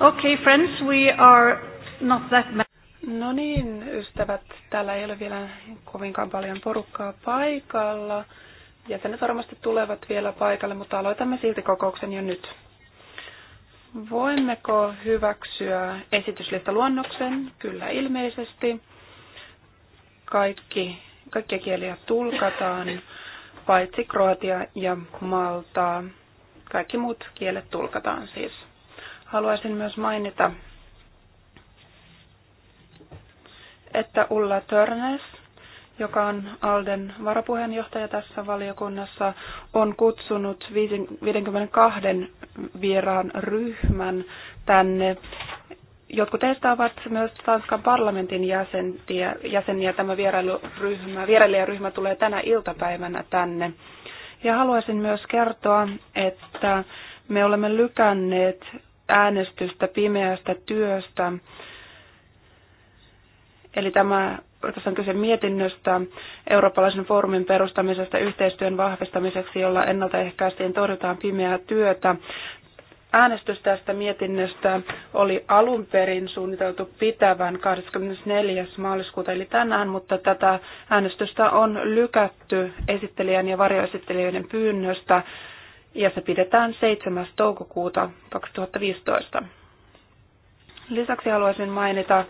Okay, friends, we are not that many. No niin, ystävät, täällä ei ole vielä kovinkaan paljon porukkaa paikalla. Jäsenet varmasti tulevat vielä paikalle, mutta aloitamme silti kokouksen jo nyt. Voimmeko hyväksyä esityslistaluonnoksen? Kyllä ilmeisesti. Kaikki, kaikkia kieliä tulkataan, paitsi Kroatia ja Maltaa. Kaikki muut kielet tulkataan siis. Haluaisin myös mainita, että Ulla Törnes, joka on Alden varapuheenjohtaja tässä valiokunnassa, on kutsunut 52 vieraan ryhmän tänne. Jotkut teistä ovat myös Tanskan parlamentin jäseniä. jäseniä. Tämä vierailuryhmä, vierailijaryhmä tulee tänä iltapäivänä tänne. Ja haluaisin myös kertoa, että me olemme lykänneet äänestystä pimeästä työstä. Eli tämä, tässä on kyse mietinnöstä eurooppalaisen foorumin perustamisesta yhteistyön vahvistamiseksi, jolla ennaltaehkäistiin torjutaan pimeää työtä. Äänestys tästä mietinnöstä oli alun perin suunniteltu pitävän 24. maaliskuuta eli tänään, mutta tätä äänestystä on lykätty esittelijän ja varjoesittelijöiden pyynnöstä ja se pidetään 7. toukokuuta 2015. Lisäksi haluaisin mainita,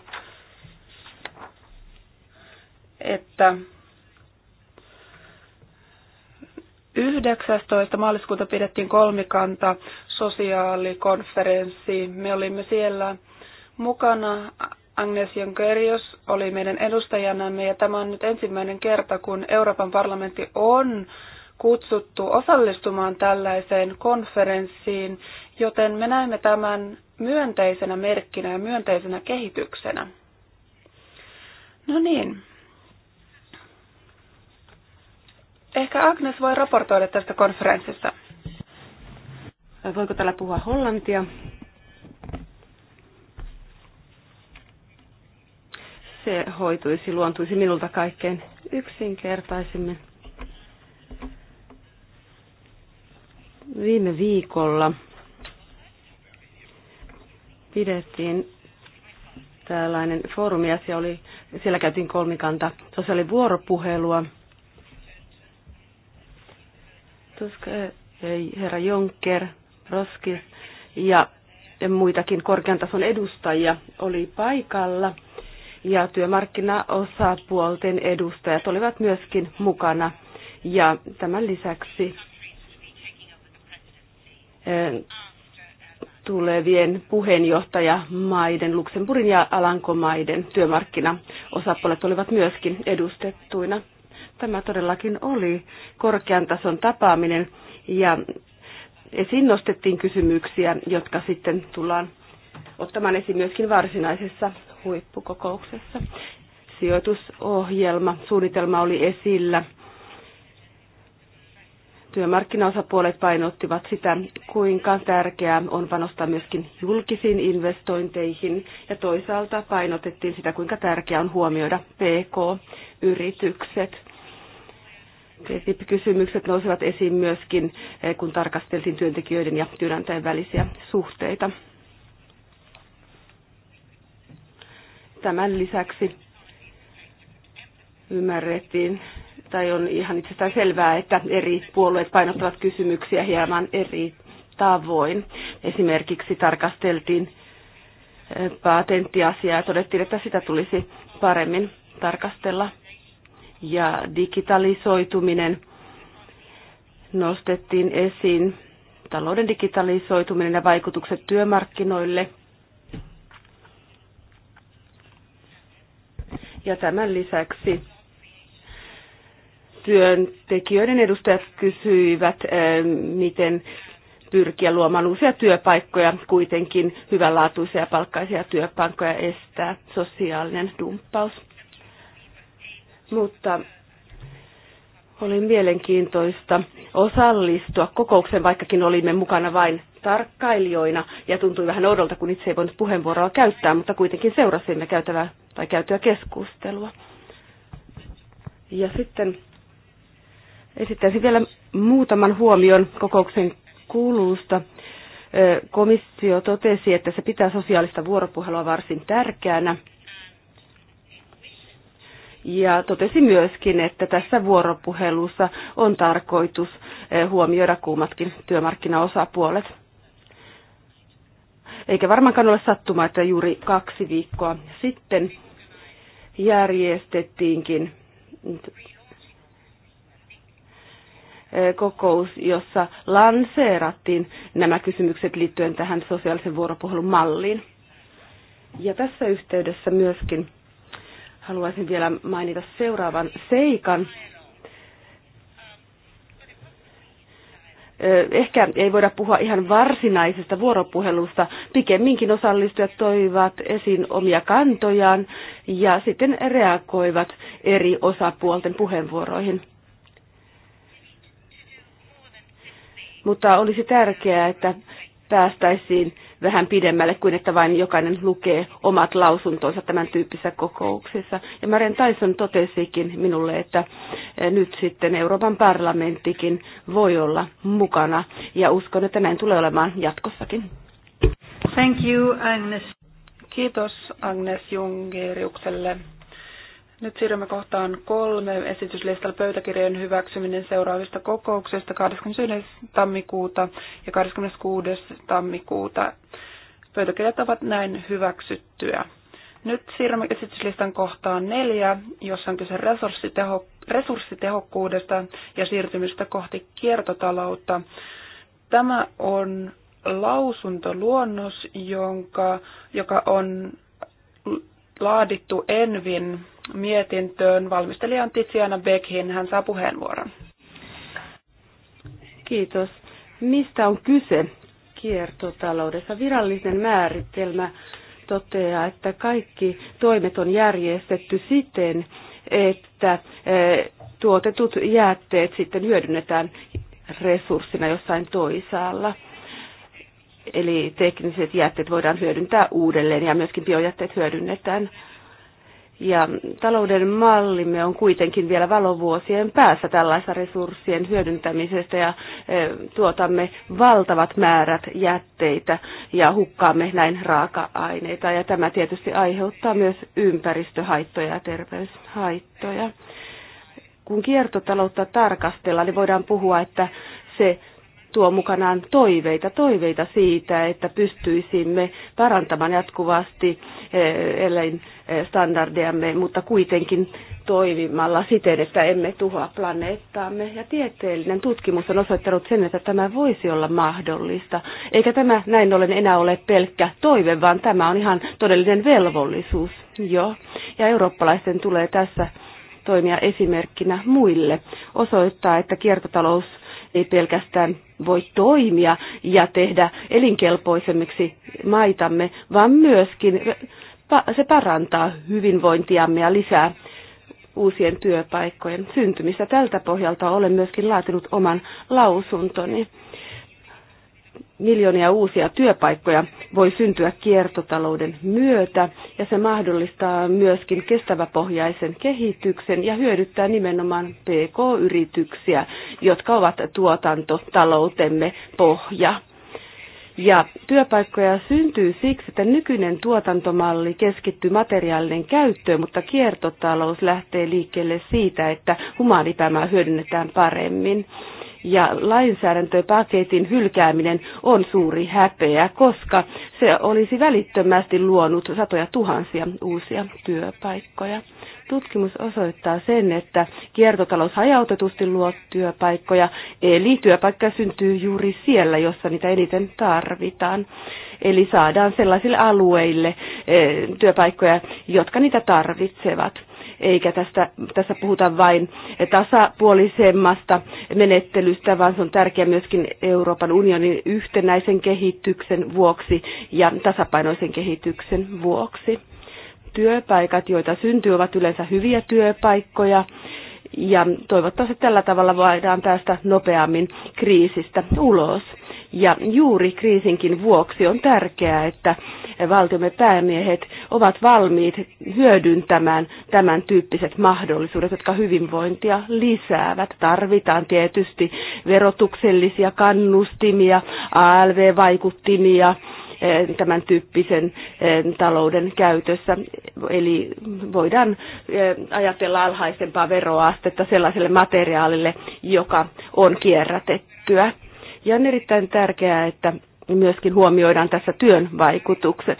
että 19. maaliskuuta pidettiin kolmikanta sosiaalikonferenssi. Me olimme siellä mukana. Agnes Jonkerius oli meidän edustajanamme ja tämä on nyt ensimmäinen kerta, kun Euroopan parlamentti on kutsuttu osallistumaan tällaiseen konferenssiin, joten me näemme tämän myönteisenä merkkinä ja myönteisenä kehityksenä. No niin. Ehkä Agnes voi raportoida tästä konferenssista. Voiko täällä puhua hollantia? Se hoituisi, luontuisi minulta kaikkein yksinkertaisimmin. Viime viikolla pidettiin tällainen foorumi ja siellä, oli, siellä käytiin kolmikanta sosiaalivuoropuhelua. Tuska, eh, herra Jonker, Roski ja muitakin korkean tason edustajia oli paikalla. Ja työmarkkinaosapuolten edustajat olivat myöskin mukana. Ja tämän lisäksi tulevien puheenjohtajamaiden, Luxemburgin ja Alankomaiden työmarkkinaosapuolet olivat myöskin edustettuina. Tämä todellakin oli korkean tason tapaaminen ja esiin nostettiin kysymyksiä, jotka sitten tullaan ottamaan esiin myöskin varsinaisessa huippukokouksessa. Sijoitusohjelma, suunnitelma oli esillä – Työmarkkinaosapuolet painottivat sitä, kuinka tärkeää on panostaa myöskin julkisiin investointeihin ja toisaalta painotettiin sitä, kuinka tärkeää on huomioida PK-yritykset. TTIP-kysymykset nousivat esiin myöskin, eh, kun tarkasteltiin työntekijöiden ja työnantajien välisiä suhteita. Tämän lisäksi ymmärrettiin, tai on ihan itsestään selvää, että eri puolueet painottavat kysymyksiä hieman eri tavoin. Esimerkiksi tarkasteltiin patenttiasiaa ja todettiin, että sitä tulisi paremmin tarkastella. Ja digitalisoituminen nostettiin esiin, talouden digitalisoituminen ja vaikutukset työmarkkinoille. Ja tämän lisäksi työntekijöiden edustajat kysyivät, eh, miten pyrkiä luomaan uusia työpaikkoja, kuitenkin hyvänlaatuisia palkkaisia työpaikkoja estää sosiaalinen dumppaus. Mutta oli mielenkiintoista osallistua kokoukseen, vaikkakin olimme mukana vain tarkkailijoina ja tuntui vähän oudolta, kun itse ei voinut puheenvuoroa käyttää, mutta kuitenkin seurasimme käytävää tai käytyä keskustelua. Ja sitten Esittäisin vielä muutaman huomion kokouksen kuuluusta Komissio totesi, että se pitää sosiaalista vuoropuhelua varsin tärkeänä. Ja totesi myöskin, että tässä vuoropuhelussa on tarkoitus huomioida kuumatkin työmarkkinaosapuolet. Eikä varmaankaan ole sattuma, että juuri kaksi viikkoa sitten järjestettiinkin kokous, jossa lanseerattiin nämä kysymykset liittyen tähän sosiaalisen vuoropuhelun malliin. Ja tässä yhteydessä myöskin haluaisin vielä mainita seuraavan seikan. Ehkä ei voida puhua ihan varsinaisesta vuoropuhelusta. Pikemminkin osallistujat toivat esiin omia kantojaan ja sitten reagoivat eri osapuolten puheenvuoroihin Mutta olisi tärkeää, että päästäisiin vähän pidemmälle kuin että vain jokainen lukee omat lausuntonsa tämän tyyppisessä kokouksissa. Ja Maren Tyson totesikin minulle, että eh, nyt sitten Euroopan parlamenttikin voi olla mukana ja uskon, että näin tulee olemaan jatkossakin. Thank you, Agnes. Kiitos Agnes Jungeriukselle nyt siirrymme kohtaan kolme esityslistalla pöytäkirjojen hyväksyminen seuraavista kokouksista 21. tammikuuta ja 26. tammikuuta. Pöytäkirjat ovat näin hyväksyttyä. Nyt siirrymme esityslistan kohtaan neljä, jossa on kyse resurssiteho, resurssitehokkuudesta ja siirtymistä kohti kiertotaloutta. Tämä on lausuntoluonnos, jonka, joka on laadittu Envin mietintöön. Valmistelija on Tiziana Beckhin, hän saa puheenvuoron. Kiitos. Mistä on kyse kiertotaloudessa? Virallinen määritelmä toteaa, että kaikki toimet on järjestetty siten, että e, tuotetut jätteet sitten hyödynnetään resurssina jossain toisaalla. Eli tekniset jätteet voidaan hyödyntää uudelleen ja myöskin biojätteet hyödynnetään ja talouden mallimme on kuitenkin vielä valovuosien päässä tällaista resurssien hyödyntämisestä ja e, tuotamme valtavat määrät jätteitä ja hukkaamme näin raaka-aineita. Ja tämä tietysti aiheuttaa myös ympäristöhaittoja ja terveyshaittoja. Kun kiertotaloutta tarkastellaan, niin voidaan puhua, että se tuo mukanaan toiveita, toiveita siitä, että pystyisimme parantamaan jatkuvasti eh, elinstandardeamme, eh, mutta kuitenkin toimimalla siten, että emme tuhoa planeettaamme. Ja tieteellinen tutkimus on osoittanut sen, että tämä voisi olla mahdollista. Eikä tämä näin ollen enää ole pelkkä toive, vaan tämä on ihan todellinen velvollisuus. Joo. Ja eurooppalaisten tulee tässä toimia esimerkkinä muille, osoittaa, että kiertotalous ei pelkästään voi toimia ja tehdä elinkelpoisemmiksi maitamme, vaan myöskin se parantaa hyvinvointiamme ja lisää uusien työpaikkojen syntymistä. Tältä pohjalta olen myöskin laatinut oman lausuntoni miljoonia uusia työpaikkoja voi syntyä kiertotalouden myötä ja se mahdollistaa myöskin kestäväpohjaisen kehityksen ja hyödyttää nimenomaan PK-yrityksiä, jotka ovat tuotantotaloutemme pohja. Ja työpaikkoja syntyy siksi, että nykyinen tuotantomalli keskittyy materiaalinen käyttöön, mutta kiertotalous lähtee liikkeelle siitä, että humaanipäämää hyödynnetään paremmin ja lainsäädäntöpaketin hylkääminen on suuri häpeä, koska se olisi välittömästi luonut satoja tuhansia uusia työpaikkoja. Tutkimus osoittaa sen, että kiertotalous hajautetusti luo työpaikkoja, eli työpaikka syntyy juuri siellä, jossa niitä eniten tarvitaan. Eli saadaan sellaisille alueille eh, työpaikkoja, jotka niitä tarvitsevat eikä tästä, tässä puhuta vain tasapuolisemmasta menettelystä, vaan se on tärkeää myöskin Euroopan unionin yhtenäisen kehityksen vuoksi ja tasapainoisen kehityksen vuoksi. Työpaikat, joita syntyy, ovat yleensä hyviä työpaikkoja ja toivottavasti tällä tavalla voidaan päästä nopeammin kriisistä ulos. Ja juuri kriisinkin vuoksi on tärkeää, että valtiomme päämiehet ovat valmiit hyödyntämään tämän tyyppiset mahdollisuudet, jotka hyvinvointia lisäävät. Tarvitaan tietysti verotuksellisia kannustimia, ALV-vaikuttimia, eh, tämän tyyppisen eh, talouden käytössä. Eli voidaan eh, ajatella alhaisempaa veroastetta sellaiselle materiaalille, joka on kierrätettyä ja on erittäin tärkeää, että myöskin huomioidaan tässä työn vaikutukset.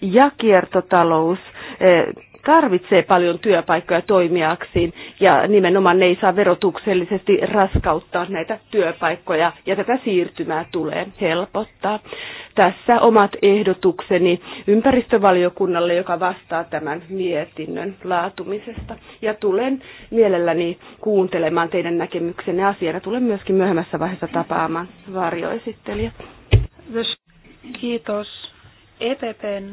Ja kiertotalous eh, tarvitsee paljon työpaikkoja toimijaksiin ja nimenomaan ne ei saa verotuksellisesti raskauttaa näitä työpaikkoja ja tätä siirtymää tulee helpottaa tässä omat ehdotukseni ympäristövaliokunnalle, joka vastaa tämän mietinnön laatumisesta. Ja tulen mielelläni kuuntelemaan teidän näkemyksenne asiana. Tulen myöskin myöhemmässä vaiheessa tapaamaan varjoesittelijä. Kiitos. EPPn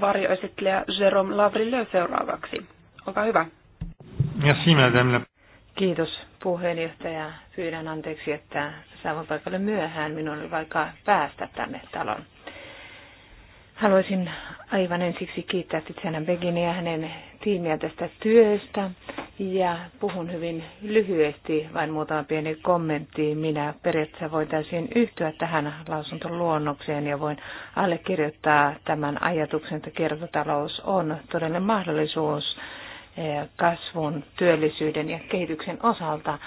varjoesittelijä Jerome Lavrille seuraavaksi. Olkaa hyvä. Merci, madame. Kiitos puheenjohtaja. Pyydän anteeksi, että saavun paikalle myöhään. Minun oli vaikka päästä tänne taloon. Haluaisin aivan ensiksi kiittää Tiziana Beginiä ja hänen tiimiä tästä työstä. Ja puhun hyvin lyhyesti, vain muutama pieni kommentti. Minä periaatteessa voitaisiin yhtyä tähän lausuntoluonnokseen ja voin allekirjoittaa tämän ajatuksen, että kiertotalous on todellinen mahdollisuus Eh, kasvun, työllisyyden ja kehityksen osalta.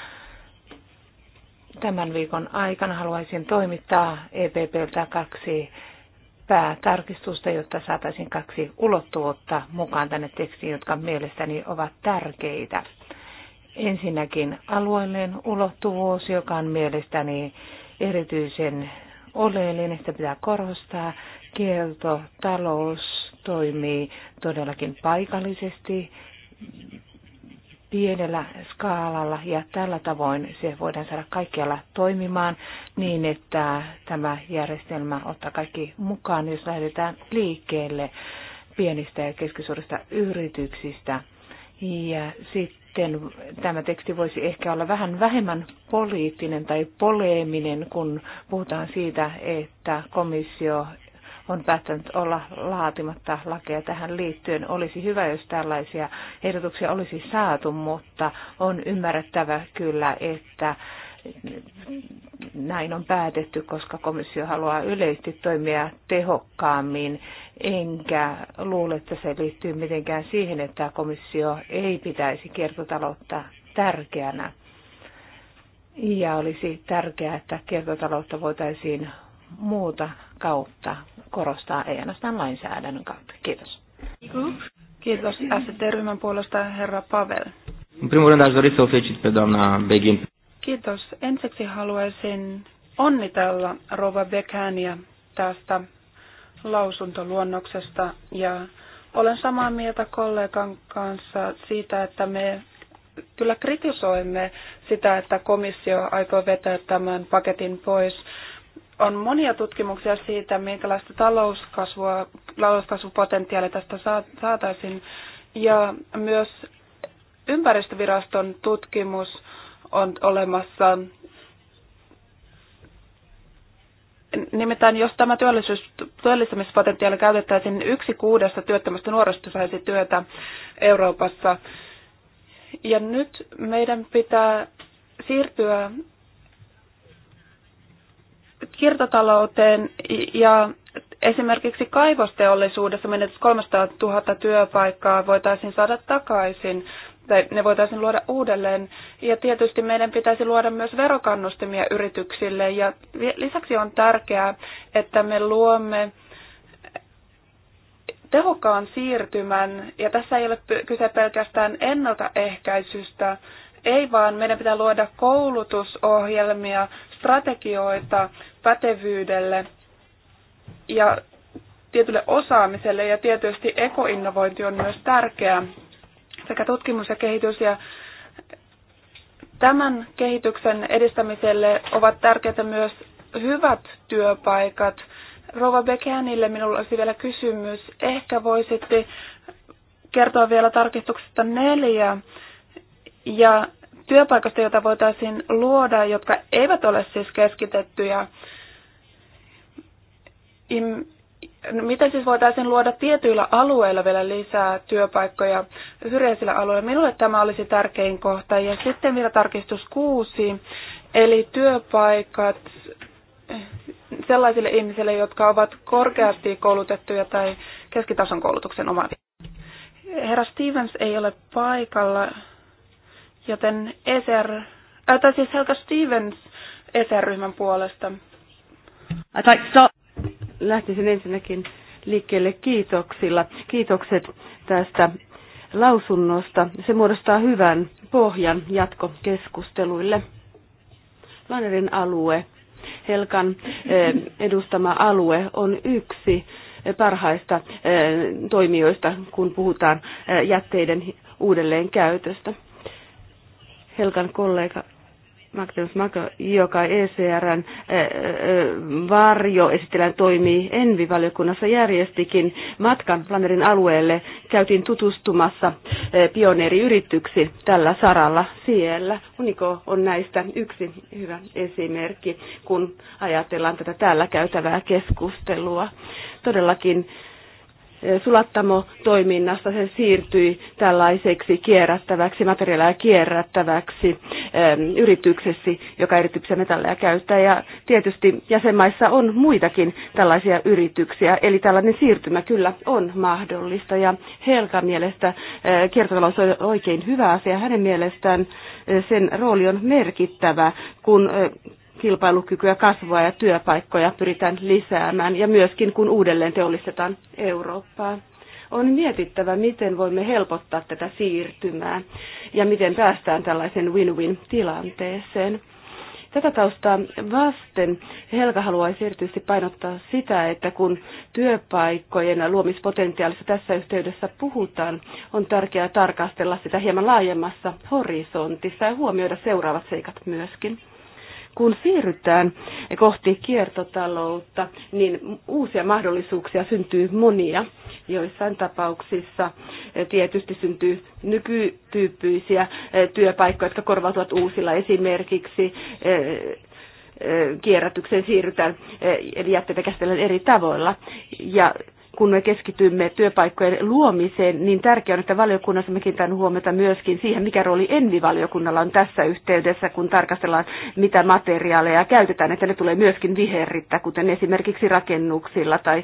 Tämän viikon aikana haluaisin toimittaa EPPltä kaksi päätarkistusta, jotta saataisiin kaksi ulottuvuutta mukaan tänne tekstiin, jotka mielestäni ovat tärkeitä. Ensinnäkin alueellinen ulottuvuus, joka on mielestäni erityisen oleellinen, sitä pitää korostaa. talous toimii todellakin paikallisesti pienellä skaalalla ja tällä tavoin se voidaan saada kaikkialla toimimaan niin, että tämä järjestelmä ottaa kaikki mukaan, jos lähdetään liikkeelle pienistä ja keskisuurista yrityksistä. Ja sitten tämä teksti voisi ehkä olla vähän vähemmän poliittinen tai poleeminen, kun puhutaan siitä, että komissio on päättänyt olla laatimatta lakeja tähän liittyen. Olisi hyvä, jos tällaisia ehdotuksia olisi saatu, mutta on ymmärrettävä kyllä, että näin on päätetty, koska komissio haluaa yleisesti toimia tehokkaammin, enkä luule, että se liittyy mitenkään siihen, että komissio ei pitäisi kiertotaloutta tärkeänä. Ja olisi tärkeää, että kiertotaloutta voitaisiin muuta kautta korostaa, ei ainoastaan lainsäädännön kautta. Kiitos. Kiitos ST-ryhmän puolesta herra Pavel. Begin. Kiitos. Ensiksi haluaisin onnitella Rova Bekania tästä lausuntoluonnoksesta ja olen samaa mieltä kollegan kanssa siitä, että me kyllä kritisoimme sitä, että komissio aikoo vetää tämän paketin pois on monia tutkimuksia siitä, minkälaista talouskasvua, talouskasvupotentiaalia tästä saataisiin. Ja myös ympäristöviraston tutkimus on olemassa. Nimittäin jos tämä työllisyys, työllistämispotentiaali käytettäisiin, niin yksi kuudesta työttömästä nuorista saisi työtä Euroopassa. Ja nyt meidän pitää siirtyä kiertotalouteen ja esimerkiksi kaivosteollisuudessa menetys 300 000 työpaikkaa voitaisiin saada takaisin tai ne voitaisiin luoda uudelleen. Ja tietysti meidän pitäisi luoda myös verokannustimia yrityksille. Ja lisäksi on tärkeää, että me luomme tehokkaan siirtymän, ja tässä ei ole kyse pelkästään ennaltaehkäisystä, ei vaan meidän pitää luoda koulutusohjelmia, strategioita pätevyydelle ja tietylle osaamiselle ja tietysti ekoinnovointi on myös tärkeää sekä tutkimus ja kehitys ja tämän kehityksen edistämiselle ovat tärkeitä myös hyvät työpaikat. Rova Bekanille minulla olisi vielä kysymys. Ehkä voisitte kertoa vielä tarkistuksesta neljä ja työpaikasta, jota voitaisiin luoda, jotka eivät ole siis keskitettyjä. No, miten siis voitaisiin luoda tietyillä alueilla vielä lisää työpaikkoja syrjäisillä alueilla? Minulle tämä olisi tärkein kohta. Ja sitten vielä tarkistus kuusi, eli työpaikat sellaisille ihmisille, jotka ovat korkeasti koulutettuja tai keskitason koulutuksen omaavia. Herra Stevens ei ole paikalla. Joten Eser, äh, tai siis Helga Stevens eser ryhmän puolesta. Lähtisin ensinnäkin liikkeelle kiitoksilla. Kiitokset tästä lausunnosta. Se muodostaa hyvän pohjan jatkokeskusteluille. Lannerin alue, Helkan edustama alue on yksi parhaista toimijoista, kun puhutaan jätteiden uudelleenkäytöstä. Helkan kollega Magnus Mako, joka ECRn eh, eh, varjo esitellään toimii Envi-valiokunnassa, järjestikin matkan Planerin alueelle. Käytiin tutustumassa eh, pioneeriyrityksiin tällä saralla siellä. Uniko on näistä yksi hyvä esimerkki, kun ajatellaan tätä täällä käytävää keskustelua. Todellakin Sulattamo toiminnasta se siirtyi tällaiseksi kierrättäväksi, materiaalia kierrättäväksi ähm, yritykseksi, joka erityisiä metalleja käyttää. Ja tietysti jäsenmaissa on muitakin tällaisia yrityksiä, eli tällainen siirtymä kyllä on mahdollista. Ja Helka mielestä äh, kiertotalous on oikein hyvä asia. Hänen mielestään äh, sen rooli on merkittävä, kun äh, kilpailukykyä, kasvua ja työpaikkoja pyritään lisäämään ja myöskin kun uudelleen teollistetaan Eurooppaa. On mietittävä, miten voimme helpottaa tätä siirtymää ja miten päästään tällaisen win-win-tilanteeseen. Tätä taustaa vasten Helga haluaisi erityisesti painottaa sitä, että kun työpaikkojen luomispotentiaalissa tässä yhteydessä puhutaan, on tärkeää tarkastella sitä hieman laajemmassa horisontissa ja huomioida seuraavat seikat myöskin kun siirrytään kohti kiertotaloutta, niin uusia mahdollisuuksia syntyy monia. Joissain tapauksissa eh, tietysti syntyy nykytyyppisiä eh, työpaikkoja, jotka korvautuvat uusilla esimerkiksi eh, kierrätykseen siirrytään, eli jätteitä käsitellään eri tavoilla. Ja kun me keskitymme työpaikkojen luomiseen, niin tärkeää on, että valiokunnassa me kiinnitämme huomiota myöskin siihen, mikä rooli Envi-valiokunnalla on tässä yhteydessä, kun tarkastellaan, mitä materiaaleja käytetään, että ne tulee myöskin viherrittää, kuten esimerkiksi rakennuksilla tai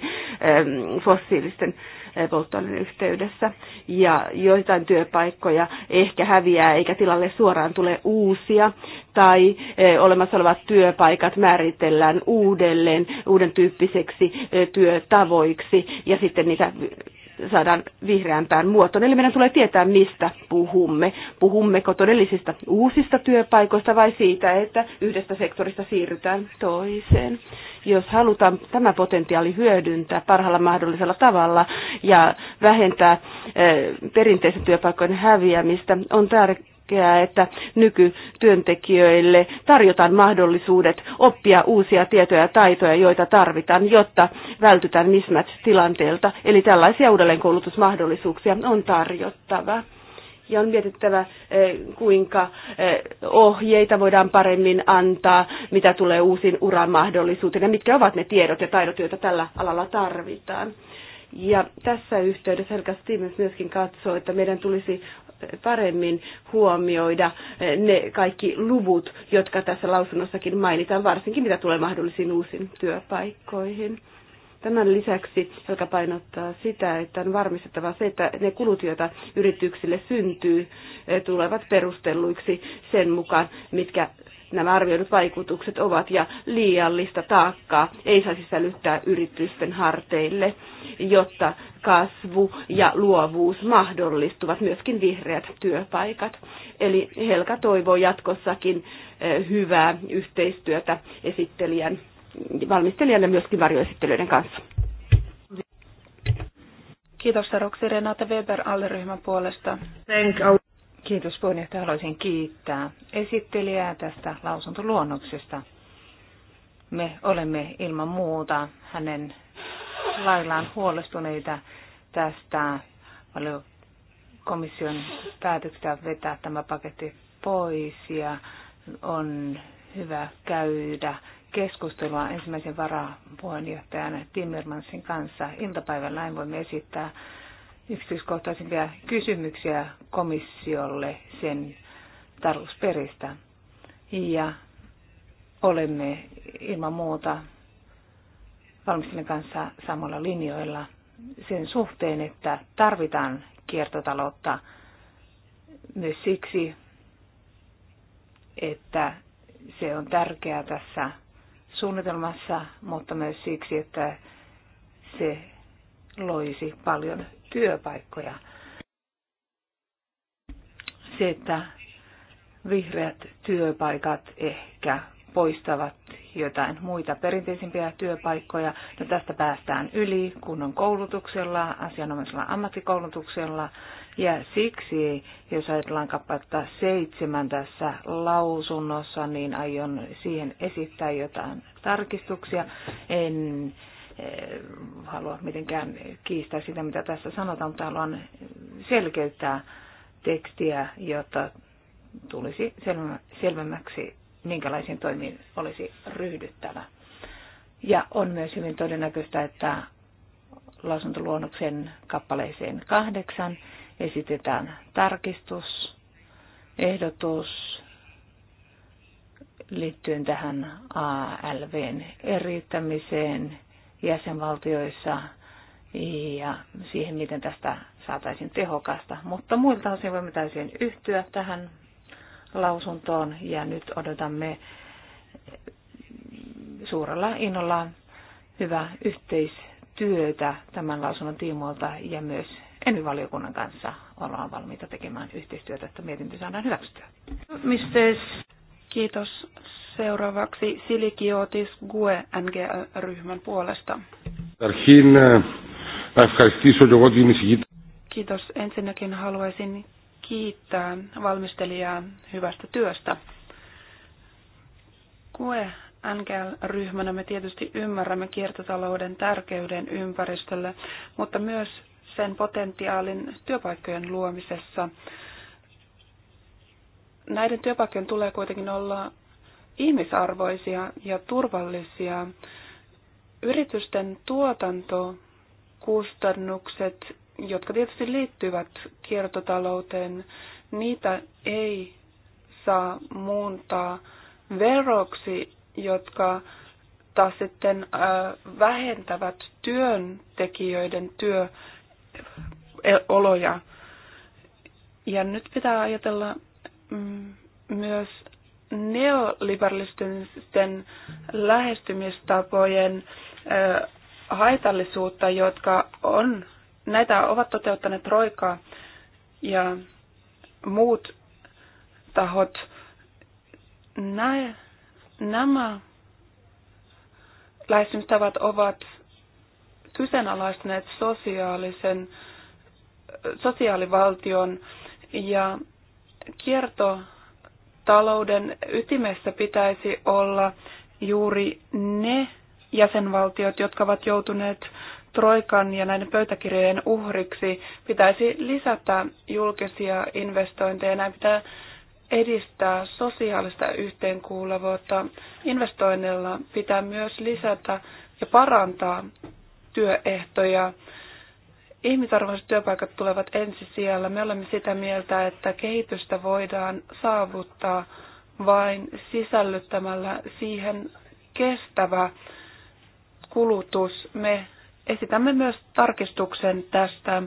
fossiilisten Eh, polttoaineen yhteydessä. Ja joitain työpaikkoja ehkä häviää eikä tilalle suoraan tule uusia tai eh, olemassa olevat työpaikat määritellään uudelleen uuden tyyppiseksi eh, työtavoiksi ja sitten niitä saadaan vihreämpään muotoon. Eli meidän tulee tietää, mistä puhumme. Puhummeko todellisista uusista työpaikoista vai siitä, että yhdestä sektorista siirrytään toiseen. Jos halutaan tämä potentiaali hyödyntää parhaalla mahdollisella tavalla ja vähentää eh, perinteisen työpaikkojen häviämistä, on tärkeää tärkeää, että nykytyöntekijöille tarjotaan mahdollisuudet oppia uusia tietoja ja taitoja, joita tarvitaan, jotta vältytään mismatch-tilanteelta. Eli tällaisia uudelleenkoulutusmahdollisuuksia on tarjottava ja on mietittävä, eh, kuinka eh, ohjeita voidaan paremmin antaa, mitä tulee uusiin uramahdollisuuteen ja mitkä ovat ne tiedot ja taidot, joita tällä alalla tarvitaan. Ja tässä yhteydessä Helga Stevens myöskin katsoo, että meidän tulisi paremmin huomioida eh, ne kaikki luvut, jotka tässä lausunnossakin mainitaan, varsinkin mitä tulee mahdollisiin uusiin työpaikkoihin. Tämän lisäksi, joka painottaa sitä, että on varmistettava se, että ne kulut, joita yrityksille syntyy, eh, tulevat perustelluiksi sen mukaan, mitkä nämä arvioidut vaikutukset ovat ja liiallista taakkaa ei saisi sälyttää yritysten harteille, jotta kasvu ja luovuus mahdollistuvat myöskin vihreät työpaikat. Eli Helka toivoo jatkossakin eh, hyvää yhteistyötä esittelijän, valmistelijan ja myöskin varjoesittelijöiden kanssa. Kiitos Roksi Renate Weber ryhmän puolesta. Kiitos puheenjohtaja. Haluaisin kiittää esittelijää tästä lausuntoluonnoksesta. Me olemme ilman muuta hänen laillaan huolestuneita tästä komission päätöksestä vetää tämä paketti pois ja on hyvä käydä keskustelua ensimmäisen varapuheenjohtajan Timmermansin kanssa. Iltapäivällä voimme esittää yksityiskohtaisempia kysymyksiä komissiolle sen tarusperistä. Ja olemme ilman muuta valmistelun kanssa samalla linjoilla sen suhteen, että tarvitaan kiertotaloutta myös siksi, että se on tärkeää tässä suunnitelmassa, mutta myös siksi, että se loisi paljon työpaikkoja. Se, että vihreät työpaikat ehkä poistavat jotain muita perinteisimpiä työpaikkoja. No tästä päästään yli kunnon koulutuksella, asianomaisella ammattikoulutuksella. Ja siksi, jos ajatellaan kappaletta seitsemän tässä lausunnossa, niin aion siihen esittää jotain tarkistuksia. En halua mitenkään kiistää sitä, mitä tässä sanotaan, mutta haluan selkeyttää tekstiä, jotta tulisi selvemmäksi, minkälaisiin toimiin olisi ryhdyttävä. Ja on myös hyvin todennäköistä, että lausuntoluonnoksen kappaleeseen kahdeksan esitetään tarkistus, ehdotus liittyen tähän ALVn eriyttämiseen jäsenvaltioissa ja siihen, miten tästä saataisiin tehokasta. Mutta muilta osin voimme täysin yhtyä tähän lausuntoon ja nyt odotamme suurella innolla hyvää yhteistyötä tämän lausunnon tiimoilta ja myös ENY-valiokunnan kanssa ollaan valmiita tekemään yhteistyötä, että mietintö saadaan hyväksyttyä. Mistäs? Kiitos Seuraavaksi Silikiotis Gue NGL-ryhmän puolesta. Äh, Kiitos. Ensinnäkin haluaisin kiittää valmistelijaa hyvästä työstä. Gue NGL-ryhmänä me tietysti ymmärrämme kiertotalouden tärkeyden ympäristölle, mutta myös sen potentiaalin työpaikkojen luomisessa. Näiden työpaikkojen tulee kuitenkin olla ihmisarvoisia ja turvallisia. Yritysten tuotantokustannukset, jotka tietysti liittyvät kiertotalouteen, niitä ei saa muuntaa veroksi, jotka taas sitten vähentävät työntekijöiden työoloja. Ja nyt pitää ajatella mm, myös neoliberalististen lähestymistapojen haitallisuutta, jotka on, näitä ovat toteuttaneet Troika ja muut tahot. Nä, nämä lähestymistavat ovat kyseenalaistaneet sosiaalisen, sosiaalivaltion ja kierto talouden ytimessä pitäisi olla juuri ne jäsenvaltiot, jotka ovat joutuneet Troikan ja näiden pöytäkirjojen uhriksi. Pitäisi lisätä julkisia investointeja. Näin pitää edistää sosiaalista yhteenkuuluvuutta. Investoinneilla pitää myös lisätä ja parantaa työehtoja ihmisarvoiset työpaikat tulevat siellä. Me olemme sitä mieltä, että kehitystä voidaan saavuttaa vain sisällyttämällä siihen kestävä kulutus. Me esitämme myös tarkistuksen tästä.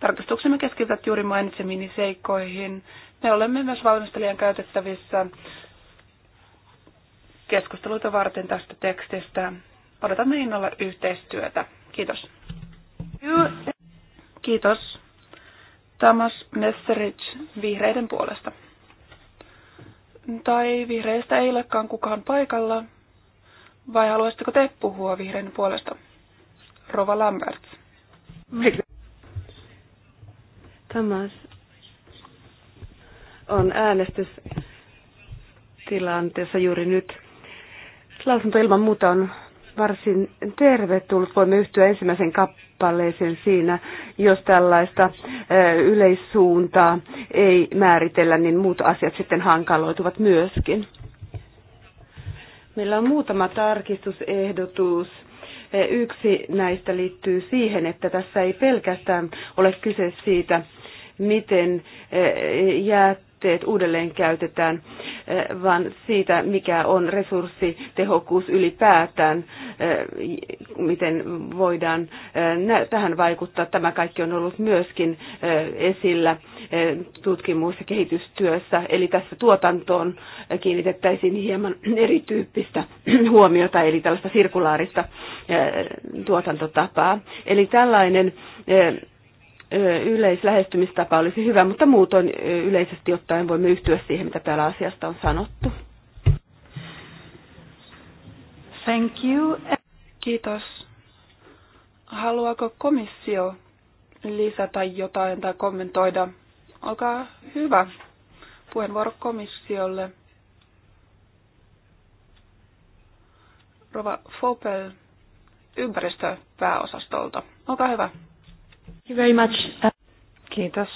Tarkistuksemme keskityt juuri mainitsemiini seikkoihin. Me olemme myös valmistelijan käytettävissä keskusteluita varten tästä tekstistä. Odotamme innolla yhteistyötä. Kiitos. Kiitos. Thomas Messerich vihreiden puolesta. Tai vihreistä ei olekaan kukaan paikalla. Vai haluaisitteko te puhua vihreiden puolesta? Rova Lambert. Thomas on äänestystilanteessa juuri nyt. Lausunto ilman muuta on varsin tervetullut. Voimme yhtyä ensimmäisen kappaleeseen siinä, jos tällaista yleissuuntaa ei määritellä, niin muut asiat sitten hankaloituvat myöskin. Meillä on muutama tarkistusehdotus. Yksi näistä liittyy siihen, että tässä ei pelkästään ole kyse siitä, miten jäät tuotteet uudelleen käytetään, eh, vaan siitä, mikä on resurssitehokkuus ylipäätään, eh, miten voidaan eh, tähän vaikuttaa. Tämä kaikki on ollut myöskin esillä tutkimus- ja kehitystyössä, eli tässä tuotantoon kiinnitettäisiin hieman erityyppistä huomiota, eli tällaista sirkulaarista tuotantotapaa. Eli tällainen yleislähestymistapa olisi hyvä, mutta muutoin yleisesti ottaen voimme yhtyä siihen, mitä täällä asiasta on sanottu. Thank you. Kiitos. Haluaako komissio lisätä jotain tai kommentoida? Olkaa hyvä. Puheenvuoro komissiolle. Rova Fopel ympäristöpääosastolta. Olkaa hyvä. Thank you very much. Kiitos.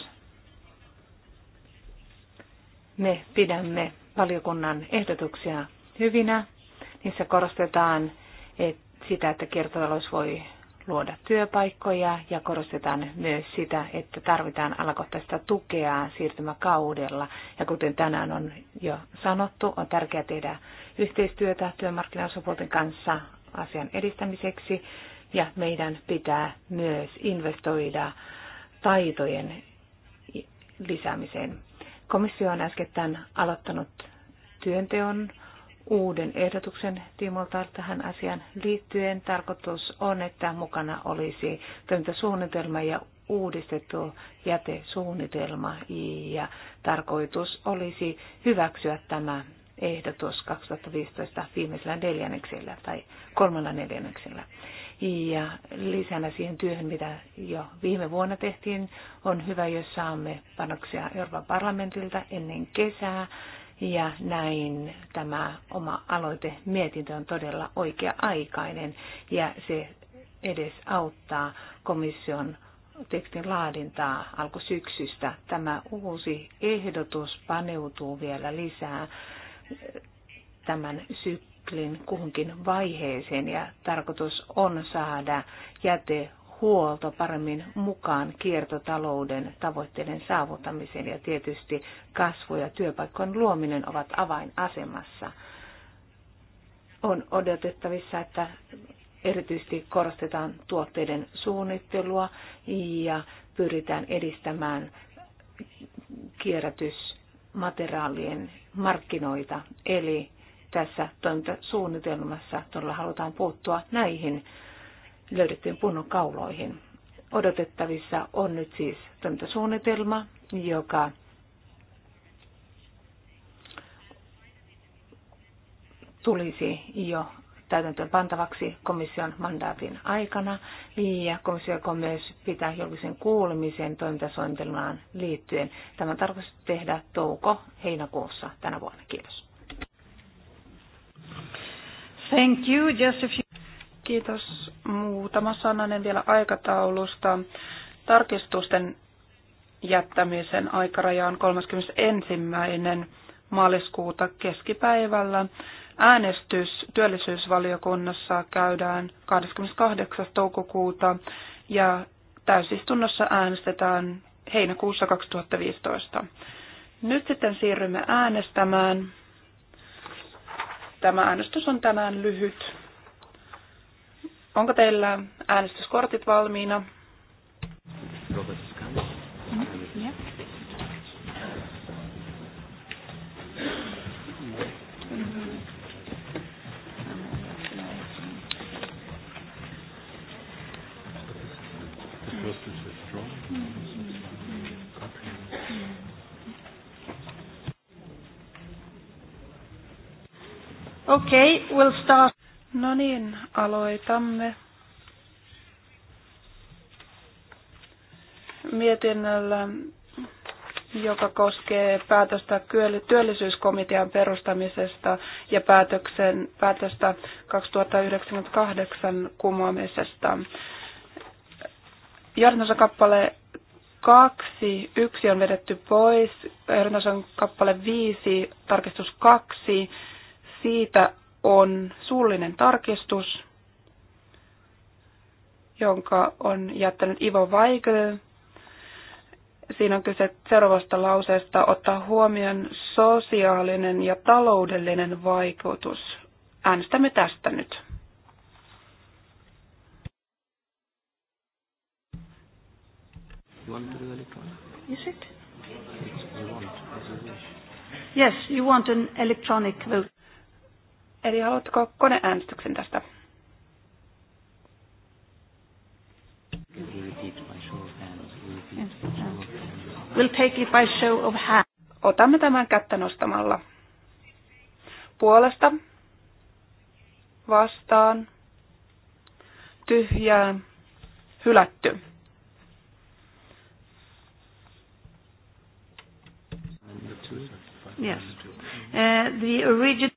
Me pidämme valiokunnan ehdotuksia hyvinä. Niissä korostetaan että sitä, että kiertotalous voi luoda työpaikkoja ja korostetaan myös sitä, että tarvitaan alakohtaista tukea siirtymäkaudella. Ja kuten tänään on jo sanottu, on tärkeää tehdä yhteistyötä työmarkkinaosapuolten kanssa asian edistämiseksi ja meidän pitää myös investoida taitojen lisäämiseen. Komissio on äskettäin aloittanut työnteon uuden ehdotuksen tiimolta tähän asiaan liittyen. Tarkoitus on, että mukana olisi toimintasuunnitelma ja uudistettu jätesuunnitelma ja tarkoitus olisi hyväksyä tämä ehdotus 2015 viimeisellä neljänneksellä tai kolmella neljänneksellä. Ja lisänä siihen työhön, mitä jo viime vuonna tehtiin, on hyvä, jos saamme panoksia Euroopan parlamentilta ennen kesää. Ja näin tämä oma aloite mietintö on todella oikea-aikainen ja se edes auttaa komission tekstin laadintaa alkusyksystä. Tämä uusi ehdotus paneutuu vielä lisää tämän syksyn syklin kuhunkin vaiheeseen ja tarkoitus on saada huolto paremmin mukaan kiertotalouden tavoitteiden saavuttamiseen ja tietysti kasvu- ja työpaikkojen luominen ovat avainasemassa. On odotettavissa, että erityisesti korostetaan tuotteiden suunnittelua ja pyritään edistämään kierrätysmateriaalien markkinoita, eli tässä toimintasuunnitelmassa todella halutaan puuttua näihin löydettyjen kauloihin. Odotettavissa on nyt siis toimintasuunnitelma, joka tulisi jo täytäntöön pantavaksi komission mandaatin aikana. Ja komissio joka myös pitää julkisen kuulemisen toimintasuunnitelmaan liittyen. Tämä tarkoitus tehdä touko-heinäkuussa tänä vuonna. Kiitos. Thank you. Just a few... Kiitos. Muutama sananen vielä aikataulusta. Tarkistusten jättämisen aikaraja on 31. maaliskuuta keskipäivällä. Äänestys työllisyysvaliokunnassa käydään 28. toukokuuta ja täysistunnossa äänestetään heinäkuussa 2015. Nyt sitten siirrymme äänestämään. Tämä äänestys on tänään lyhyt. Onko teillä äänestyskortit valmiina? Robert. Okay, we'll start. No niin, aloitamme. Mietinnöllä, joka koskee päätöstä työllisyyskomitean perustamisesta ja päätöksen, päätöstä 2098 kumoamisesta. Jarnosa kappale kaksi, yksi on vedetty pois, Jarnosan kappale viisi, tarkistus kaksi, siitä on suullinen tarkistus, jonka on jättänyt Ivo Weigel. Siinä on kyse seuraavasta lauseesta ottaa huomioon sosiaalinen ja taloudellinen vaikutus. Äänestämme tästä nyt. You want to Is it? Yes, you want an electronic vote. Eli haluatko koneäänestyksen tästä? We'll take it by show of hands. Otamme tämän kättä nostamalla. Puolesta. Vastaan. Tyhjää. Hylätty. Yes. Uh, the original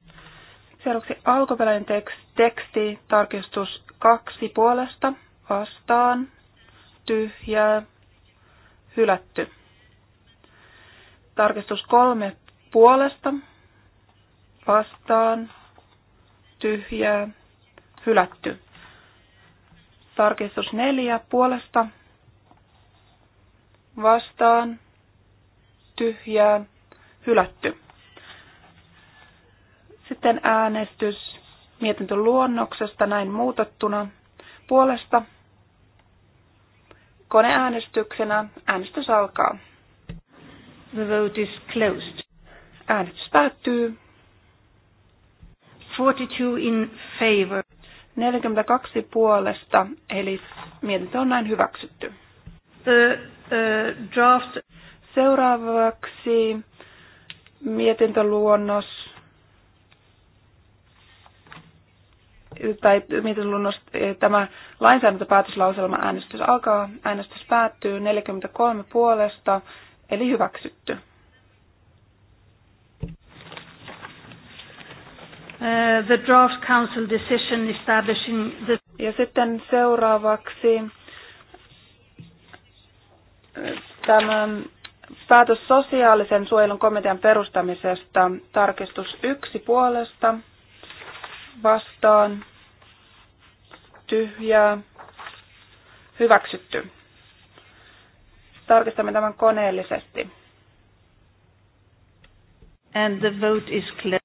Seuraavaksi alkuperäinen teksti, tarkistus kaksi puolesta, vastaan, tyhjää, hylätty. Tarkistus kolme puolesta, vastaan, tyhjää, hylätty. Tarkistus neljä puolesta, vastaan, tyhjää, hylätty. Sitten äänestys mietintöluonnoksesta näin muutettuna puolesta. Koneäänestyksenä äänestys alkaa. The vote is closed. Äänestys päättyy. 42 in favor. 42 puolesta, eli mietintö on näin hyväksytty. The, uh, draft. Seuraavaksi mietintöluonnos tai mietintöluonnos, eh, tämä lainsäädäntöpäätöslauselma äänestys alkaa, äänestys päättyy 43 puolesta, eli hyväksytty. Uh, the draft council decision establishing the... Ja sitten seuraavaksi eh, tämä päätös sosiaalisen suojelun komitean perustamisesta tarkistus yksi puolesta vastaan tyhjää, hyväksytty. Tarkistamme tämän koneellisesti. And the vote is clear.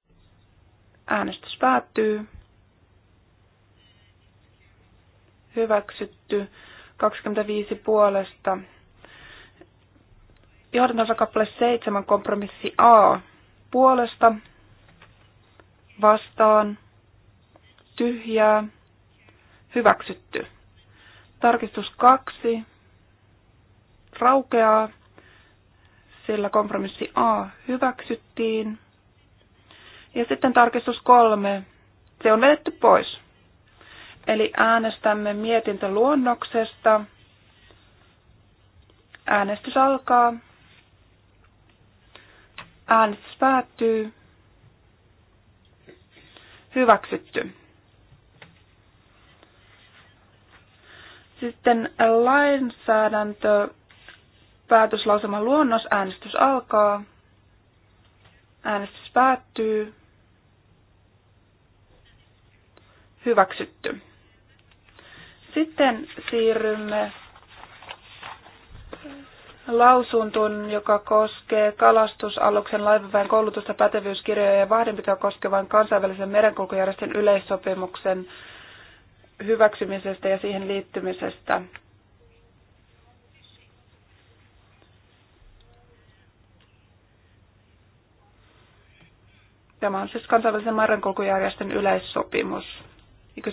Äänestys päättyy. Hyväksytty 25 puolesta. Johdantonsa kappale 7 kompromissi A puolesta vastaan tyhjää Hyväksytty. Tarkistus kaksi, raukeaa, sillä kompromissi A hyväksyttiin. Ja sitten tarkistus kolme, se on vedetty pois. Eli äänestämme mietintöluonnoksesta. Äänestys alkaa. Äänestys päättyy. Hyväksytty. Sitten lainsäädäntö, päätöslauseman luonnos, äänestys alkaa, äänestys päättyy, hyväksytty. Sitten siirrymme lausuntoon, joka koskee kalastusaluksen laivaväen koulutusta, pätevyyskirjoja ja vahdenpitoa koskevan kansainvälisen merenkulkujärjestön yleissopimuksen hyväksymisestä ja siihen liittymisestä. Tämä on siis kansainvälisen marrankulkujärjestön yleissopimus.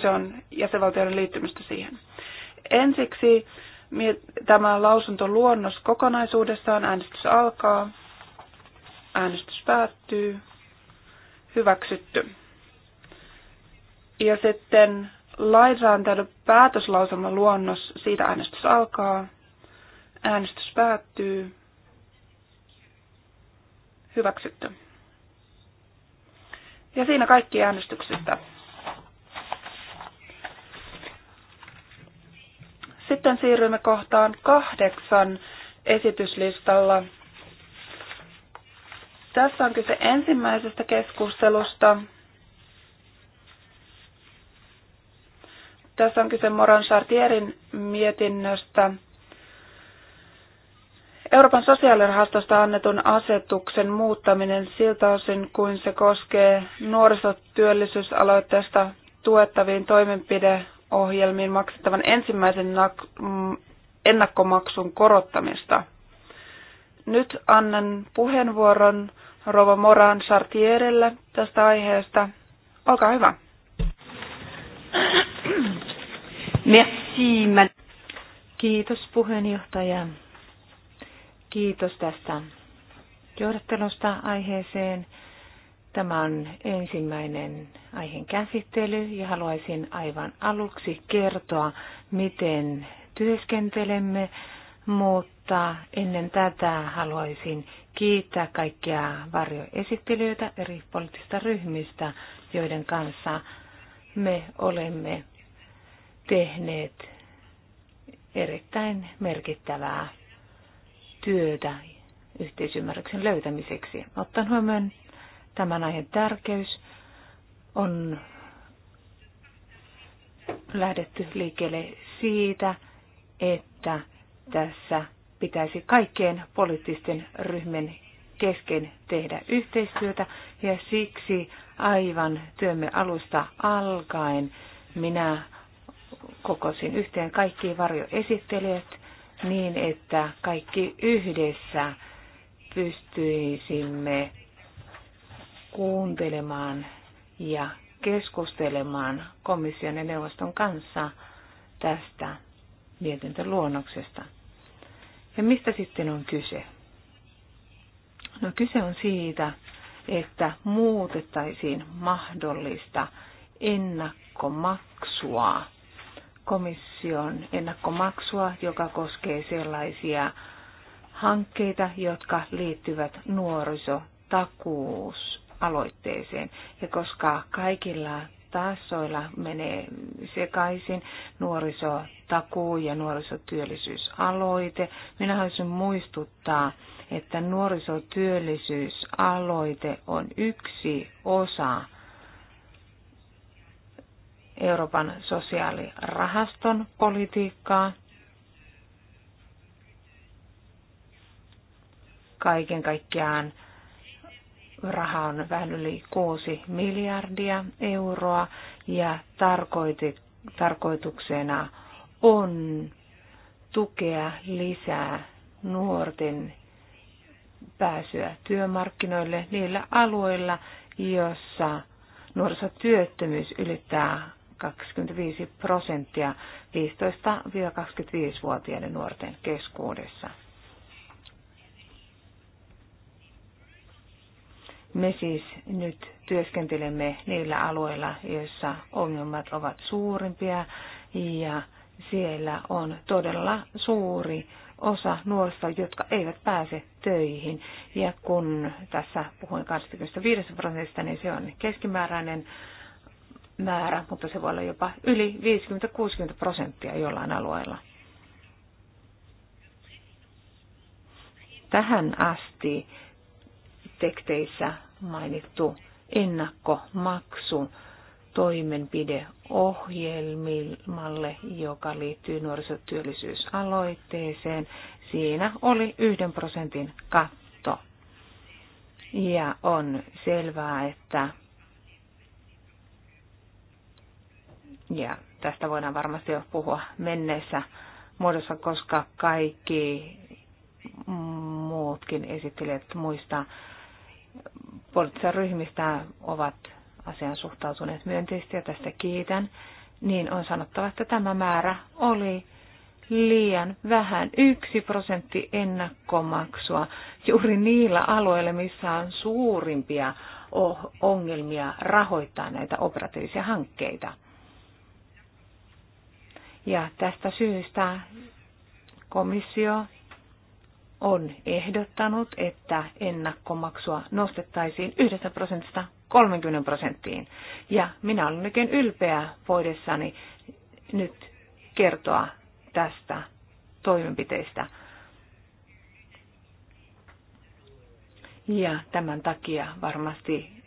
se on jäsenvaltioiden liittymistä siihen. Ensiksi tämä lausuntoluonnos kokonaisuudessaan. Äänestys alkaa. Äänestys päättyy. Hyväksytty. Ja sitten lainsäädäntö päätöslausuman luonnos, siitä äänestys alkaa, äänestys päättyy, hyväksytty. Ja siinä kaikki äänestyksistä. Sitten siirrymme kohtaan kahdeksan esityslistalla. Tässä on kyse ensimmäisestä keskustelusta Tässä on kyse Moran Chartierin mietinnöstä. Euroopan sosiaalirahastosta annetun asetuksen muuttaminen siltä osin, kuin se koskee nuorisotyöllisyysaloitteesta tuettaviin toimenpideohjelmiin maksettavan ensimmäisen mm, ennakkomaksun korottamista. Nyt annan puheenvuoron Rova Moran Chartierille tästä aiheesta. Olkaa hyvä. Merci, Kiitos puheenjohtaja. Kiitos tästä johdattelusta aiheeseen. Tämä on ensimmäinen aiheen käsittely ja haluaisin aivan aluksi kertoa, miten työskentelemme, mutta ennen tätä haluaisin kiittää kaikkia varjoesittelyitä eri poliittista ryhmistä, joiden kanssa me olemme tehneet erittäin merkittävää työtä yhteisymmärryksen löytämiseksi. Ottan huomioon tämän aiheen tärkeys on lähdetty liikkeelle siitä, että tässä pitäisi kaikkien poliittisten ryhmien kesken tehdä yhteistyötä ja siksi aivan työmme alusta alkaen minä kokosin yhteen kaikki varjoesittelijät niin, että kaikki yhdessä pystyisimme kuuntelemaan ja keskustelemaan komission ja neuvoston kanssa tästä mietintöluonnoksesta. Ja mistä sitten on kyse? No kyse on siitä, että muutettaisiin mahdollista ennakkomaksua komission ennakkomaksua, joka koskee sellaisia hankkeita, jotka liittyvät nuorisotakuusaloitteeseen. Ja koska kaikilla tasoilla menee sekaisin nuorisotakuu ja nuorisotyöllisyysaloite, minä haluaisin muistuttaa, että nuorisotyöllisyysaloite on yksi osa Euroopan sosiaalirahaston politiikkaa. Kaiken kaikkiaan raha on vähän yli 6 miljardia euroa ja tarkoituksena on tukea lisää nuorten pääsyä työmarkkinoille niillä alueilla, jossa nuorisotyöttömyys ylittää 25 prosenttia 15-25-vuotiaiden nuorten keskuudessa. Me siis nyt työskentelemme niillä alueilla, joissa ongelmat ovat suurimpia ja siellä on todella suuri osa nuorista, jotka eivät pääse töihin. Ja kun tässä puhuin 25 prosentista, niin se on keskimääräinen määrä, mutta se voi olla jopa yli 50-60 prosenttia jollain alueella. Tähän asti tekteissä mainittu ennakkomaksu toimenpideohjelmalle, joka liittyy nuorisotyöllisyysaloitteeseen. Siinä oli yhden prosentin katto. Ja on selvää, että Ja tästä voidaan varmasti jo puhua menneessä muodossa, koska kaikki muutkin esittelijät muista poliittisista ryhmistä ovat asian suhtautuneet myönteisesti ja tästä kiitän, niin on sanottava, että tämä määrä oli liian vähän, yksi prosentti ennakkomaksua juuri niillä alueilla, missä on suurimpia ongelmia rahoittaa näitä operatiivisia hankkeita. Ja tästä syystä komissio on ehdottanut, että ennakkomaksua nostettaisiin yhdestä prosentista 30 prosenttiin. Ja minä olen oikein ylpeä voidessani nyt kertoa tästä toimenpiteistä. Ja tämän takia varmasti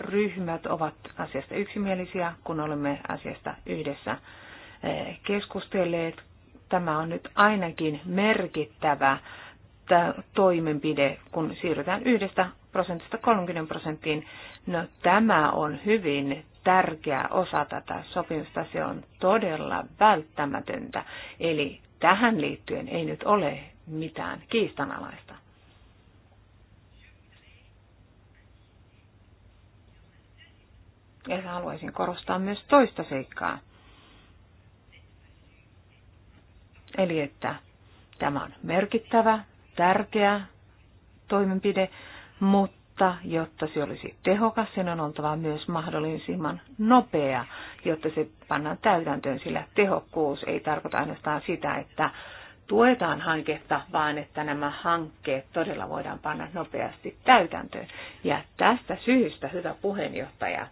ryhmät ovat asiasta yksimielisiä, kun olemme asiasta yhdessä keskustelleet. Tämä on nyt ainakin merkittävä toimenpide, kun siirrytään yhdestä prosentista 30 prosenttiin. No tämä on hyvin tärkeä osa tätä sopimusta, se on todella välttämätöntä. Eli tähän liittyen ei nyt ole mitään kiistanalaista. Ja haluaisin korostaa myös toista seikkaa. Eli että tämä on merkittävä, tärkeä toimenpide, mutta jotta se olisi tehokas, sen on oltava myös mahdollisimman nopea, jotta se pannaan täytäntöön, sillä tehokkuus ei tarkoita ainoastaan sitä, että tuetaan hanketta, vaan että nämä hankkeet todella voidaan panna nopeasti täytäntöön. Ja tästä syystä, hyvä puheenjohtaja,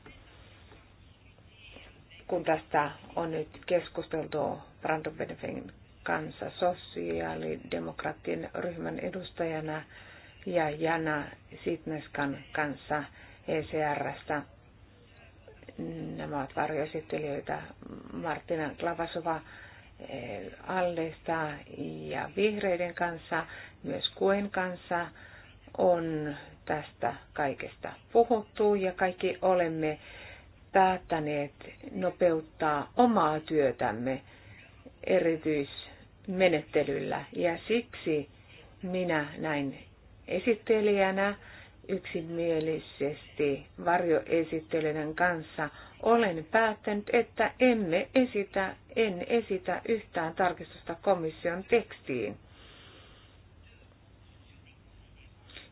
kun tästä on nyt keskusteltu Brandon Benefin kanssa sosiaalidemokraattien ryhmän edustajana ja Jana Sitneskan kanssa ECRstä. Nämä ovat varjoesittelijöitä Martina Klavasova eh, Allesta ja Vihreiden kanssa, myös Kuen kanssa on tästä kaikesta puhuttu ja kaikki olemme päättäneet nopeuttaa omaa työtämme erityis menettelyllä. Ja siksi minä näin esittelijänä yksimielisesti varjoesittelijän kanssa olen päättänyt, että emme esitä, en esitä yhtään tarkistusta komission tekstiin.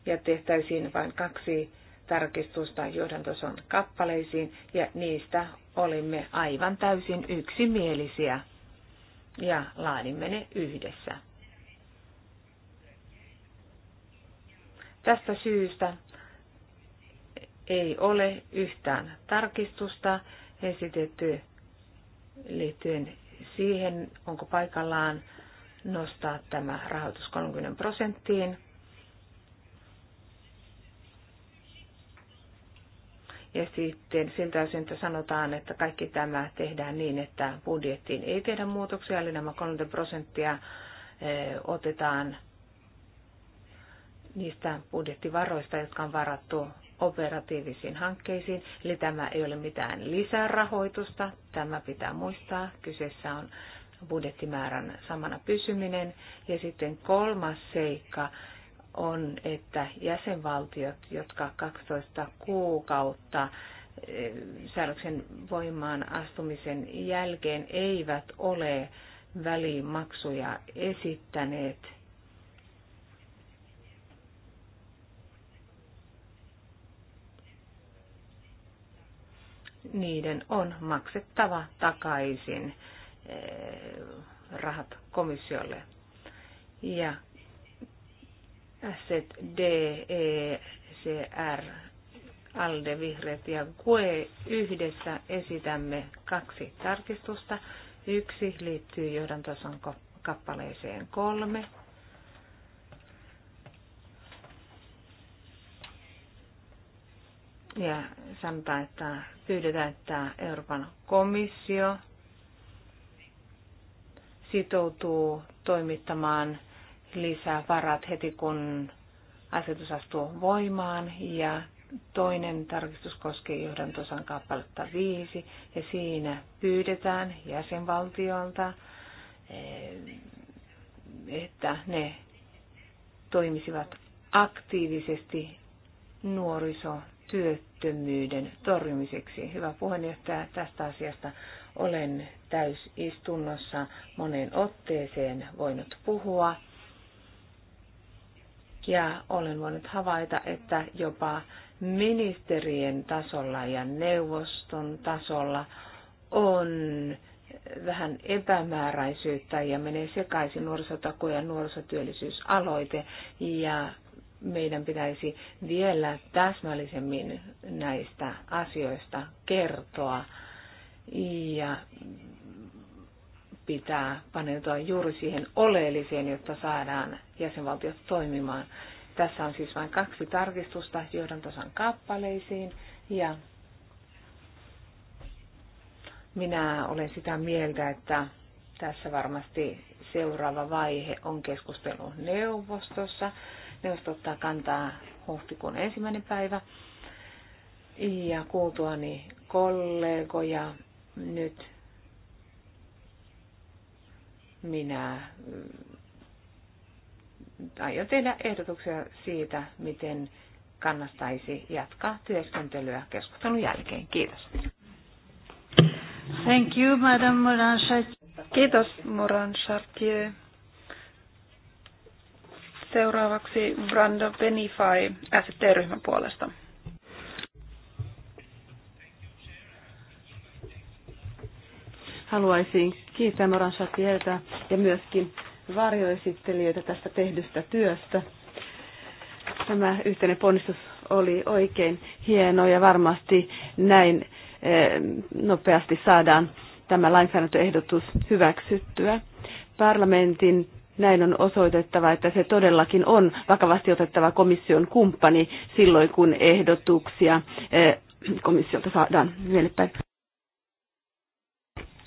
Ja tehtäisiin vain kaksi tarkistusta johdantoson kappaleisiin, ja niistä olimme aivan täysin yksimielisiä ja laadimme ne yhdessä. Tästä syystä ei ole yhtään tarkistusta esitetty liittyen siihen, onko paikallaan nostaa tämä rahoitus 30 prosenttiin. Ja sitten siltä osin, että sanotaan, että kaikki tämä tehdään niin, että budjettiin ei tehdä muutoksia, eli nämä 30 prosenttia eh, otetaan niistä budjettivaroista, jotka on varattu operatiivisiin hankkeisiin. Eli tämä ei ole mitään lisärahoitusta, tämä pitää muistaa. Kyseessä on budjettimäärän samana pysyminen. Ja sitten kolmas seikka, on, että jäsenvaltiot, jotka 12 kuukautta eh, säädöksen voimaan astumisen jälkeen eivät ole välimaksuja esittäneet, niiden on maksettava takaisin eh, rahat komissiolle. Ja D, E, R, ALDE, Vihreät ja GUE yhdessä esitämme kaksi tarkistusta. Yksi liittyy johdantason kappaleeseen kolme. Ja sanotaan, että pyydetään, että Euroopan komissio sitoutuu toimittamaan – lisää varat heti, kun asetus astuu voimaan ja toinen tarkistus koskee johdantosan kappaletta 5 ja siinä pyydetään jäsenvaltiolta, eh, että ne toimisivat aktiivisesti nuorisotyöttömyyden torjumiseksi. Hyvä puheenjohtaja, tästä asiasta olen täysistunnossa monen otteeseen voinut puhua ja olen voinut havaita, että jopa ministerien tasolla ja neuvoston tasolla on vähän epämääräisyyttä ja menee sekaisin nuorisotaku ja nuorisotyöllisyysaloite ja meidän pitäisi vielä täsmällisemmin näistä asioista kertoa ja pitää paneutua juuri siihen oleelliseen, jotta saadaan jäsenvaltiot toimimaan. Tässä on siis vain kaksi tarkistusta johdantosan kappaleisiin ja minä olen sitä mieltä, että tässä varmasti seuraava vaihe on keskustelu neuvostossa. Neuvosto ottaa kantaa huhtikuun ensimmäinen päivä. Ja kuultuani kollegoja nyt minä mm, aion tehdä ehdotuksia siitä, miten kannattaisi jatkaa työskentelyä keskustelun jälkeen. Kiitos. Thank you, Madame Moran Kiitos, Moran Chartier. Seuraavaksi Brando Benify ST-ryhmän puolesta. Haluaisin kiittää Moran Chartiertä ja myöskin varjoesittelijöitä tästä tehdystä työstä. Tämä yhteinen ponnistus oli oikein hieno ja varmasti näin eh, nopeasti saadaan tämä lainsäädäntöehdotus hyväksyttyä. Parlamentin näin on osoitettava, että se todellakin on vakavasti otettava komission kumppani silloin, kun ehdotuksia eh, komissiolta saadaan mielipäin.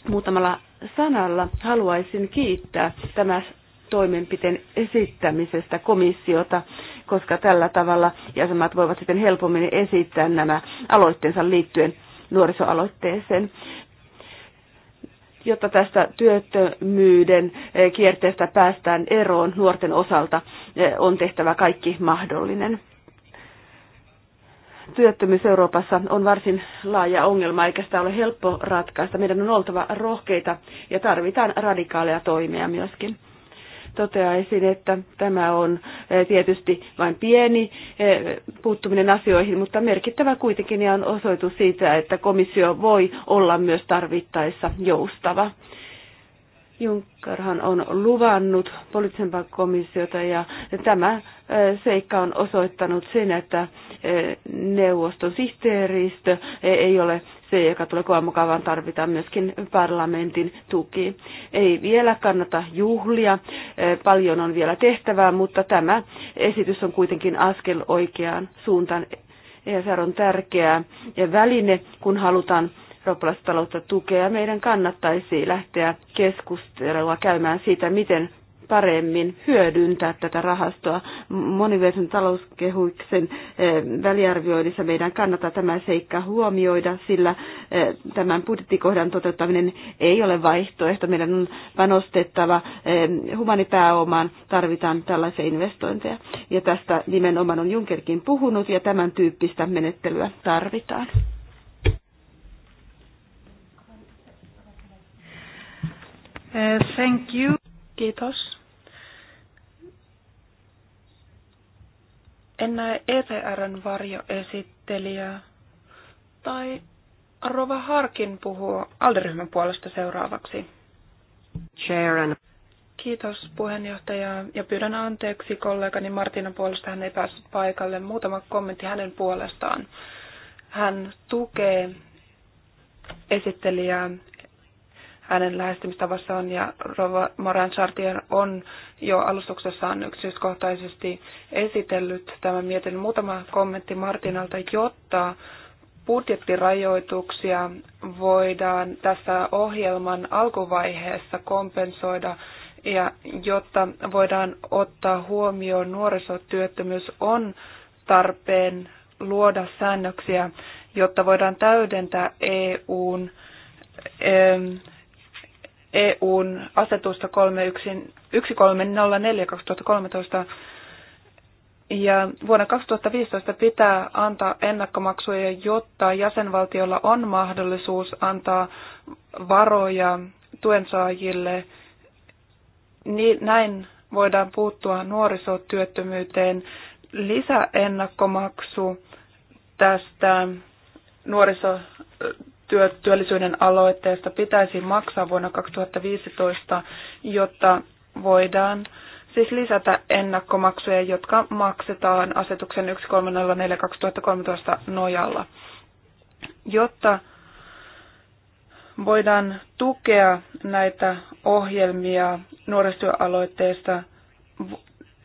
Muutamalla sanalla haluaisin kiittää tämä toimenpiteen esittämisestä komissiota, koska tällä tavalla jäsenmaat voivat sitten helpommin esittää nämä aloitteensa liittyen nuorisoaloitteeseen jotta tästä työttömyyden eh, kierteestä päästään eroon nuorten osalta, eh, on tehtävä kaikki mahdollinen työttömyys Euroopassa on varsin laaja ongelma, eikä sitä ole helppo ratkaista. Meidän on oltava rohkeita ja tarvitaan radikaaleja toimia myöskin. Toteaisin, että tämä on eh, tietysti vain pieni eh, puuttuminen asioihin, mutta merkittävä kuitenkin ja on osoitus siitä, että komissio voi olla myös tarvittaessa joustava. Junckerhan on luvannut poliittisempaa komissiota ja tämä äh, seikka on osoittanut sen, että äh, neuvoston sihteeristö e, ei ole se, joka tulee kovan mukaan, vaan tarvitaan myöskin parlamentin tuki. Ei vielä kannata juhlia, äh, paljon on vielä tehtävää, mutta tämä esitys on kuitenkin askel oikeaan suuntaan. ESR on tärkeä väline, kun halutaan eurooppalaista tukea. Meidän kannattaisi lähteä keskustelua käymään siitä, miten paremmin hyödyntää tätä rahastoa. Moniversen talouskehuksen eh, väliarvioinnissa meidän kannattaa tämä seikka huomioida, sillä eh, tämän budjettikohdan toteuttaminen ei ole vaihtoehto. Meidän on panostettava eh, humanipääomaan, tarvitaan tällaisia investointeja. Ja tästä nimenomaan on Junkerkin puhunut ja tämän tyyppistä menettelyä tarvitaan. Uh, thank you. Kiitos. En näe ETRn varjoesittelijä tai Rova Harkin puhuu alderyhmän puolesta seuraavaksi. Sharon. Kiitos puheenjohtaja ja pyydän anteeksi kollegani Martina puolesta. Hän ei päässyt paikalle. Muutama kommentti hänen puolestaan. Hän tukee esittelijää hänen on ja Rova Moran Chartier on jo alustuksessaan yksityiskohtaisesti esitellyt tämän mietin. Muutama kommentti Martinalta, jotta budjettirajoituksia voidaan tässä ohjelman alkuvaiheessa kompensoida ja jotta voidaan ottaa huomioon nuorisotyöttömyys on tarpeen luoda säännöksiä, jotta voidaan täydentää EUn EUn asetusta 1304-2013 ja vuonna 2015 pitää antaa ennakkomaksuja, jotta jäsenvaltiolla on mahdollisuus antaa varoja tuensaajille. Niin, näin voidaan puuttua nuorisotyöttömyyteen. Lisäennakkomaksu tästä nuorisotyöttömyyteen työllisyyden aloitteesta pitäisi maksaa vuonna 2015, jotta voidaan siis lisätä ennakkomaksuja, jotka maksetaan asetuksen 1304-2013 nojalla, jotta voidaan tukea näitä ohjelmia nuorisotyöaloitteesta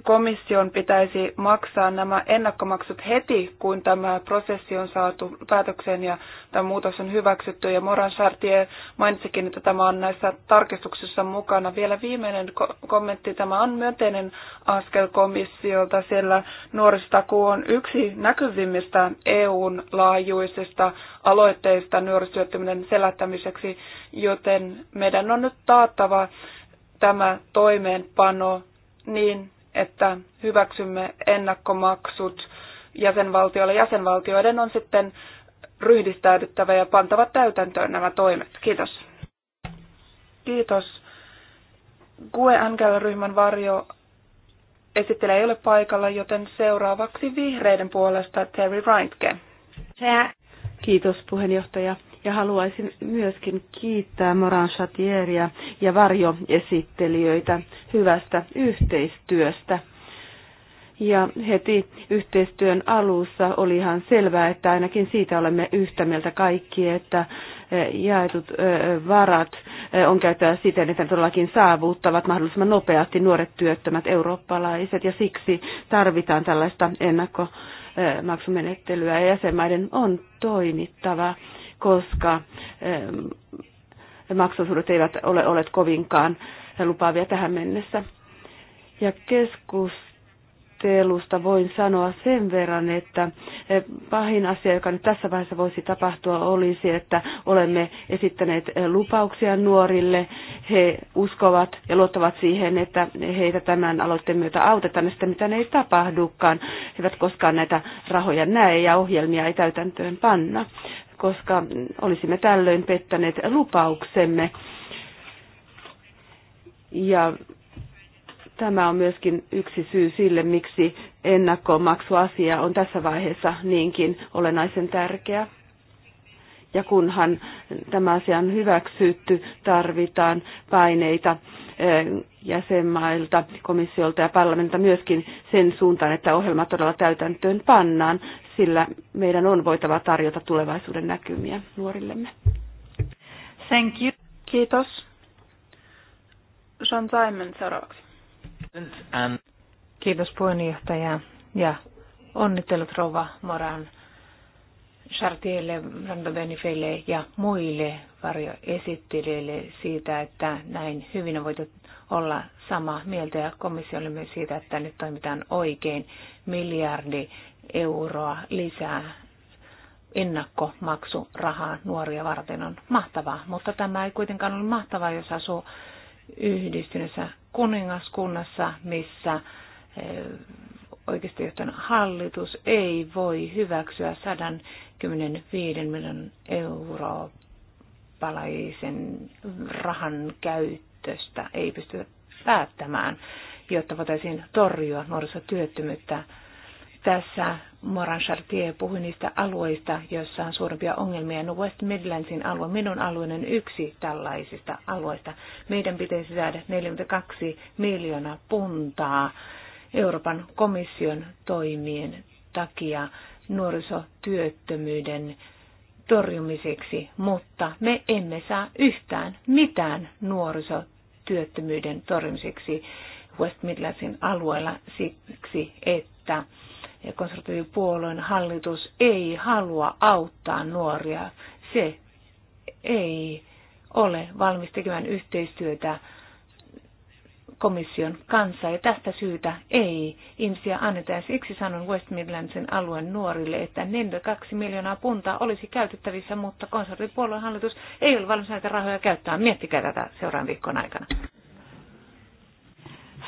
komission pitäisi maksaa nämä ennakkomaksut heti, kun tämä prosessi on saatu päätökseen ja tämä muutos on hyväksytty. Ja Moran Chartier mainitsikin, että tämä on näissä tarkistuksissa mukana. Vielä viimeinen kommentti. Tämä on myönteinen askel komissiolta, sillä nuorisotakuu on yksi näkyvimmistä EUn laajuisista aloitteista nuorisotyöttömyyden selättämiseksi, joten meidän on nyt taattava tämä toimeenpano niin, että hyväksymme ennakkomaksut jäsenvaltioille. Jäsenvaltioiden on sitten ryhdistäydyttävä ja pantava täytäntöön nämä toimet. Kiitos. Kiitos. GUE angel ryhmän varjo esittelee ei ole paikalla, joten seuraavaksi vihreiden puolesta Terry Reintke. Kiitos puheenjohtaja. Ja haluaisin myöskin kiittää Moran Chatieria ja varjoesittelijöitä hyvästä yhteistyöstä. Ja heti yhteistyön alussa oli ihan selvää, että ainakin siitä olemme yhtä mieltä kaikki, että eh, jaetut eh, varat eh, on käytettävä siten, että ne todellakin saavuttavat mahdollisimman nopeasti nuoret työttömät eurooppalaiset, ja siksi tarvitaan tällaista ennakkomaksumenettelyä, ja jäsenmaiden on toimittava koska maksuosuudet eivät ole olleet kovinkaan lupaavia tähän mennessä. Ja keskustelusta voin sanoa sen verran, että pahin asia, joka nyt tässä vaiheessa voisi tapahtua, olisi, että olemme esittäneet lupauksia nuorille. He uskovat ja luottavat siihen, että heitä tämän aloitteen myötä autetaan, ja mitä mitä ei tapahdukaan. He eivät koskaan näitä rahoja näe ja ohjelmia ei täytäntöön panna koska olisimme tällöin pettäneet lupauksemme. Ja tämä on myöskin yksi syy sille, miksi ennakkomaksuasia on tässä vaiheessa niinkin olennaisen tärkeä. Ja kunhan tämä asia on hyväksytty, tarvitaan paineita eh, jäsenmailta, komissiolta ja parlamentilta myöskin sen suuntaan, että ohjelma todella täytäntöön pannaan sillä meidän on voitava tarjota tulevaisuuden näkymiä nuorillemme. Thank you. Kiitos. Sean Simon seuraavaksi. Kiitos puheenjohtaja ja onnittelut Rova Moran Chartierille, Rando Benifeille ja muille varjoesittelijöille siitä, että näin hyvin on voitu olla samaa mieltä ja komissio myös siitä, että nyt toimitaan oikein miljardi euroa lisää ennakkomaksurahaa nuoria varten on mahtavaa, mutta tämä ei kuitenkaan ole mahtavaa, jos asuu yhdistyneessä kuningaskunnassa, missä eh, oikeasti johtajan hallitus ei voi hyväksyä 115 miljoonan euroa palaisen rahan käyttöstä, ei pysty päättämään, jotta voitaisiin torjua nuorisotyöttömyyttä tässä Moran Chartier puhui niistä alueista, joissa on suurimpia ongelmia. No West Midlandsin alue, minun alueeni yksi tällaisista alueista. Meidän pitäisi saada 42 miljoonaa puntaa Euroopan komission toimien takia nuorisotyöttömyyden torjumiseksi, mutta me emme saa yhtään mitään nuorisotyöttömyyden torjumiseksi West Midlandsin alueella siksi, että ja konservatiivipuolueen hallitus ei halua auttaa nuoria. Se ei ole valmis tekemään yhteistyötä komission kanssa ja tästä syytä ei ihmisiä anneta. Ja siksi sanon West Midlandsin alueen nuorille, että 42 miljoonaa puntaa olisi käytettävissä, mutta konservatiivipuolueen hallitus ei ole valmis näitä rahoja käyttämään. Miettikää tätä seuraavan viikon aikana.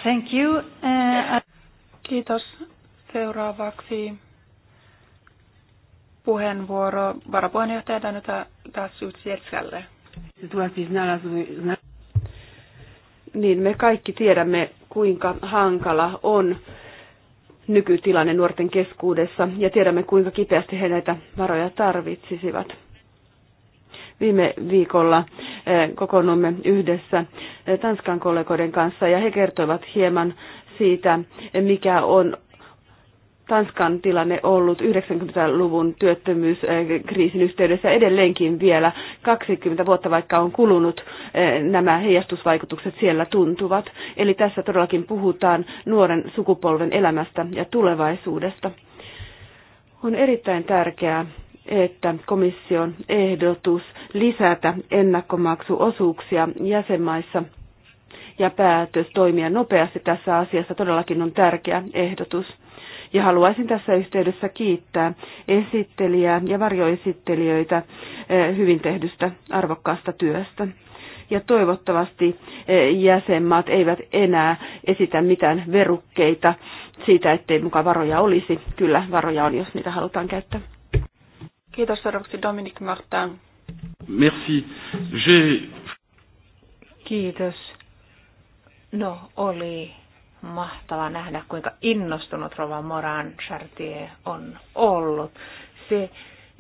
Thank you. Uh, Kiitos. Seuraavaksi puheenvuoro varapuheenjohtaja Danuta Tassutsjetskälle. Siis niin, me kaikki tiedämme, kuinka hankala on nykytilanne nuorten keskuudessa ja tiedämme, kuinka kipeästi he näitä varoja tarvitsisivat. Viime viikolla eh, kokoonnumme yhdessä eh, Tanskan kollegoiden kanssa ja he kertoivat hieman siitä, eh, mikä on Tanskan tilanne ollut 90-luvun työttömyyskriisin yhteydessä edelleenkin vielä 20 vuotta, vaikka on kulunut, eh, nämä heijastusvaikutukset siellä tuntuvat. Eli tässä todellakin puhutaan nuoren sukupolven elämästä ja tulevaisuudesta. On erittäin tärkeää, että komission ehdotus lisätä ennakkomaksuosuuksia jäsenmaissa ja päätös toimia nopeasti tässä asiassa todellakin on tärkeä ehdotus ja haluaisin tässä yhteydessä kiittää esittelijää ja varjoesittelijöitä eh, hyvin tehdystä arvokkaasta työstä. Ja toivottavasti eh, jäsenmaat eivät enää esitä mitään verukkeita siitä, ettei mukaan varoja olisi. Kyllä varoja on, jos niitä halutaan käyttää. Kiitos seuraavaksi Dominic Martin. Merci. Kiitos. No, oli mahtava nähdä, kuinka innostunut Rova Moran Chartier on ollut. Se,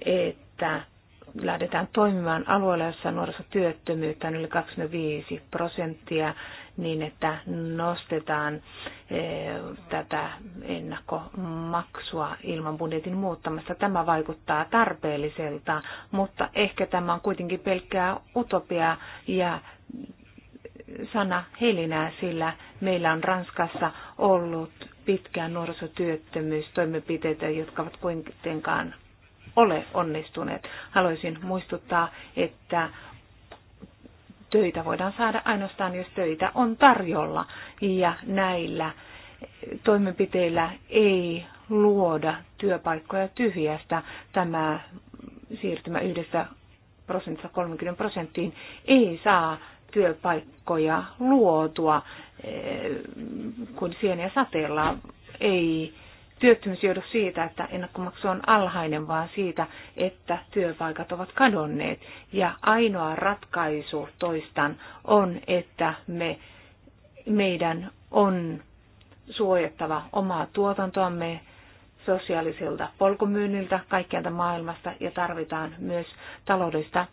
että lähdetään toimimaan alueella, jossa nuorisotyöttömyyttä on yli 25 prosenttia, niin että nostetaan eh, tätä ennakkomaksua ilman budjetin muuttamista. Tämä vaikuttaa tarpeelliselta, mutta ehkä tämä on kuitenkin pelkkää utopiaa ja sana helinää, sillä meillä on Ranskassa ollut pitkään nuorisotyöttömyystoimenpiteitä, jotka ovat kuitenkaan ole onnistuneet. Haluaisin muistuttaa, että töitä voidaan saada ainoastaan, jos töitä on tarjolla. Ja näillä toimenpiteillä ei luoda työpaikkoja tyhjästä. Tämä siirtymä yhdestä prosentista 30 prosenttiin ei saa työpaikkoja luotua eh, kun sieniä sateella. Ei työttömyys joudu siitä, että ennakkomaksu on alhainen, vaan siitä, että työpaikat ovat kadonneet. Ja ainoa ratkaisu toistan on, että me, meidän on suojattava omaa tuotantoamme, sosiaaliselta polkumyynniltä kaikkialta maailmasta ja tarvitaan myös taloudellista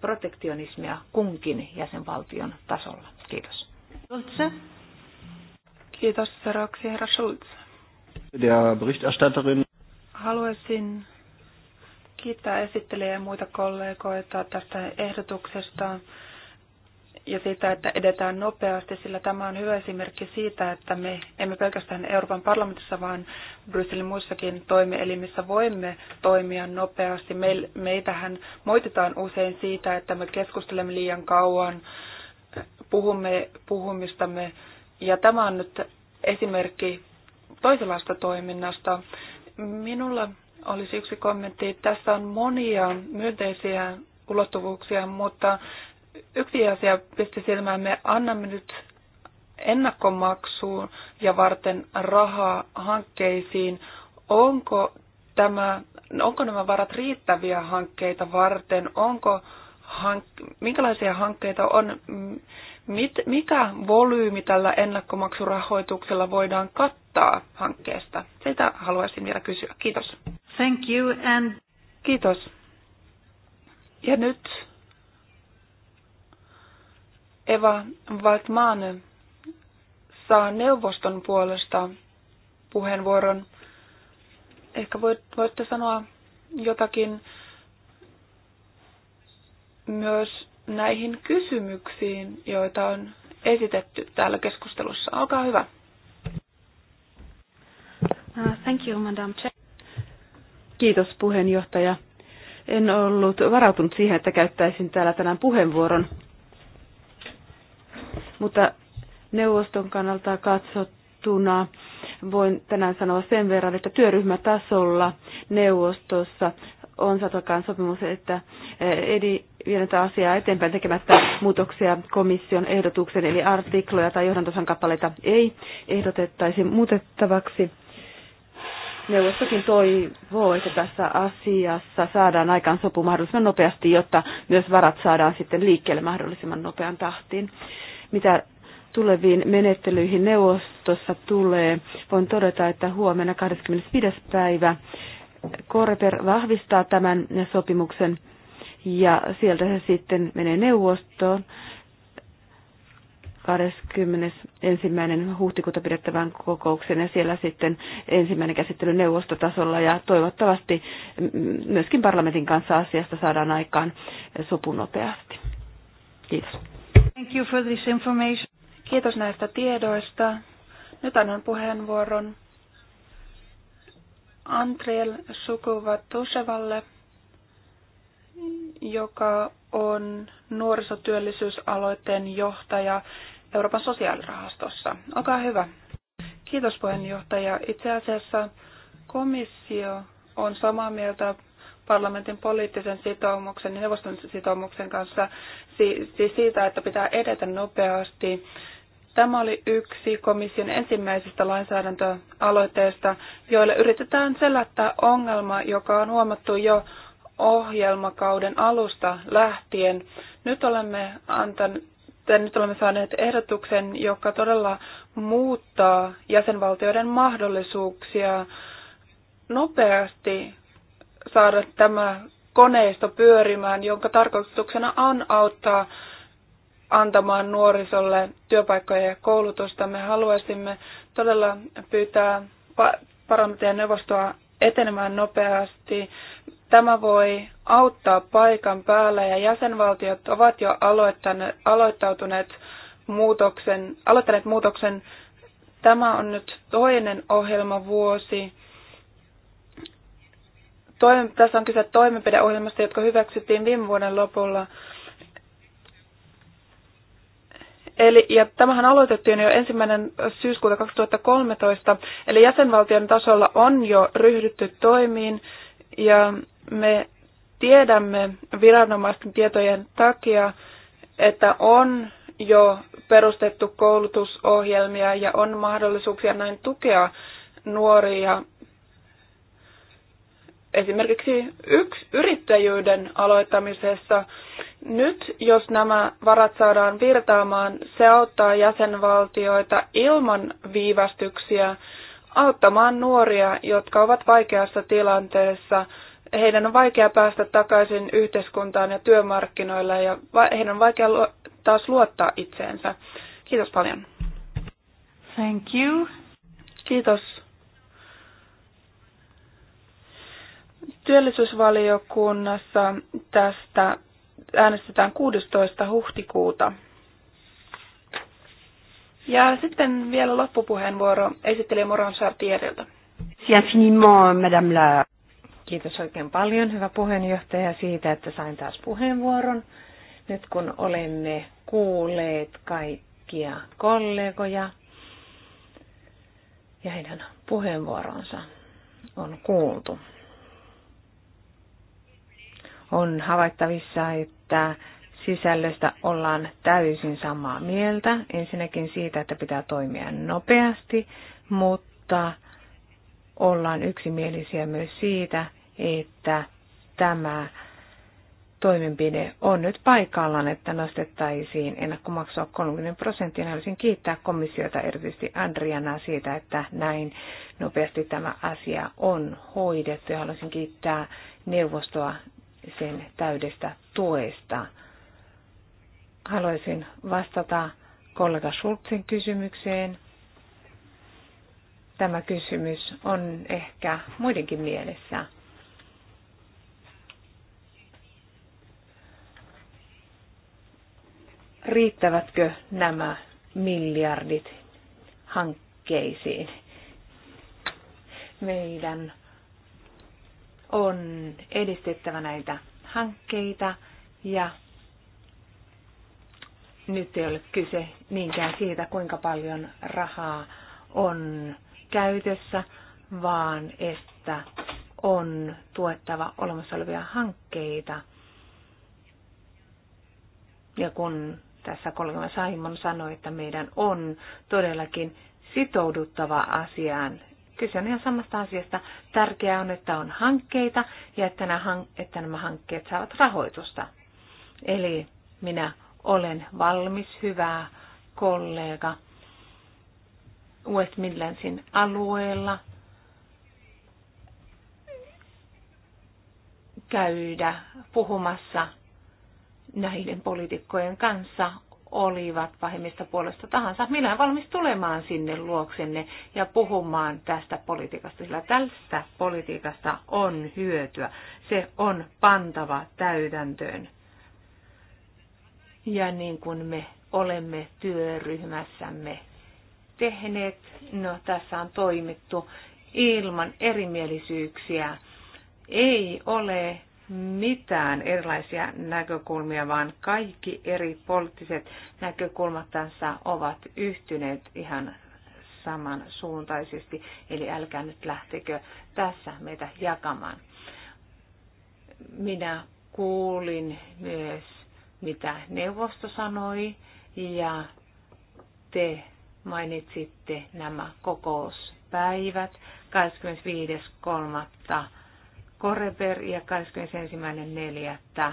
protektionismia kunkin jäsenvaltion tasolla. Kiitos. Schulze. Kiitos seuraavaksi herra Schulz. Berichterstatterin. Haluaisin kiittää esittelijää ja muita kollegoita tästä ehdotuksesta ja siitä, että edetään nopeasti, sillä tämä on hyvä esimerkki siitä, että me emme pelkästään Euroopan parlamentissa, vaan Brysselin muissakin toimielimissä voimme toimia nopeasti. Meitähän moititaan usein siitä, että me keskustelemme liian kauan, puhumme puhumistamme, ja tämä on nyt esimerkki toisenlaista toiminnasta. Minulla olisi yksi kommentti. Tässä on monia myönteisiä ulottuvuuksia, mutta yksi asia pisti silmään, me annamme nyt ennakkomaksuun ja varten rahaa hankkeisiin. Onko, tämä, onko nämä varat riittäviä hankkeita varten? Onko hank- minkälaisia hankkeita on? Mit, mikä volyymi tällä ennakkomaksurahoituksella voidaan kattaa hankkeesta? Sitä haluaisin vielä kysyä. Kiitos. Thank you and... Kiitos. Ja nyt Eva Valtmane saa neuvoston puolesta puheenvuoron. Ehkä voit, voitte sanoa jotakin myös näihin kysymyksiin, joita on esitetty täällä keskustelussa. Olkaa hyvä. Uh, thank you, Madam Chair. Kiitos puheenjohtaja. En ollut varautunut siihen, että käyttäisin täällä tänään puheenvuoron mutta neuvoston kannalta katsottuna voin tänään sanoa sen verran, että työryhmätasolla neuvostossa on satokaan sopimus, että eh, edi viedä tätä asiaa eteenpäin tekemättä muutoksia komission ehdotuksen, eli artikloja tai johdantosan kappaleita ei ehdotettaisi muutettavaksi. Neuvostokin toivoo, että tässä asiassa saadaan aikaan sopu mahdollisimman nopeasti, jotta myös varat saadaan sitten liikkeelle mahdollisimman nopean tahtiin. Mitä tuleviin menettelyihin neuvostossa tulee, voin todeta, että huomenna 25. päivä Korper vahvistaa tämän sopimuksen ja sieltä se sitten menee neuvostoon 21. huhtikuuta pidettävään kokoukseen ja siellä sitten ensimmäinen käsittely neuvostotasolla ja toivottavasti myöskin parlamentin kanssa asiasta saadaan aikaan sopunopeasti. Kiitos. Thank you for this information. Kiitos näistä tiedoista. Nyt annan puheenvuoron Antriel Sukuvatusevalle, joka on nuorisotyöllisyysaloitteen johtaja Euroopan sosiaalirahastossa. Olkaa hyvä. Kiitos puheenjohtaja. Itse asiassa komissio on samaa mieltä parlamentin poliittisen sitoumuksen ja neuvoston sitoumuksen kanssa siis siitä, että pitää edetä nopeasti. Tämä oli yksi komission ensimmäisistä lainsäädäntöaloitteista, joilla yritetään selättää ongelma, joka on huomattu jo ohjelmakauden alusta lähtien. Nyt olemme antaneet nyt olemme saaneet ehdotuksen, joka todella muuttaa jäsenvaltioiden mahdollisuuksia nopeasti saada tämä koneisto pyörimään, jonka tarkoituksena on auttaa antamaan nuorisolle työpaikkoja ja koulutusta. Me haluaisimme todella pyytää parlamentin neuvostoa etenemään nopeasti. Tämä voi auttaa paikan päällä ja jäsenvaltiot ovat jo aloittautuneet muutoksen, aloittaneet muutoksen. Tämä on nyt toinen ohjelmavuosi Toim- tässä on kyse toimenpideohjelmasta, jotka hyväksyttiin viime vuoden lopulla. Eli, ja tämähän aloitettiin jo ensimmäinen syyskuuta 2013, eli jäsenvaltion tasolla on jo ryhdytty toimiin, ja me tiedämme viranomaisten tietojen takia, että on jo perustettu koulutusohjelmia ja on mahdollisuuksia näin tukea nuoria esimerkiksi yksi yrittäjyyden aloittamisessa. Nyt, jos nämä varat saadaan virtaamaan, se auttaa jäsenvaltioita ilman viivästyksiä auttamaan nuoria, jotka ovat vaikeassa tilanteessa. Heidän on vaikea päästä takaisin yhteiskuntaan ja työmarkkinoille ja heidän on vaikea taas luottaa itseensä. Kiitos paljon. Thank you. Kiitos. Työllisyysvaliokunnassa tästä äänestetään 16. huhtikuuta. Ja sitten vielä loppupuheenvuoro esittelee Moran Sartierilta. Kiitos oikein paljon, hyvä puheenjohtaja, siitä, että sain taas puheenvuoron. Nyt kun olemme kuulleet kaikkia kollegoja ja heidän puheenvuoronsa on kuultu on havaittavissa, että sisällöstä ollaan täysin samaa mieltä. Ensinnäkin siitä, että pitää toimia nopeasti, mutta ollaan yksimielisiä myös siitä, että tämä toimenpide on nyt paikallaan, että nostettaisiin ennakkomaksua 30 prosenttia. Haluaisin kiittää komissiota erityisesti Andriana siitä, että näin nopeasti tämä asia on hoidettu. Ja haluaisin kiittää neuvostoa sen täydestä tuesta. Haluaisin vastata kollega Schultzin kysymykseen. Tämä kysymys on ehkä muidenkin mielessä. Riittävätkö nämä miljardit hankkeisiin? Meidän on edistettävä näitä hankkeita ja nyt ei ole kyse niinkään siitä, kuinka paljon rahaa on käytössä, vaan että on tuettava olemassa olevia hankkeita. Ja kun tässä kolme Saimon sanoi, että meidän on todellakin sitouduttava asiaan Kyse on ihan samasta asiasta. Tärkeää on, että on hankkeita ja että nämä, että nämä hankkeet saavat rahoitusta. Eli minä olen valmis, hyvä kollega West Midlandsin alueella käydä puhumassa näiden poliitikkojen kanssa olivat pahimmista puolesta tahansa, minä olen valmis tulemaan sinne luoksenne ja puhumaan tästä politiikasta, sillä tästä politiikasta on hyötyä. Se on pantava täytäntöön. Ja niin kuin me olemme työryhmässämme tehneet, no tässä on toimittu ilman erimielisyyksiä. Ei ole mitään erilaisia näkökulmia, vaan kaikki eri poliittiset näkökulmat tässä ovat yhtyneet ihan samansuuntaisesti, eli älkää nyt lähtekö tässä meitä jakamaan. Minä kuulin myös, mitä neuvosto sanoi, ja te mainitsitte nämä kokouspäivät 25.3 Koreper ja 21.4.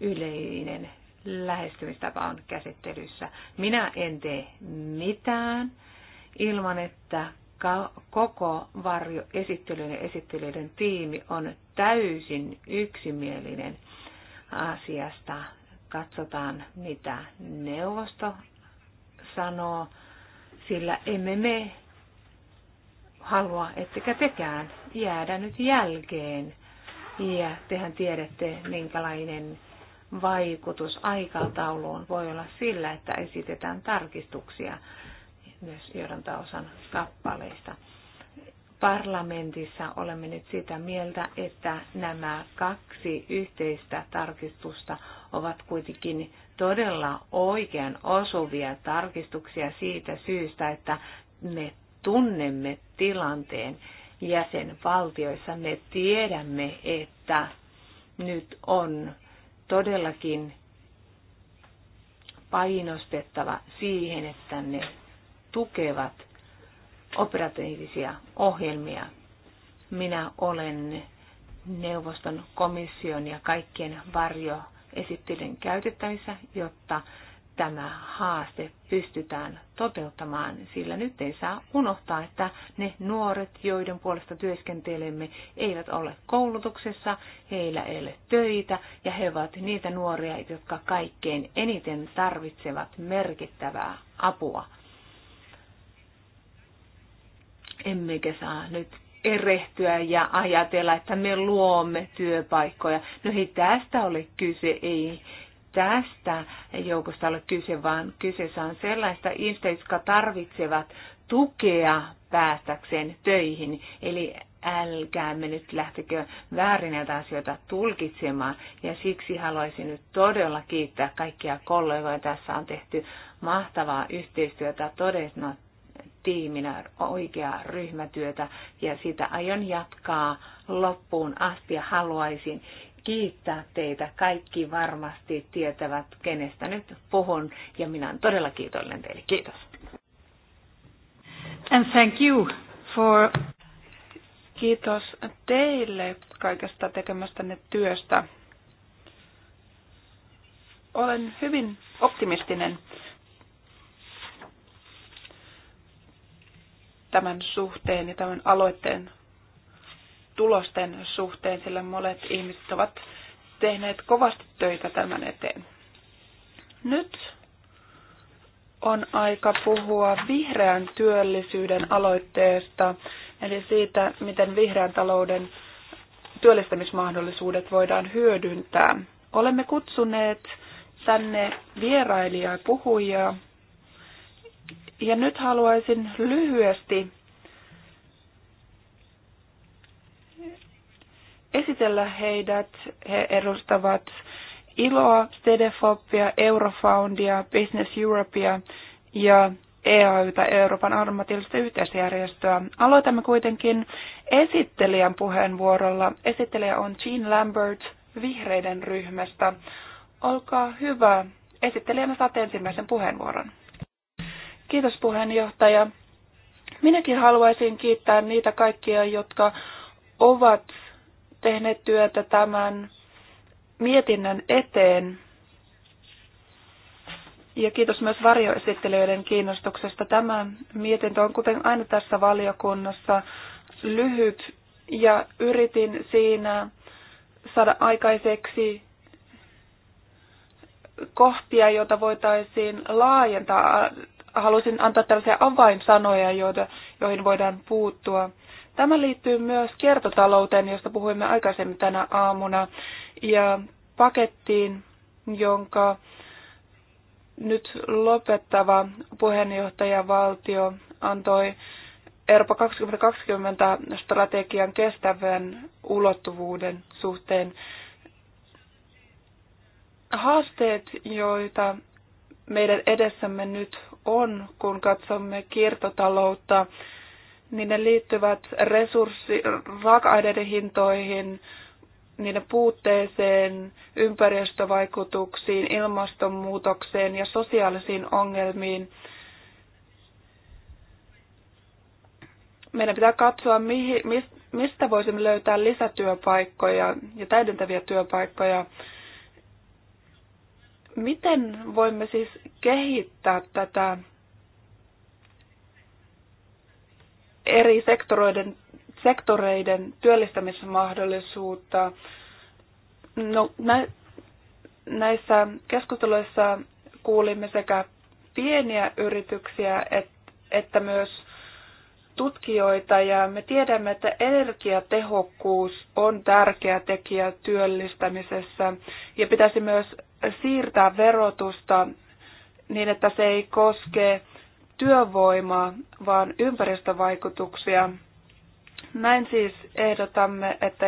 yleinen lähestymistapa on käsittelyssä. Minä en tee mitään ilman, että koko varjo esittelyiden ja esittelyiden tiimi on täysin yksimielinen asiasta. Katsotaan, mitä neuvosto sanoo, sillä emme me halua, ettekä tekään jäädä nyt jälkeen. Ja tehän tiedätte, minkälainen vaikutus aikatauluun voi olla sillä, että esitetään tarkistuksia myös johdantaosan kappaleista. Parlamentissa olemme nyt sitä mieltä, että nämä kaksi yhteistä tarkistusta ovat kuitenkin todella oikean osuvia tarkistuksia siitä syystä, että ne tunnemme tilanteen jäsenvaltioissa. Me tiedämme, että nyt on todellakin painostettava siihen, että ne tukevat operatiivisia ohjelmia. Minä olen neuvoston komission ja kaikkien varjo esittelyn käytettävissä, jotta tämä haaste pystytään toteuttamaan, sillä nyt ei saa unohtaa, että ne nuoret, joiden puolesta työskentelemme, eivät ole koulutuksessa, heillä ei ole töitä ja he ovat niitä nuoria, jotka kaikkein eniten tarvitsevat merkittävää apua. Emmekä saa nyt erehtyä ja ajatella, että me luomme työpaikkoja. No ei tästä ole kyse, ei tästä joukosta ole kyse, vaan kyseessä on sellaista ihmistä, jotka tarvitsevat tukea päästäkseen töihin. Eli älkäämme nyt lähtekö väärin näitä asioita tulkitsemaan. Ja siksi haluaisin nyt todella kiittää kaikkia kollegoja. Tässä on tehty mahtavaa yhteistyötä todella tiiminä, oikeaa ryhmätyötä ja sitä aion jatkaa loppuun asti ja haluaisin kiittää teitä. Kaikki varmasti tietävät, kenestä nyt puhun, ja minä olen todella kiitollinen teille. Kiitos. And thank you for... Kiitos teille kaikesta tekemästänne työstä. Olen hyvin optimistinen tämän suhteen ja tämän aloitteen tulosten suhteen, sillä monet ihmiset ovat tehneet kovasti töitä tämän eteen. Nyt on aika puhua vihreän työllisyyden aloitteesta, eli siitä, miten vihreän talouden työllistämismahdollisuudet voidaan hyödyntää. Olemme kutsuneet tänne vierailijaa ja puhujia, ja nyt haluaisin lyhyesti esitellä heidät. He edustavat ILOa, Stedefopia, Eurofoundia, Business Europea ja EAYtä, Euroopan armatillista yhteisjärjestöä. Aloitamme kuitenkin esittelijän puheenvuorolla. Esittelijä on Jean Lambert vihreiden ryhmästä. Olkaa hyvä. Esittelijänä saat ensimmäisen puheenvuoron. Kiitos puheenjohtaja. Minäkin haluaisin kiittää niitä kaikkia, jotka ovat tehneet työtä tämän mietinnön eteen. Ja kiitos myös varjoesittelijöiden kiinnostuksesta. Tämä mietintö on kuten aina tässä valiokunnassa lyhyt ja yritin siinä saada aikaiseksi kohtia, joita voitaisiin laajentaa. Halusin antaa tällaisia avainsanoja, joihin voidaan puuttua. Tämä liittyy myös kiertotalouteen, josta puhuimme aikaisemmin tänä aamuna, ja pakettiin, jonka nyt lopettava puheenjohtajavaltio antoi Eurooppa 2020 strategian kestävän ulottuvuuden suhteen. Haasteet, joita meidän edessämme nyt on, kun katsomme kiertotaloutta, niin ne liittyvät resurssi, raaka-aineiden hintoihin, niiden puutteeseen, ympäristövaikutuksiin, ilmastonmuutokseen ja sosiaalisiin ongelmiin. Meidän pitää katsoa, mihin, mistä voisimme löytää lisätyöpaikkoja ja täydentäviä työpaikkoja. Miten voimme siis kehittää tätä eri sektoreiden, sektoreiden työllistämismahdollisuutta. No, nä, näissä keskusteluissa kuulimme sekä pieniä yrityksiä et, että myös tutkijoita ja me tiedämme, että energiatehokkuus on tärkeä tekijä työllistämisessä ja pitäisi myös siirtää verotusta niin, että se ei koske työvoimaa, vaan ympäristövaikutuksia. Näin siis ehdotamme, että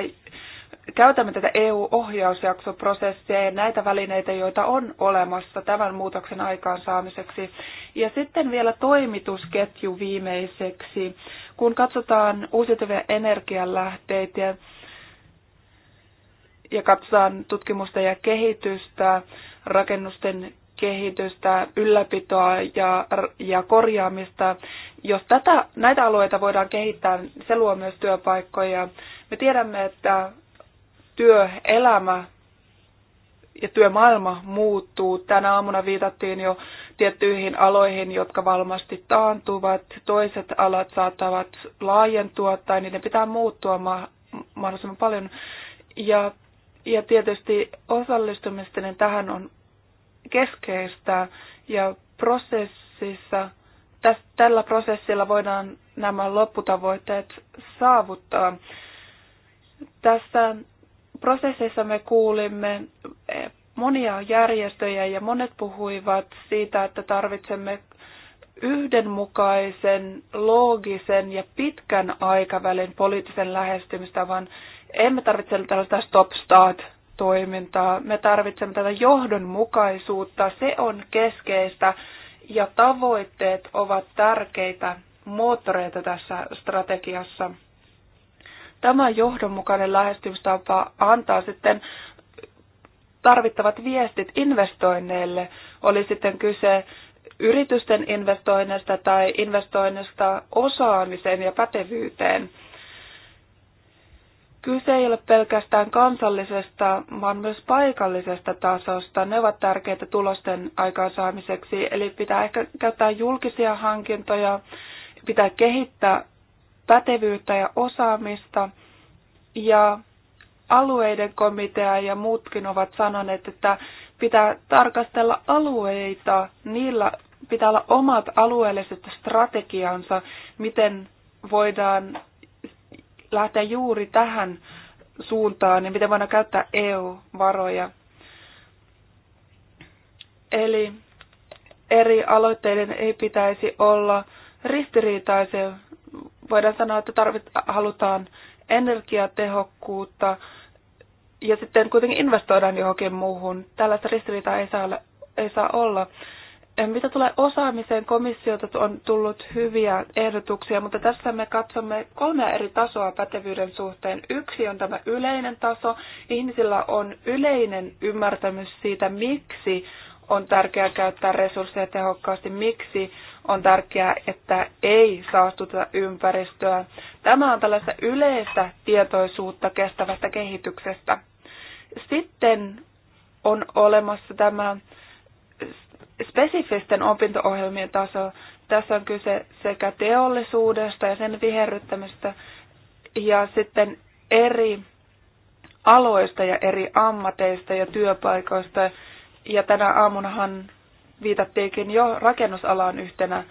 käytämme tätä EU-ohjausjaksoprosessia ja näitä välineitä, joita on olemassa tämän muutoksen aikaansaamiseksi. Ja sitten vielä toimitusketju viimeiseksi. Kun katsotaan uusiutuvia energianlähteitä ja katsotaan tutkimusta ja kehitystä, rakennusten kehitystä, ylläpitoa ja, ja korjaamista. Jos tätä, näitä alueita voidaan kehittää, se luo myös työpaikkoja. Me tiedämme, että työelämä ja työmaailma muuttuu. Tänä aamuna viitattiin jo tiettyihin aloihin, jotka valmasti taantuvat. Toiset alat saattavat laajentua tai niiden pitää muuttua ma- mahdollisimman paljon. Ja, ja tietysti osallistumisten tähän on keskeistä ja prosessissa, täs, tällä prosessilla voidaan nämä lopputavoitteet saavuttaa. Tässä prosessissa me kuulimme eh, monia järjestöjä ja monet puhuivat siitä, että tarvitsemme yhdenmukaisen, loogisen ja pitkän aikavälin poliittisen lähestymistavan. Emme tarvitse tällaista stop-start toimintaa. Me tarvitsemme tätä johdonmukaisuutta, se on keskeistä ja tavoitteet ovat tärkeitä moottoreita tässä strategiassa. Tämä johdonmukainen lähestymistapa antaa sitten tarvittavat viestit investoinneille, oli sitten kyse yritysten investoinneista tai investoinnista osaamiseen ja pätevyyteen. Kyse ei ole pelkästään kansallisesta, vaan myös paikallisesta tasosta. Ne ovat tärkeitä tulosten aikaansaamiseksi, eli pitää ehkä käyttää julkisia hankintoja, pitää kehittää pätevyyttä ja osaamista. Ja alueiden komitea ja muutkin ovat sanoneet, että pitää tarkastella alueita, niillä pitää olla omat alueelliset strategiansa, miten voidaan lähteä juuri tähän suuntaan, niin miten voidaan käyttää EU-varoja. Eli eri aloitteiden ei pitäisi olla ristiriitaisia. Voidaan sanoa, että tarvit, halutaan energiatehokkuutta ja sitten kuitenkin investoidaan johonkin muuhun. Tällaista ristiriitaa ei saa, ei saa olla. Mitä tulee osaamiseen, komissiota on tullut hyviä ehdotuksia, mutta tässä me katsomme kolmea eri tasoa pätevyyden suhteen. Yksi on tämä yleinen taso. Ihmisillä on yleinen ymmärtämys siitä, miksi on tärkeää käyttää resursseja tehokkaasti, miksi on tärkeää, että ei saastuteta ympäristöä. Tämä on tällaista yleistä tietoisuutta kestävästä kehityksestä. Sitten on olemassa tämä spesifisten opinto-ohjelmien taso. Tässä on kyse sekä teollisuudesta ja sen viherryttämistä ja sitten eri aloista ja eri ammateista ja työpaikoista. Ja tänä aamunahan viitattiinkin jo rakennusalaan yhtenä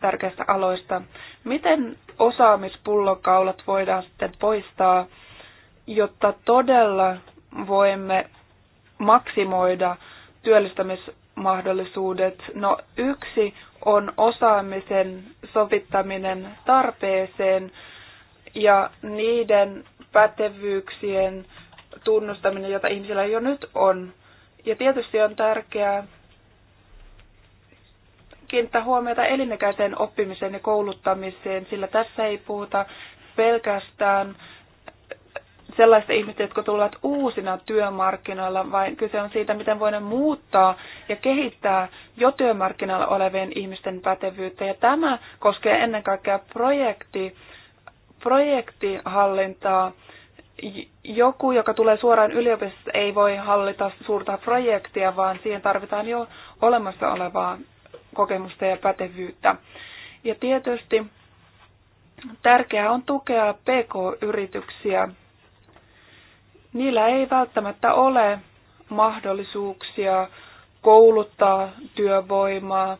tärkeistä aloista. Miten osaamispullokaulat voidaan sitten poistaa, jotta todella voimme maksimoida työllistämis- mahdollisuudet. No yksi on osaamisen sovittaminen tarpeeseen ja niiden pätevyyksien tunnustaminen, jota ihmisillä jo nyt on. Ja tietysti on tärkeää kiinnittää huomiota elinikäiseen oppimiseen ja kouluttamiseen, sillä tässä ei puhuta pelkästään sellaista ihmistä, jotka tulevat uusina työmarkkinoilla, vaan kyse on siitä, miten voidaan muuttaa ja kehittää jo työmarkkinoilla olevien ihmisten pätevyyttä. Ja tämä koskee ennen kaikkea projekti, projektihallintaa. Joku, joka tulee suoraan yliopistosta, ei voi hallita suurta projektia, vaan siihen tarvitaan jo olemassa olevaa kokemusta ja pätevyyttä. Ja tietysti tärkeää on tukea PK-yrityksiä niillä ei välttämättä ole mahdollisuuksia kouluttaa työvoimaa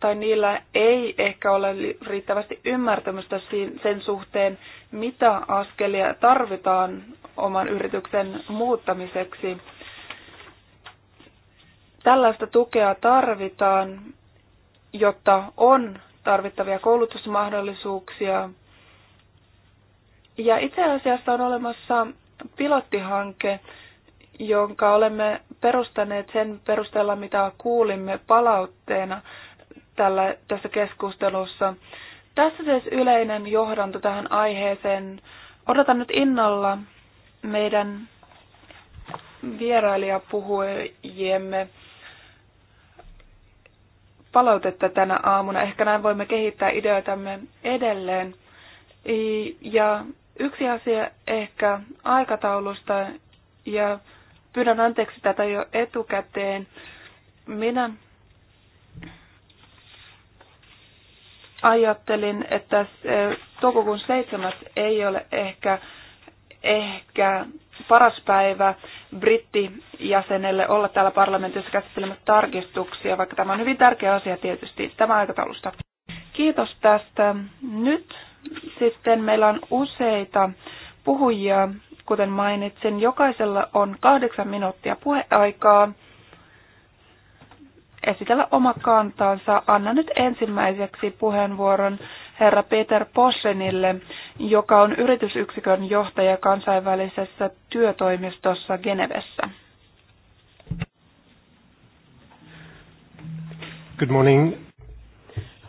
tai niillä ei ehkä ole riittävästi ymmärtämystä sen suhteen, mitä askelia tarvitaan oman yrityksen muuttamiseksi. Tällaista tukea tarvitaan, jotta on tarvittavia koulutusmahdollisuuksia. Ja itse asiassa on olemassa pilottihanke, jonka olemme perustaneet sen perusteella, mitä kuulimme palautteena tällä, tässä keskustelussa. Tässä siis yleinen johdanto tähän aiheeseen. Odotan nyt innolla meidän vierailijapuhujiemme palautetta tänä aamuna. Ehkä näin voimme kehittää ideoitamme edelleen. Ja Yksi asia ehkä aikataulusta, ja pyydän anteeksi tätä jo etukäteen. Minä ajattelin, että toukokuun 7. ei ole ehkä, ehkä paras päivä brittijäsenelle olla täällä parlamentissa käsittelemässä tarkistuksia, vaikka tämä on hyvin tärkeä asia tietysti tämä aikataulusta. Kiitos tästä. Nyt sitten meillä on useita puhujia, kuten mainitsin. Jokaisella on kahdeksan minuuttia puheaikaa esitellä oma kantaansa. Anna nyt ensimmäiseksi puheenvuoron herra Peter Possenille, joka on yritysyksikön johtaja kansainvälisessä työtoimistossa Genevessä. Good morning.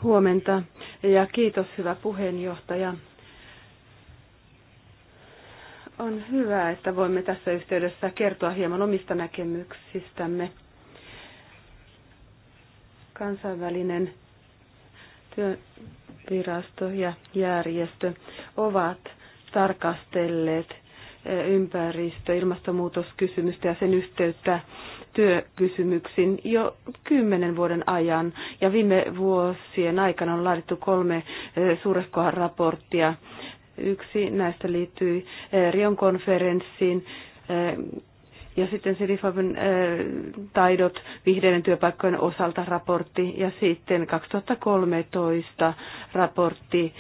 Huomenta. Ja kiitos hyvä puheenjohtaja. On hyvä, että voimme tässä yhteydessä kertoa hieman omista näkemyksistämme. Kansainvälinen työvirasto ja järjestö ovat tarkastelleet ympäristö- ja ilmastonmuutoskysymystä ja sen yhteyttä työkysymyksiin jo kymmenen vuoden ajan. Ja viime vuosien aikana on laadittu kolme eh, suurehkoa raporttia. Yksi näistä liittyy eh, Rion konferenssiin, eh, ja sitten Sirifabin taidot vihreiden työpaikkojen osalta raportti ja sitten 2013 raportti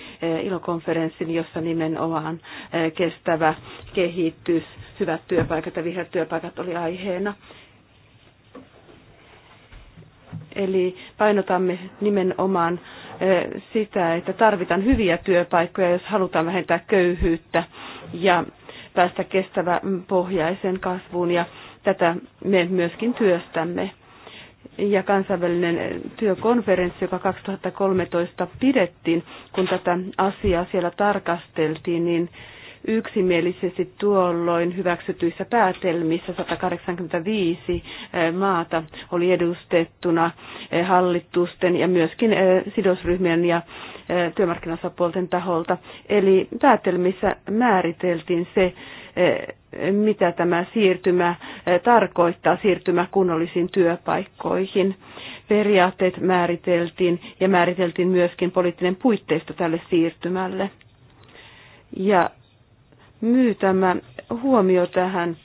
ilokonferenssin, jossa nimenomaan kestävä kehitys, hyvät työpaikat ja vihreät työpaikat oli aiheena. Eli painotamme nimenomaan sitä, että tarvitaan hyviä työpaikkoja, jos halutaan vähentää köyhyyttä ja päästä kestävä pohjaisen kasvuun ja tätä me myöskin työstämme. Ja kansainvälinen työkonferenssi, joka 2013 pidettiin, kun tätä asiaa siellä tarkasteltiin, niin yksimielisesti tuolloin hyväksytyissä päätelmissä 185 eh, maata oli edustettuna eh, hallitusten ja myöskin eh, sidosryhmien ja työmarkkinasapuolten taholta. Eli päätelmissä määriteltiin se, mitä tämä siirtymä tarkoittaa, siirtymä kunnollisiin työpaikkoihin. Periaatteet määriteltiin ja määriteltiin myöskin poliittinen puitteisto tälle siirtymälle. Ja myytämä huomio tähän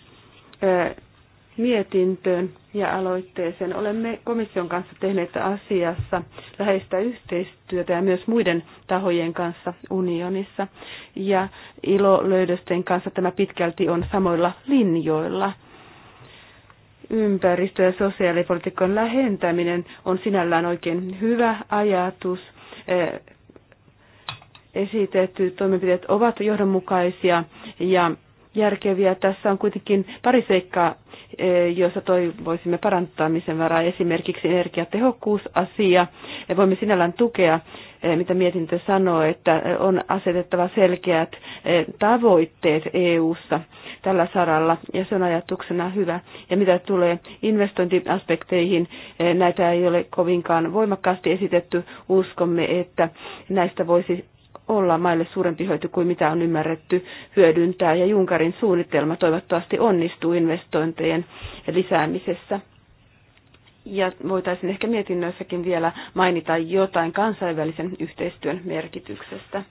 mietintöön ja aloitteeseen. Olemme komission kanssa tehneet asiassa läheistä yhteistyötä ja myös muiden tahojen kanssa unionissa. Ja ilolöydösten kanssa tämä pitkälti on samoilla linjoilla. Ympäristö- ja sosiaalipolitiikan lähentäminen on sinällään oikein hyvä ajatus Esitetty toimenpiteet ovat johdonmukaisia ja järkeviä. Tässä on kuitenkin pari seikkaa, e, joissa toivoisimme parantamisen varaa, esimerkiksi energiatehokkuusasia. E, voimme sinällään tukea, e, mitä mietintö sanoo, että on asetettava selkeät tavoitteet EU-ssa tällä saralla, ja se on ajatuksena hyvä. Ja mitä tulee investointiaspekteihin, näitä ei ole kovinkaan voimakkaasti esitetty. Uskomme, että näistä voisi olla maille suurempi hyöty kuin mitä on ymmärretty hyödyntää, ja Junkarin suunnitelma toivottavasti onnistuu investointejen lisäämisessä. Ja voitaisiin ehkä mietinnöissäkin vielä mainita jotain kansainvälisen yhteistyön merkityksestä.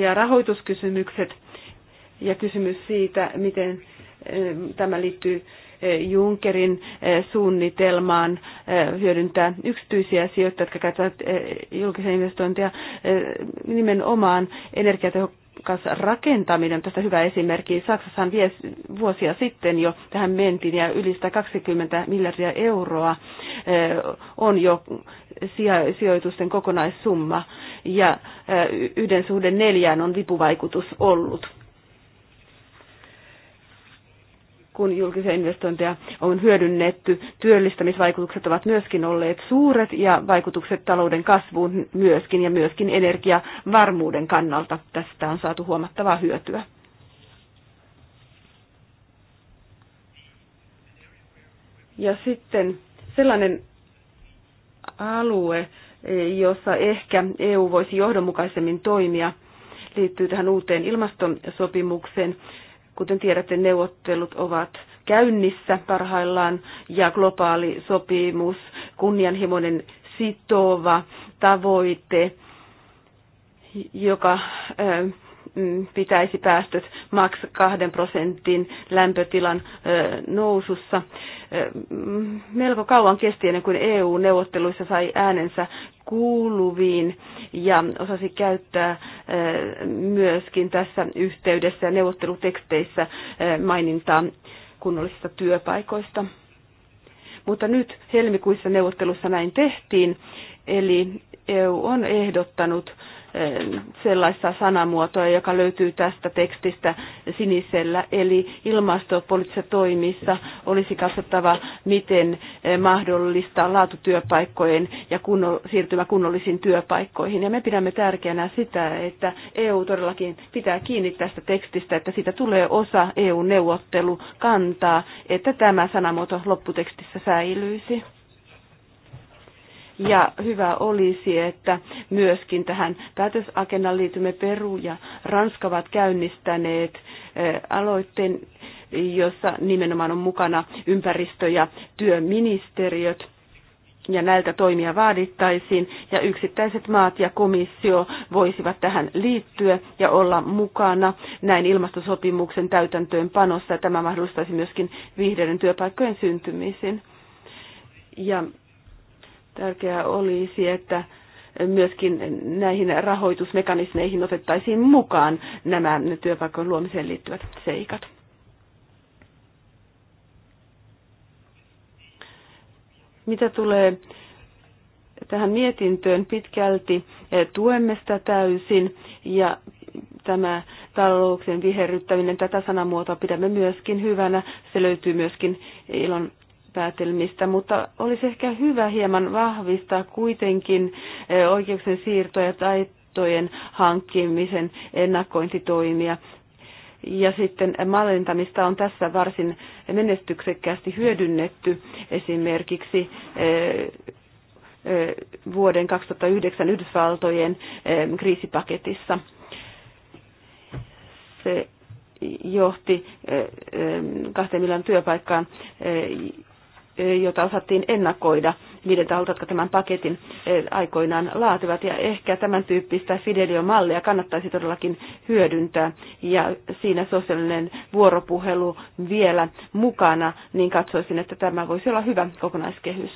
ja rahoituskysymykset ja kysymys siitä, miten eh, tämä liittyy eh, Junckerin eh, suunnitelmaan hyödyntää yksityisiä sijoittajia, jotka käyttävät julkisia investointeja nimenomaan energiatehokkaassa rakentaminen. Tästä hyvä esimerkki. Saksassahan vuosia sitten jo tähän mentiin ja yli 120 miljardia euroa on jo sijoitusten kokonaissumma ja yhden suhde neljään on vipuvaikutus ollut kun julkisia investointeja on hyödynnetty. Työllistämisvaikutukset ovat myöskin olleet suuret ja vaikutukset talouden kasvuun myöskin ja myöskin energiavarmuuden kannalta. Tästä on saatu huomattavaa hyötyä. Ja sitten sellainen alue, jossa ehkä EU voisi johdonmukaisemmin toimia, liittyy tähän uuteen ilmastosopimukseen. Kuten tiedätte, neuvottelut ovat käynnissä parhaillaan ja globaali sopimus, kunnianhimoinen sitova tavoite, joka Mm, pitäisi päästöt maksaa kahden prosentin lämpötilan nousussa. Mm, melko kauan kesti ennen kuin EU-neuvotteluissa sai äänensä kuuluviin ja osasi käyttää myöskin tässä yhteydessä ja neuvotteluteksteissä mainintaa kunnollisista työpaikoista. Mutta nyt helmikuissa neuvottelussa näin tehtiin, eli EU on ehdottanut sellaista sanamuotoa, joka löytyy tästä tekstistä sinisellä. Eli ilmastopoliittisissa toimissa olisi katsottava, miten mahdollista laatutyöpaikkojen ja kunno, siirtymä kunnollisiin työpaikkoihin. Ja me pidämme tärkeänä sitä, että EU todellakin pitää kiinni tästä tekstistä, että siitä tulee osa EU-neuvottelukantaa, että tämä sanamuoto lopputekstissä säilyisi. Ja hyvä olisi, että myöskin tähän päätösagendaan liitymme Peru ja Ranska ovat käynnistäneet eh, aloitteen, jossa nimenomaan on mukana ympäristö- ja työministeriöt ja näiltä toimia vaadittaisiin, ja yksittäiset maat ja komissio voisivat tähän liittyä ja olla mukana näin ilmastosopimuksen täytäntöönpanossa. Tämä mahdollistaisi myöskin vihreiden työpaikkojen syntymisen. Ja Tärkeää olisi, että myöskin näihin rahoitusmekanismeihin otettaisiin mukaan nämä työpaikkojen luomiseen liittyvät seikat. Mitä tulee tähän mietintöön pitkälti, tuemme sitä täysin ja tämä talouksien viherryttäminen, tätä sanamuotoa pidämme myöskin hyvänä. Se löytyy myöskin ilon päätelmistä, mutta olisi ehkä hyvä hieman vahvistaa kuitenkin eh, oikeuksien siirtoja tai taitojen hankkimisen ennakointitoimia. Ja sitten mallintamista on tässä varsin menestyksekkäästi hyödynnetty esimerkiksi eh, eh, vuoden 2009 Yhdysvaltojen kriisipaketissa. Se johti kahteen miljoonan työpaikkaan Eh, jota osattiin ennakoida niiden taholta, jotka tämän paketin eh, aikoinaan laativat. Ja ehkä tämän tyyppistä Fidelio-mallia kannattaisi todellakin hyödyntää. Ja siinä sosiaalinen vuoropuhelu vielä mukana, niin katsoisin, että tämä voisi olla hyvä kokonaiskehys.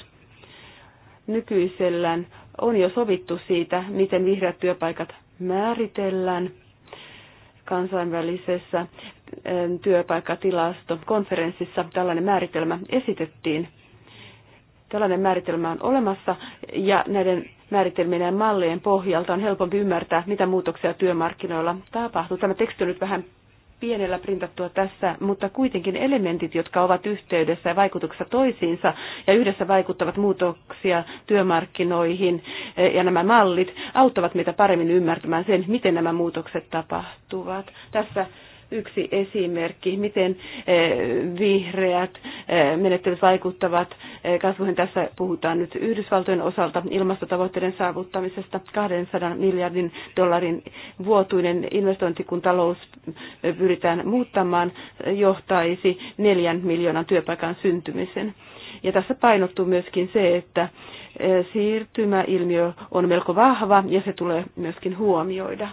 Nykyisellään on jo sovittu siitä, miten vihreät työpaikat määritellään kansainvälisessä työpaikkatilasto konferenssissa tällainen määritelmä esitettiin. Tällainen määritelmä on olemassa ja näiden määritelmien ja mallien pohjalta on helpompi ymmärtää, mitä muutoksia työmarkkinoilla tapahtuu. Tämä teksti on nyt vähän pienellä printattua tässä, mutta kuitenkin elementit, jotka ovat yhteydessä ja vaikutuksessa toisiinsa ja yhdessä vaikuttavat muutoksia työmarkkinoihin e, ja nämä mallit auttavat meitä paremmin ymmärtämään sen, miten nämä muutokset tapahtuvat. Tässä yksi esimerkki, miten eh, vihreät eh, menettelyt vaikuttavat eh, kasvuihin. Tässä puhutaan nyt Yhdysvaltojen osalta ilmastotavoitteiden saavuttamisesta 200 miljardin dollarin vuotuinen investointi, kun talous pyritään muuttamaan, johtaisi neljän miljoonan työpaikan syntymisen. Ja tässä painottuu myöskin se, että siirtymäilmiö on melko vahva ja se tulee myöskin huomioida.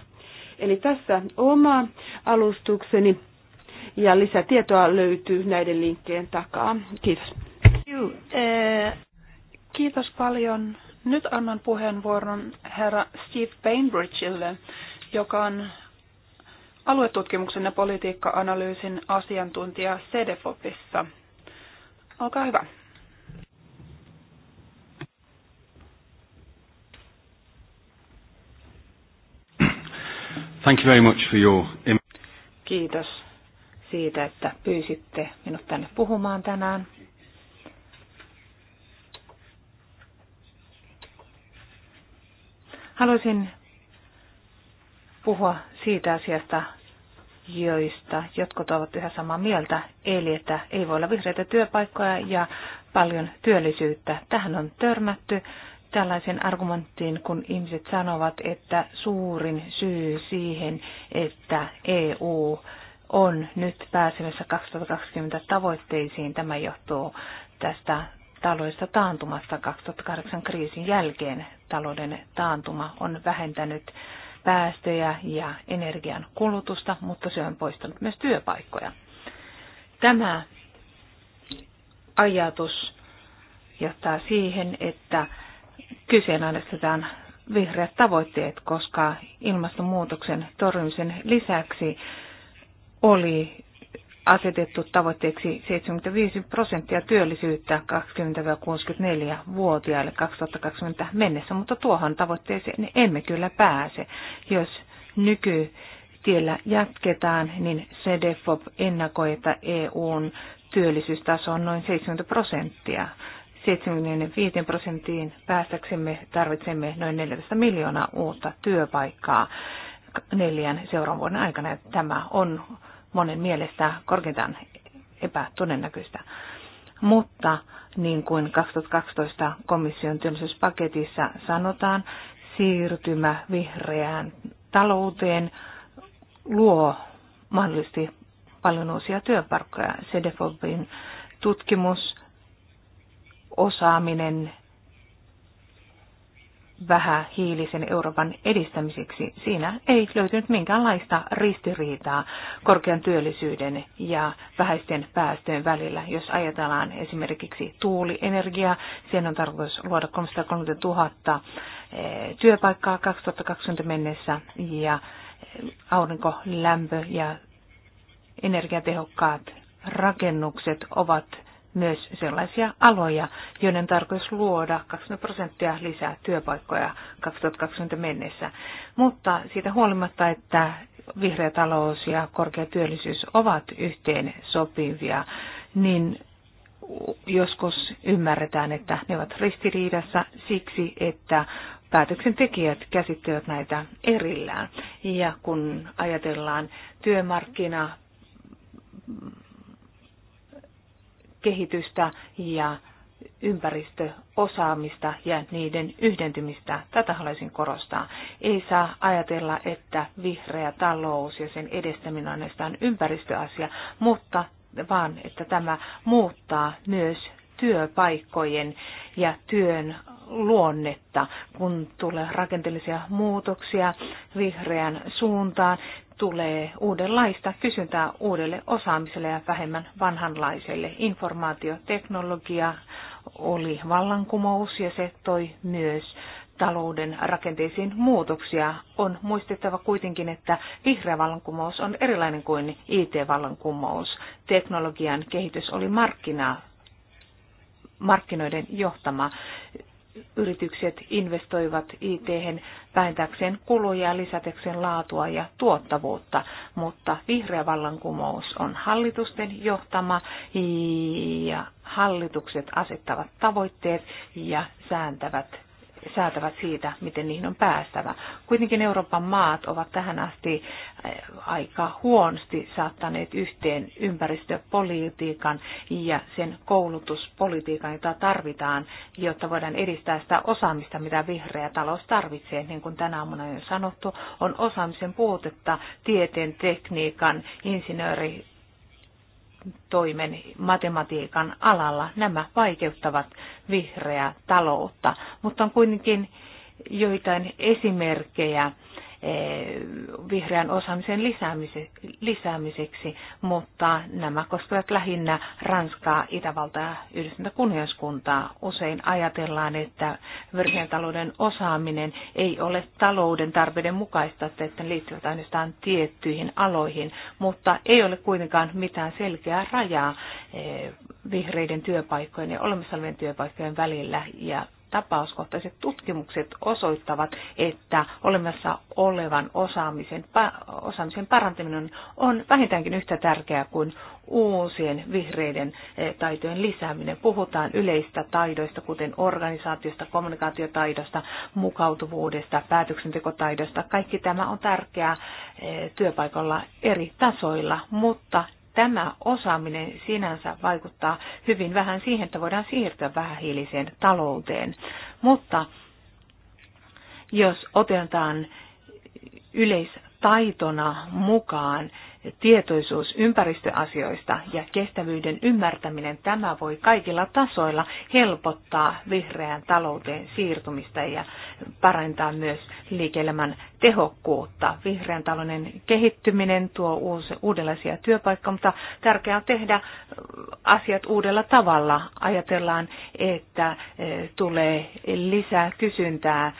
Eli tässä oma alustukseni ja lisätietoa löytyy näiden linkkeen takaa. Kiitos. Eh, kiitos paljon. Nyt annan puheenvuoron herra Steve Bainbridgeille, joka on aluetutkimuksen ja politiikka-analyysin asiantuntija CDFOPissa. Olkaa hyvä. Thank you very much for your... Kiitos siitä, että pyysitte minut tänne puhumaan tänään. Haluaisin puhua siitä asiasta, joista jotkut ovat yhä samaa mieltä, eli että ei voi olla vihreitä työpaikkoja ja paljon työllisyyttä. Tähän on törmätty tällaisen argumenttiin, kun ihmiset sanovat, että suurin syy siihen, että EU on nyt pääsemässä 2020 tavoitteisiin, tämä johtuu tästä taloudesta taantumasta 2008 kriisin jälkeen. Talouden taantuma on vähentänyt päästöjä ja energian kulutusta, mutta se on poistanut myös työpaikkoja. Tämä ajatus johtaa siihen, että kyseenalaistetaan vihreät tavoitteet, koska ilmastonmuutoksen torjumisen lisäksi oli asetettu tavoitteeksi 75 prosenttia työllisyyttä 20-64-vuotiaille 2020 mennessä, mutta tuohon tavoitteeseen emme kyllä pääse. Jos nykytiellä jatketaan, niin CDFOP ennakoi, että EUn työllisyystaso on noin 70 prosenttia 75 prosenttiin päästäksemme tarvitsemme noin 14 miljoonaa uutta työpaikkaa neljän seuraavan vuoden aikana. Tämä on monen mielestä korkeintaan epätodennäköistä. Mutta niin kuin 2012 komission työllisyyspaketissa sanotaan, siirtymä vihreään talouteen luo mahdollisesti paljon uusia työpaikkoja. CDFOBin tutkimus osaaminen vähähiilisen Euroopan edistämiseksi. Siinä ei löytynyt minkäänlaista ristiriitaa korkean työllisyyden ja vähäisten päästöjen välillä. Jos ajatellaan esimerkiksi tuulienergiaa, sen on tarkoitus luoda 330 000 eh, työpaikkaa 2020 mennessä ja eh, aurinkolämpö ja energiatehokkaat rakennukset ovat myös sellaisia aloja, joiden tarkoitus luoda 20 prosenttia lisää työpaikkoja 2020 mennessä. Mutta siitä huolimatta, että vihreä talous ja korkea työllisyys ovat yhteen sopivia, niin joskus ymmärretään, että ne ovat ristiriidassa siksi, että päätöksentekijät käsittelevät näitä erillään. Ja kun ajatellaan työmarkkina kehitystä ja ympäristöosaamista ja niiden yhdentymistä. Tätä haluaisin korostaa. Ei saa ajatella, että vihreä talous ja sen edistäminen on ainoastaan ympäristöasia, mutta vaan että tämä muuttaa myös työpaikkojen ja työn luonnetta, kun tulee rakenteellisia muutoksia vihreän suuntaan, tulee uudenlaista kysyntää uudelle osaamiselle ja vähemmän vanhanlaiselle. Informaatioteknologia oli vallankumous ja se toi myös talouden rakenteisiin muutoksia. On muistettava kuitenkin, että vihreä vallankumous on erilainen kuin IT-vallankumous. Teknologian kehitys oli markkina, markkinoiden johtama yritykset investoivat it vähentääkseen kuluja, lisätäkseen laatua ja tuottavuutta, mutta vihreä vallankumous on hallitusten johtama ja hallitukset asettavat tavoitteet ja sääntävät säätävät siitä, miten niihin on päästävä. Kuitenkin Euroopan maat ovat tähän asti eh, aika huonosti saattaneet yhteen ympäristöpolitiikan ja sen koulutuspolitiikan, jota tarvitaan, jotta voidaan edistää sitä osaamista, mitä vihreä talous tarvitsee. Niin kuin tänä aamuna on sanottu, on osaamisen puutetta tieteen, tekniikan, insinööri toimen matematiikan alalla. Nämä vaikeuttavat vihreää taloutta, mutta on kuitenkin joitain esimerkkejä Eh, vihreän osaamisen lisäämiseksi, mutta nämä koskevat lähinnä Ranskaa, Itävaltaa ja yhdistyntä Usein ajatellaan, että vihreän talouden osaaminen ei ole talouden tarpeiden mukaista, että ne liittyvät ainoastaan tiettyihin aloihin, mutta ei ole kuitenkaan mitään selkeää rajaa eh, vihreiden työpaikkojen ja olemassa olevien työpaikkojen välillä ja tapauskohtaiset tutkimukset osoittavat, että olemassa olevan osaamisen, osaamisen parantaminen on vähintäänkin yhtä tärkeää kuin uusien vihreiden eh, taitojen lisääminen. Puhutaan yleistä taidoista, kuten organisaatiosta, kommunikaatiotaidosta, mukautuvuudesta, päätöksentekotaidosta. Kaikki tämä on tärkeää eh, työpaikalla eri tasoilla, mutta tämä osaaminen sinänsä vaikuttaa hyvin vähän siihen, että voidaan siirtyä vähähiiliseen talouteen. Mutta jos otetaan yleistaitona mukaan tietoisuus ympäristöasioista ja kestävyyden ymmärtäminen, tämä voi kaikilla tasoilla helpottaa vihreään talouteen siirtymistä ja parantaa myös liike-elämän tehokkuutta. Vihreän talouden kehittyminen tuo uusi, uudenlaisia työpaikkoja, mutta tärkeää on tehdä asiat uudella tavalla. Ajatellaan, että tulee lisää kysyntää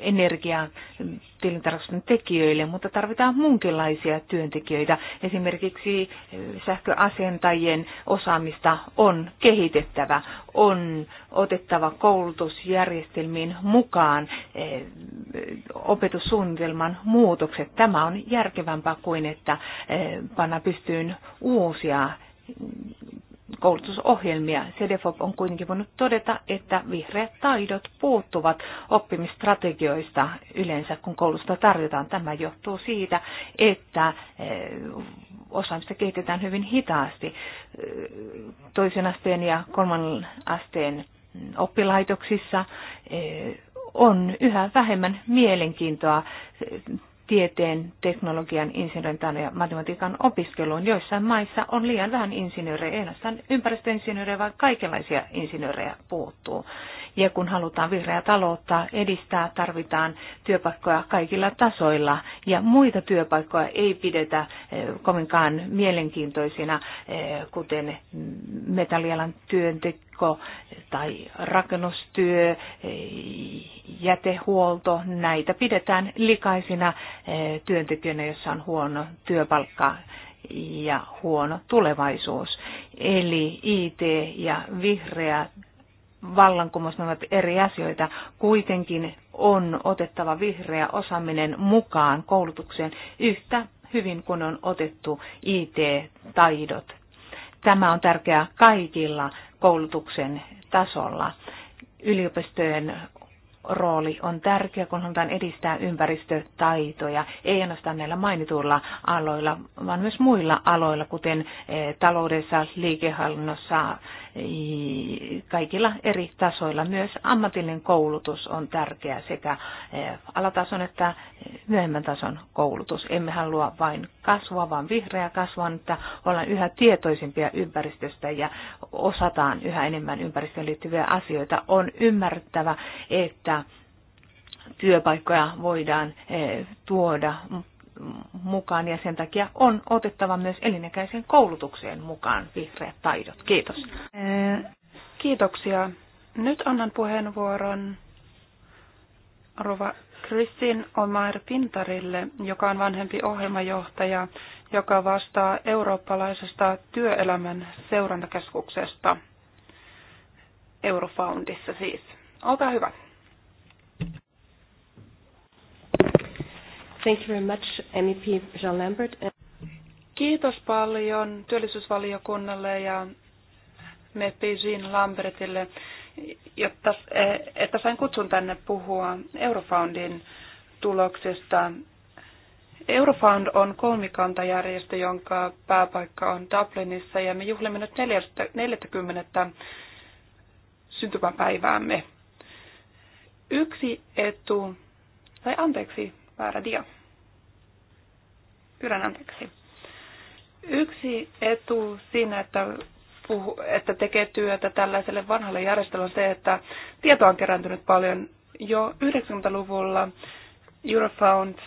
energiatilintarkastuksen tekijöille, mutta tarvitaan muunkinlaisia työntekijöitä. Esimerkiksi eh, sähköasentajien osaamista on kehitettävä, on otettava koulutusjärjestelmiin mukaan eh, opetussuunnitelman muutokset. Tämä on järkevämpää kuin, että eh, panna pystyyn uusia koulutusohjelmia. CDFOP on kuitenkin voinut todeta, että vihreät taidot puuttuvat oppimistrategioista yleensä, kun koulusta tarjotaan. Tämä johtuu siitä, että eh, osaamista kehitetään hyvin hitaasti. Toisen asteen ja kolmannen asteen oppilaitoksissa eh, on yhä vähemmän mielenkiintoa tieteen, teknologian, insinöörin ja matematiikan opiskeluun. Joissain maissa on liian vähän insinöörejä, ei ainoastaan ympäristöinsinöörejä, vaan kaikenlaisia insinöörejä puuttuu. Ja kun halutaan vihreää taloutta edistää, tarvitaan työpaikkoja kaikilla tasoilla. Ja muita työpaikkoja ei pidetä eh, kovinkaan mielenkiintoisina, eh, kuten metallialan työnteko tai rakennustyö, eh, jätehuolto. Näitä pidetään likaisina työntekijöinä, jossa on huono työpalkka ja huono tulevaisuus. Eli IT ja vihreä vallankumous, ne ovat eri asioita. Kuitenkin on otettava vihreä osaaminen mukaan koulutukseen yhtä hyvin kuin on otettu IT-taidot. Tämä on tärkeää kaikilla koulutuksen tasolla. Yliopistojen rooli on tärkeä, kun halutaan edistää ympäristötaitoja, ei ainoastaan näillä mainituilla aloilla, vaan myös muilla aloilla, kuten eh, taloudessa, liikehallinnossa, kaikilla eri tasoilla. Myös ammatillinen koulutus on tärkeä sekä eh, alatason että myöhemmän tason koulutus. Emme halua vain kasvua, vaan vihreää kasvua, että ollaan yhä tietoisimpia ympäristöstä ja osataan yhä enemmän ympäristöön liittyviä asioita. On ymmärrettävä, että työpaikkoja voidaan eh, tuoda mukaan ja sen takia on otettava myös elinikäiseen koulutukseen mukaan vihreät taidot. Kiitos. Kiitoksia. Nyt annan puheenvuoron Rova Kristin Omar Pintarille, joka on vanhempi ohjelmajohtaja, joka vastaa eurooppalaisesta työelämän seurantakeskuksesta. Eurofoundissa siis. Olkaa hyvä. Thank you very much, MEP Jean Lambert. Kiitos paljon työllisyysvaliokunnalle ja MEP Jean Lambertille, jotta, että sain kutsun tänne puhua Eurofoundin tuloksista. Eurofound on kolmikantajärjestö, jonka pääpaikka on Dublinissa ja me juhlimme nyt 40 syntymäpäiväämme. Yksi etu, tai anteeksi, väärä dia pyydän anteeksi. Yksi etu siinä, että, puhu, että tekee työtä tällaiselle vanhalle järjestelmälle on se, että tietoa on kerääntynyt paljon. Jo 90-luvulla Eurofound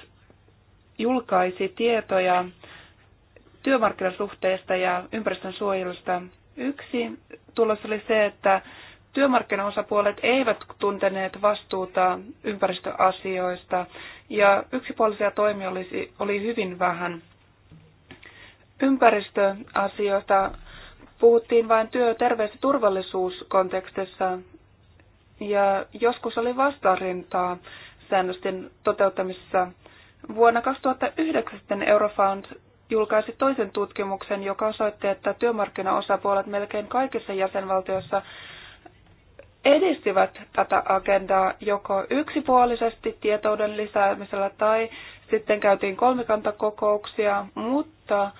julkaisi tietoja työmarkkinasuhteista ja ympäristön suojelusta. Yksi tulos oli se, että Työmarkkinaosapuolet eivät tunteneet vastuuta ympäristöasioista ja yksipuolisia toimia olisi, oli hyvin vähän. Ympäristöasioista puhuttiin vain työ-, terveys- ja turvallisuuskontekstissa ja joskus oli vastarintaa säännösten toteuttamisessa. Vuonna 2009 Eurofound julkaisi toisen tutkimuksen, joka osoitti, että työmarkkinaosapuolet melkein kaikissa jäsenvaltioissa edistivät tätä agendaa joko yksipuolisesti tietouden lisäämisellä tai sitten käytiin kolmikantakokouksia, mutta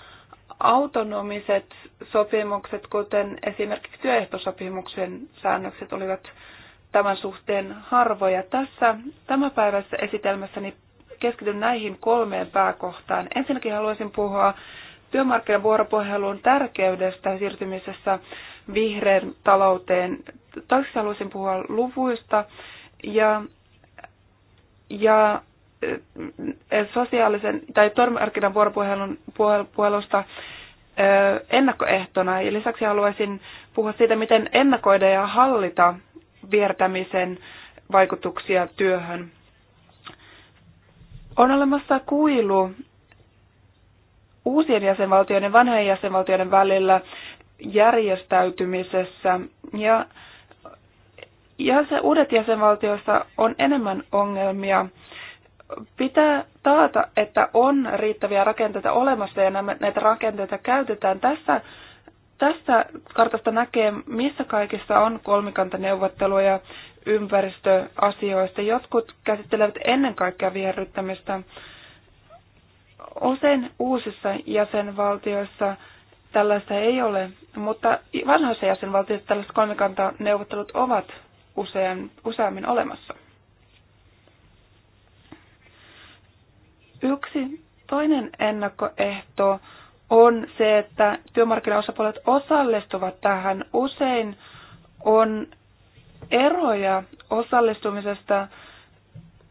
autonomiset sopimukset, kuten esimerkiksi työehtosopimuksen säännökset, olivat tämän suhteen harvoja. Tässä päivässä esitelmässäni keskityn näihin kolmeen pääkohtaan. Ensinnäkin haluaisin puhua työmarkkinavuoropuhelun tärkeydestä siirtymisessä vihreän talouteen toiseksi haluaisin puhua luvuista ja, ja eh, sosiaalisen tai tormarkkinan vuoropuhelun puolustaa eh, ennakkoehtona. Ja lisäksi haluaisin puhua siitä, miten ennakoida ja hallita viertämisen vaikutuksia työhön. On olemassa kuilu uusien jäsenvaltioiden ja vanhojen jäsenvaltioiden välillä järjestäytymisessä ja jäsen, uudet jäsenvaltioissa on enemmän ongelmia. Pitää taata, että on riittäviä rakenteita olemassa ja nämä, näitä rakenteita käytetään. Tässä, tästä kartasta näkee, missä kaikissa on kolmikantaneuvotteluja ympäristöasioista. Jotkut käsittelevät ennen kaikkea vierryttämistä. Usein uusissa jäsenvaltioissa tällaista ei ole, mutta vanhoissa jäsenvaltioissa tällaiset kolmikantaneuvottelut ovat usein, useammin olemassa. Yksi toinen ennakkoehto on se, että työmarkkinaosapuolet osallistuvat tähän. Usein on eroja osallistumisesta.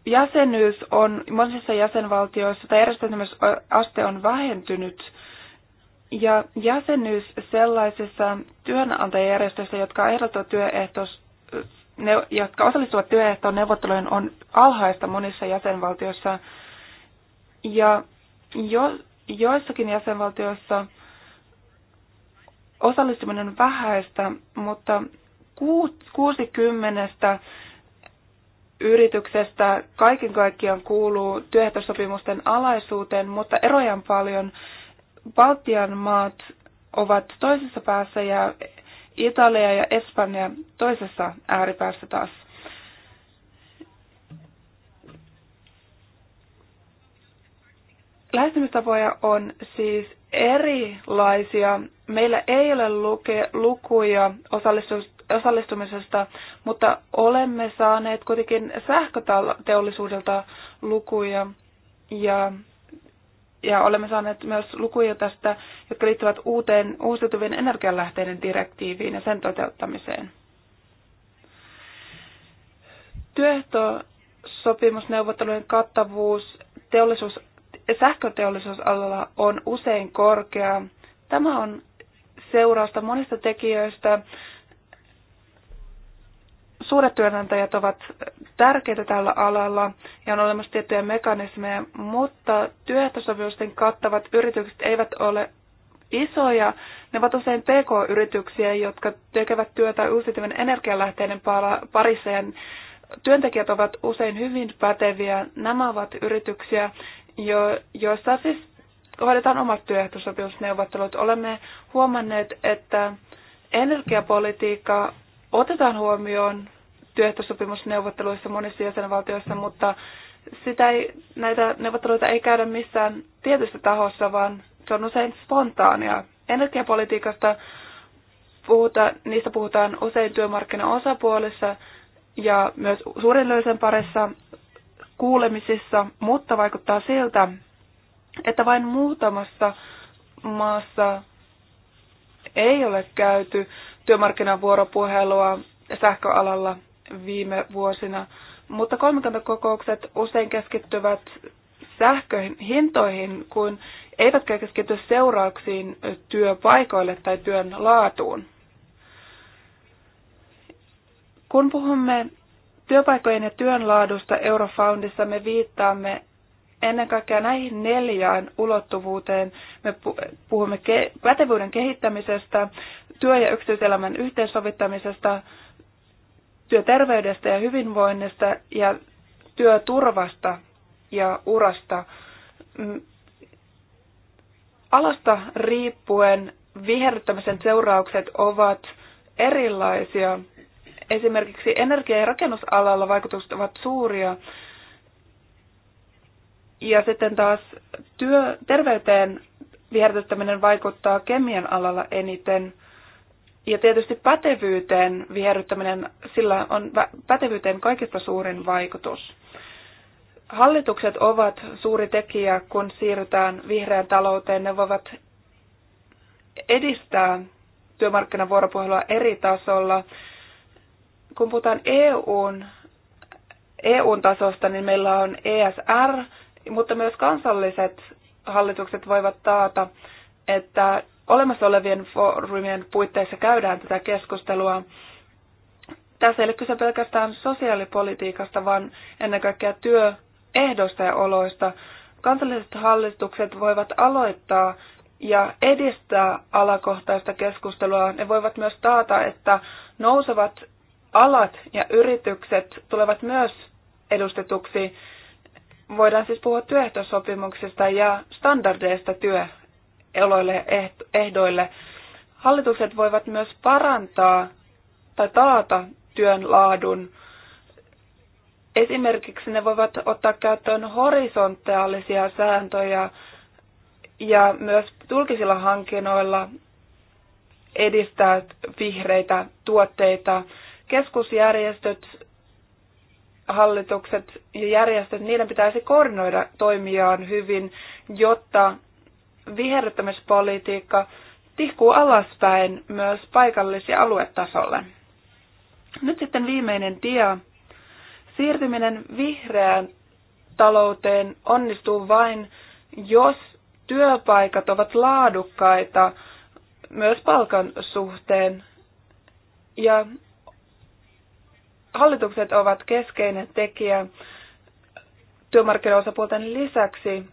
Jäsenyys on monissa jäsenvaltioissa, tai järjestelmäaste on vähentynyt, ja jäsenyys sellaisissa työnantajajärjestöissä, jotka ehdottavat työehtos, ne, jotka osallistuvat työehtoon neuvottelujen, on alhaista monissa jäsenvaltioissa. Ja jo, joissakin jäsenvaltioissa osallistuminen on vähäistä, mutta 60 yrityksestä kaiken kaikkiaan kuuluu työehtosopimusten alaisuuteen, mutta eroja on paljon. Baltian maat ovat toisessa päässä ja Italia ja Espanja toisessa ääripäässä taas. Lähestymistapoja on siis erilaisia. Meillä ei ole luke, lukuja osallistumisesta, mutta olemme saaneet kuitenkin sähköteollisuudelta lukuja ja ja olemme saaneet myös lukuja tästä, jotka liittyvät uuteen uusiutuvien energialähteiden direktiiviin ja sen toteuttamiseen. Työehtosopimusneuvottelujen kattavuus teollisuus, sähköteollisuusalalla on usein korkea. Tämä on seurausta monista tekijöistä, suuret työnantajat ovat tärkeitä tällä alalla ja on olemassa tiettyjä mekanismeja, mutta työehtosopimusten kattavat yritykset eivät ole isoja. Ne ovat usein pk-yrityksiä, jotka tekevät työtä uusiutuvien energialähteiden parissa ja työntekijät ovat usein hyvin päteviä. Nämä ovat yrityksiä, jo, joissa siis hoidetaan omat työehtosopimusneuvottelut. Olemme huomanneet, että energiapolitiikka otetaan huomioon työehtosopimusneuvotteluissa monissa jäsenvaltioissa, mutta sitä ei, näitä neuvotteluita ei käydä missään tietyssä tahossa, vaan se on usein spontaania. Energiapolitiikasta puhuta, niistä puhutaan usein työmarkkinaosapuolissa ja myös suurin löysen parissa kuulemisissa, mutta vaikuttaa siltä, että vain muutamassa maassa ei ole käyty työmarkkinavuoropuhelua sähköalalla viime vuosina, mutta kolmikantakokoukset usein keskittyvät sähköhintoihin, kun eivät keskity seurauksiin työpaikoille tai työn laatuun. Kun puhumme työpaikojen ja työn laadusta Eurofoundissa, me viittaamme ennen kaikkea näihin neljään ulottuvuuteen. Me puhumme pätevyyden kehittämisestä, työ- ja yksityiselämän yhteensovittamisesta, työterveydestä ja hyvinvoinnista ja työturvasta ja urasta. Mm, alasta riippuen viherryttämisen seuraukset ovat erilaisia. Esimerkiksi energia- ja rakennusalalla vaikutukset ovat suuria. Ja sitten taas työ, terveyteen viherryttäminen vaikuttaa kemian alalla eniten – ja tietysti pätevyyteen viherryttäminen, sillä on pätevyyteen kaikista suurin vaikutus. Hallitukset ovat suuri tekijä, kun siirrytään vihreään talouteen. Ne voivat edistää työmarkkinavuoropuhelua eri tasolla. Kun puhutaan EUn, EUn tasosta, niin meillä on ESR, mutta myös kansalliset hallitukset voivat taata, että olemassa olevien foorumien puitteissa käydään tätä keskustelua. Tässä ei ole kyse pelkästään sosiaalipolitiikasta, vaan ennen kaikkea työehdoista ja oloista. Kansalliset hallitukset voivat aloittaa ja edistää alakohtaista keskustelua. Ne voivat myös taata, että nousevat alat ja yritykset tulevat myös edustetuksi. Voidaan siis puhua työehtosopimuksista ja standardeista työ, Eloille ehdoille. Hallitukset voivat myös parantaa tai taata työn laadun. Esimerkiksi ne voivat ottaa käyttöön horisontaalisia sääntöjä ja myös julkisilla hankinnoilla edistää vihreitä tuotteita. Keskusjärjestöt, hallitukset ja järjestöt, niiden pitäisi koordinoida toimiaan hyvin, jotta viherryttämispolitiikka tihkuu alaspäin myös paikallis- ja aluetasolle. Nyt sitten viimeinen dia. Siirtyminen vihreään talouteen onnistuu vain, jos työpaikat ovat laadukkaita myös palkan suhteen. Ja hallitukset ovat keskeinen tekijä työmarkkinaosapuolten lisäksi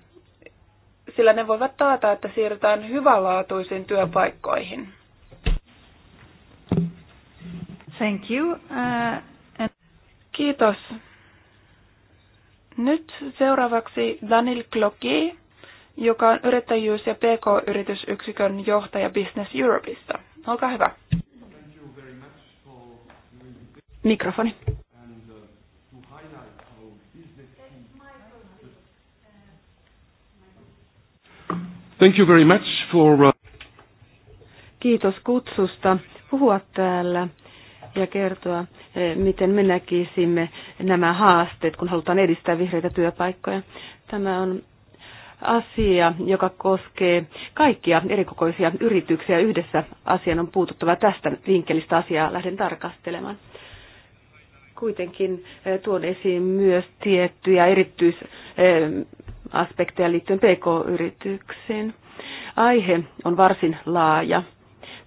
sillä ne voivat taata, että siirrytään hyvälaatuisiin työpaikkoihin. Thank you. Uh, and... Kiitos. Nyt seuraavaksi Daniel Kloki, joka on yrittäjyys- ja pk-yritysyksikön johtaja Business Europeista. Olkaa hyvä. Mikrofoni. Thank you very much for... Uh, Kiitos kutsusta puhua täällä ja kertoa, eh, miten me näkisimme nämä haasteet, kun halutaan edistää vihreitä työpaikkoja. Tämä on asia, joka koskee kaikkia erikokoisia yrityksiä. Yhdessä asian on puututtava tästä vinkkelistä asiaa lähden tarkastelemaan. Kuitenkin eh, tuon esiin myös tiettyjä erityis eh, aspekteja liittyen PK-yrityksiin. Aihe on varsin laaja.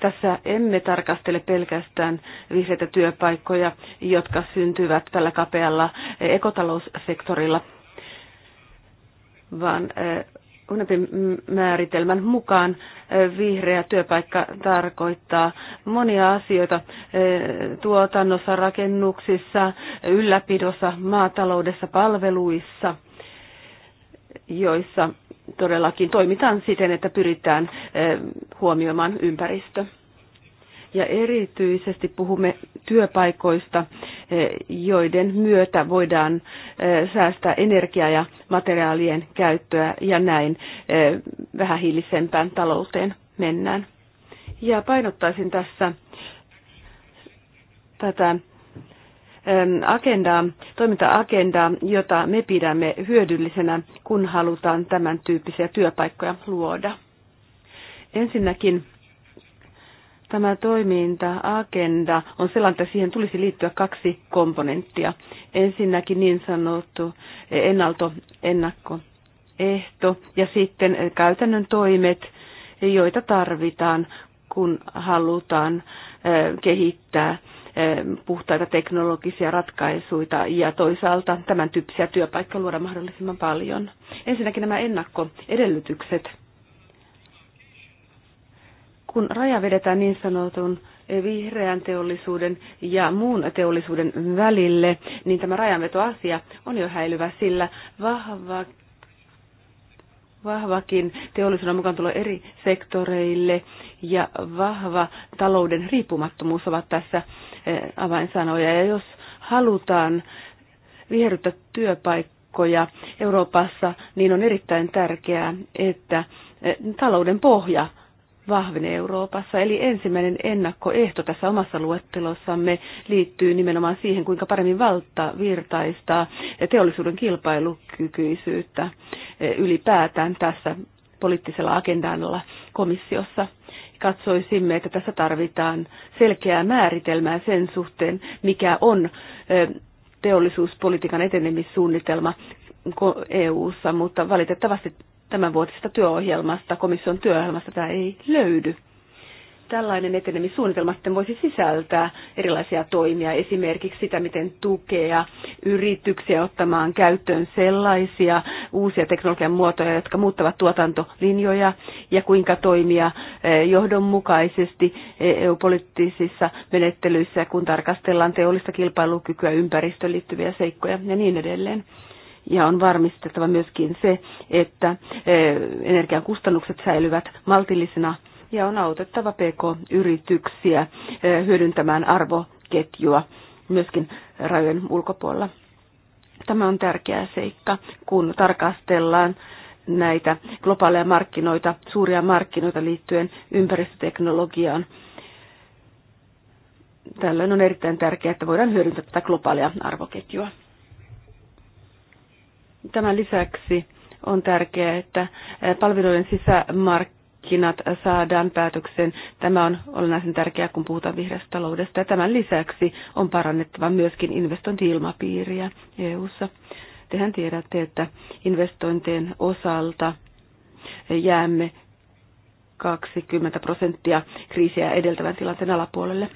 Tässä emme tarkastele pelkästään vihreitä työpaikkoja, jotka syntyvät tällä kapealla ekotaloussektorilla, vaan eh, UNEPin määritelmän mukaan eh, vihreä työpaikka tarkoittaa monia asioita eh, tuotannossa, rakennuksissa, ylläpidossa, maataloudessa, palveluissa – joissa todellakin toimitaan siten, että pyritään eh, huomioimaan ympäristö. Ja erityisesti puhumme työpaikoista, eh, joiden myötä voidaan eh, säästää energiaa ja materiaalien käyttöä ja näin vähähiilisempään talouteen mennään. Ja painottaisin tässä tätä agendaa, toiminta-agendaa, jota me pidämme hyödyllisenä, kun halutaan tämän tyyppisiä työpaikkoja luoda. Ensinnäkin tämä toiminta-agenda on sellainen, että siihen tulisi liittyä kaksi komponenttia. Ensinnäkin niin sanottu ennalto, ennakkoehto ja sitten käytännön toimet, joita tarvitaan, kun halutaan kehittää Eh, puhtaita teknologisia ratkaisuja ja toisaalta tämän tyyppisiä työpaikkoja luoda mahdollisimman paljon. Ensinnäkin nämä ennakkoedellytykset. Kun raja vedetään niin sanotun vihreän teollisuuden ja muun teollisuuden välille, niin tämä rajanvetoasia on jo häilyvä, sillä vahva vahvakin teollisuuden mukaan tulo eri sektoreille ja vahva talouden riippumattomuus ovat tässä Eh, avainsanoja. Ja jos halutaan viherryttää työpaikkoja Euroopassa, niin on erittäin tärkeää, että eh, talouden pohja vahvenee Euroopassa. Eli ensimmäinen ennakkoehto tässä omassa luettelossamme liittyy nimenomaan siihen, kuinka paremmin valta virtaistaa teollisuuden kilpailukykyisyyttä eh, ylipäätään tässä poliittisella agendalla komissiossa katsoisimme, että tässä tarvitaan selkeää määritelmää sen suhteen, mikä on teollisuuspolitiikan etenemissuunnitelma EU-ssa, mutta valitettavasti tämän vuotisesta työohjelmasta, komission työohjelmasta tämä ei löydy tällainen etenemissuunnitelma sitten voisi sisältää erilaisia toimia, esimerkiksi sitä, miten tukea yrityksiä ottamaan käyttöön sellaisia uusia teknologian muotoja, jotka muuttavat tuotantolinjoja, ja kuinka toimia eh, johdonmukaisesti EU-poliittisissa menettelyissä, kun tarkastellaan teollista kilpailukykyä, ympäristöön liittyviä seikkoja ja niin edelleen ja on varmistettava myöskin se, että eh, energian kustannukset säilyvät maltillisena ja on autettava PK-yrityksiä eh, hyödyntämään arvoketjua myöskin rajojen ulkopuolella. Tämä on tärkeä seikka, kun tarkastellaan näitä globaaleja markkinoita, suuria markkinoita liittyen ympäristöteknologiaan. Tällöin on erittäin tärkeää, että voidaan hyödyntää tätä globaalia arvoketjua. Tämän lisäksi on tärkeää, että palveluiden sisämark markkinat saadaan päätöksen. Tämä on olennaisen tärkeää, kun puhutaan vihreästä taloudesta. Ja tämän lisäksi on parannettava myöskin investointiilmapiiriä EU-ssa. Tehän tiedätte, että investointien osalta jäämme 20 prosenttia kriisiä edeltävän tilanteen alapuolelle.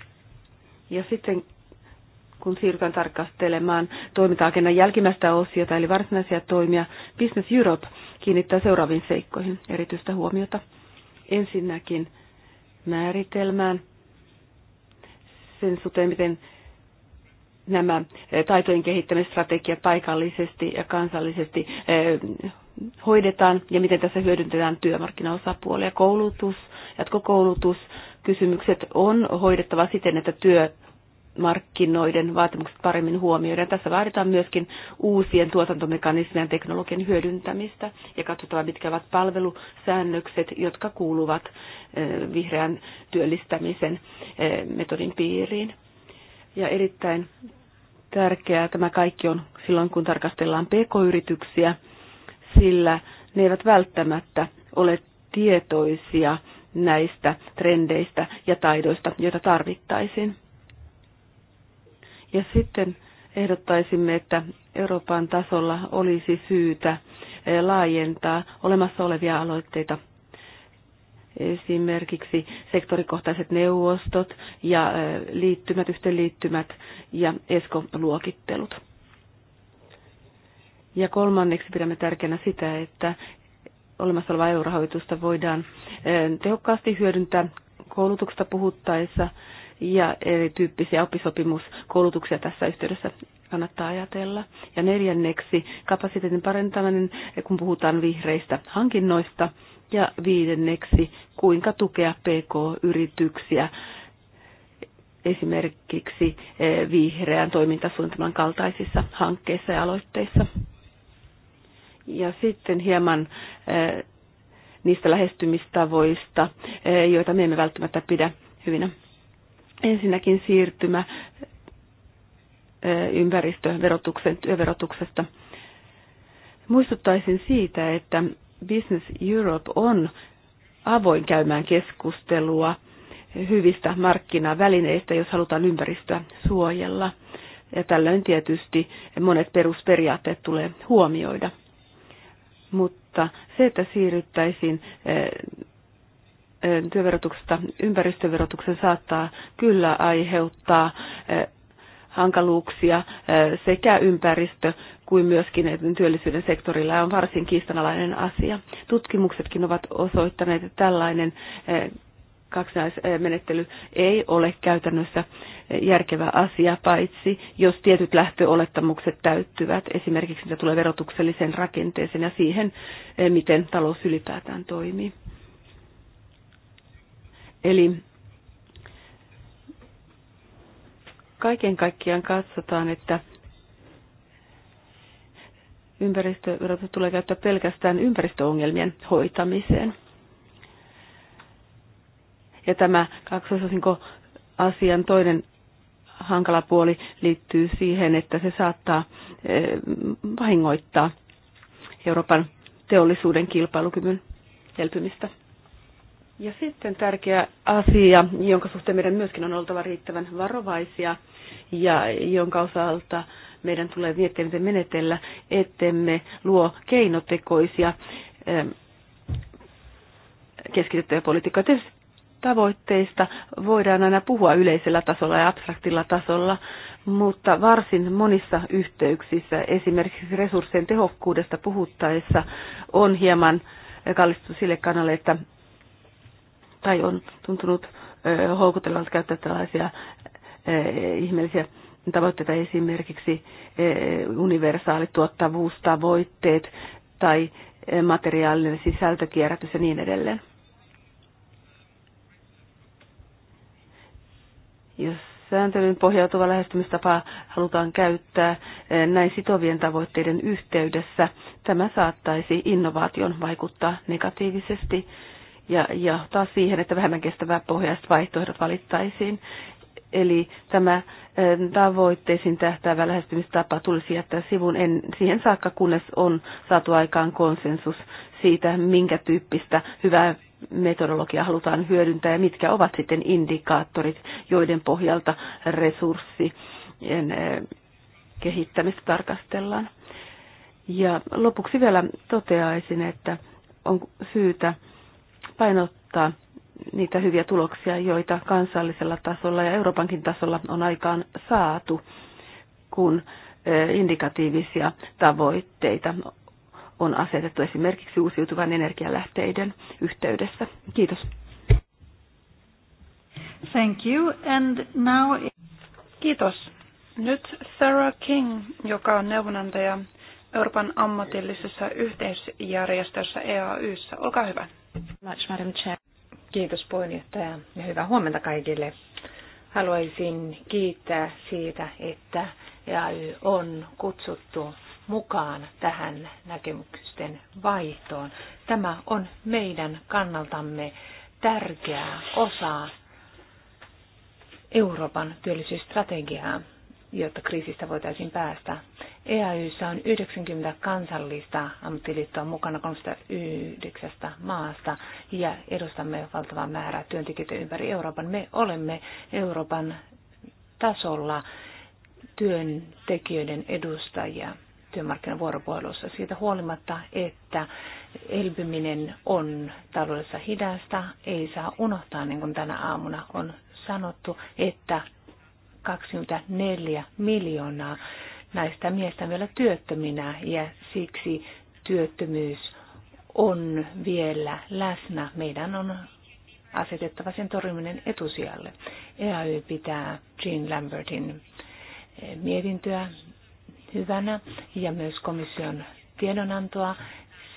Ja sitten kun siirrytään tarkastelemaan toiminta-agendan jälkimmäistä osiota, eli varsinaisia toimia, Business Europe kiinnittää seuraaviin seikkoihin erityistä huomiota. Ensinnäkin määritelmään sen suhteen, miten nämä eh, taitojen kehittämisstrategiat paikallisesti ja kansallisesti eh, hoidetaan ja miten tässä hyödynnetään työmarkkinaosapuolia. Koulutus, jatkokoulutus, kysymykset on hoidettava siten, että työ markkinoiden vaatimukset paremmin huomioiden Tässä vaaditaan myöskin uusien tuotantomekanismien teknologian hyödyntämistä ja katsotaan, mitkä ovat palvelusäännökset, jotka kuuluvat eh, vihreän työllistämisen eh, metodin piiriin. Ja erittäin tärkeää tämä kaikki on silloin, kun tarkastellaan pk-yrityksiä, sillä ne eivät välttämättä ole tietoisia näistä trendeistä ja taidoista, joita tarvittaisiin ja sitten ehdottaisimme, että Euroopan tasolla olisi syytä eh, laajentaa olemassa olevia aloitteita esimerkiksi sektorikohtaiset neuvostot ja eh, liittymät, yhteenliittymät ja ESCO-luokittelut. Ja kolmanneksi pidämme tärkeänä sitä, että olemassa olevaa eurorahoitusta voidaan eh, tehokkaasti hyödyntää koulutuksesta puhuttaessa ja erityyppisiä oppisopimuskoulutuksia tässä yhteydessä kannattaa ajatella. Ja neljänneksi kapasiteetin parantaminen, kun puhutaan vihreistä hankinnoista. Ja viidenneksi, kuinka tukea PK-yrityksiä esimerkiksi eh, vihreän toimintasuunnitelman kaltaisissa hankkeissa ja aloitteissa. Ja sitten hieman eh, niistä lähestymistavoista, eh, joita me emme välttämättä pidä hyvinä Ensinnäkin siirtymä ympäristöverotuksen työverotuksesta. Muistuttaisin siitä, että Business Europe on avoin käymään keskustelua hyvistä markkinavälineistä, jos halutaan ympäristöä suojella. Ja tällöin tietysti monet perusperiaatteet tulee huomioida. Mutta se, että siirryttäisiin työverotuksesta ympäristöverotuksen saattaa kyllä aiheuttaa hankaluuksia sekä ympäristö kuin myöskin työllisyyden sektorilla on varsin kiistanalainen asia. Tutkimuksetkin ovat osoittaneet, että tällainen kaksinaismenettely ei ole käytännössä järkevä asia, paitsi jos tietyt lähtöolettamukset täyttyvät, esimerkiksi mitä tulee verotukselliseen rakenteeseen ja siihen, miten talous ylipäätään toimii. Eli kaiken kaikkiaan katsotaan, että ympäristöverotus tulee käyttää pelkästään ympäristöongelmien hoitamiseen. Ja tämä kaksosasinko asian toinen hankala puoli liittyy siihen, että se saattaa eh, vahingoittaa Euroopan teollisuuden kilpailukyvyn elpymistä. Ja sitten tärkeä asia, jonka suhteen meidän myöskin on oltava riittävän varovaisia ja jonka osalta meidän tulee miettiä, miten menetellä, ettemme luo keinotekoisia ähm, keskitettyjä politiikkaa. Tietysti tavoitteista voidaan aina puhua yleisellä tasolla ja abstraktilla tasolla, mutta varsin monissa yhteyksissä, esimerkiksi resurssien tehokkuudesta puhuttaessa, on hieman kallistu sille kannalle, että tai on tuntunut houkuttelevalta käyttää tällaisia ihmeellisiä tavoitteita, esimerkiksi universaalit tuottavuustavoitteet tai materiaalinen sisältökierrätys ja niin edelleen. Jos sääntelyyn pohjautuva lähestymistapa, halutaan käyttää näin sitovien tavoitteiden yhteydessä, tämä saattaisi innovaation vaikuttaa negatiivisesti ja taas siihen, että vähemmän kestävää pohjaiset vaihtoehdot valittaisiin. Eli tämä tavoitteisiin tähtäävä lähestymistapa tulisi jättää sivun en, siihen saakka, kunnes on saatu aikaan konsensus siitä, minkä tyyppistä hyvää metodologiaa halutaan hyödyntää ja mitkä ovat sitten indikaattorit, joiden pohjalta resurssien kehittämistä tarkastellaan. Ja lopuksi vielä toteaisin, että on syytä painottaa niitä hyviä tuloksia, joita kansallisella tasolla ja Euroopankin tasolla on aikaan saatu, kun e, indikatiivisia tavoitteita on asetettu esimerkiksi uusiutuvan energialähteiden yhteydessä. Kiitos. Thank you. And now... Kiitos. Nyt Sarah King, joka on neuvonantaja Euroopan ammatillisessa yhteisjärjestössä EAYssä. Olkaa hyvä. Much, Madam Chair. Kiitos puheenjohtaja ja hyvää huomenta kaikille. Haluaisin kiittää siitä, että EAY on kutsuttu mukaan tähän näkemysten vaihtoon. Tämä on meidän kannaltamme tärkeä osa Euroopan työllisyysstrategiaa jotta kriisistä voitaisiin päästä. EAYssä on 90 kansallista ammattiliittoa mukana 39 maasta ja edustamme valtavaa määrää työntekijöitä ympäri Euroopan. Me olemme Euroopan tasolla työntekijöiden edustajia työmarkkinavuoropuhelussa siitä huolimatta, että elpyminen on taloudessa hidasta, ei saa unohtaa, niin kuin tänä aamuna on sanottu, että 24 miljoonaa naista miestä vielä työttöminä ja siksi työttömyys on vielä läsnä. Meidän on asetettava sen torjuminen etusijalle. EAY pitää Jean Lambertin eh, mietintöä hyvänä ja myös komission tiedonantoa.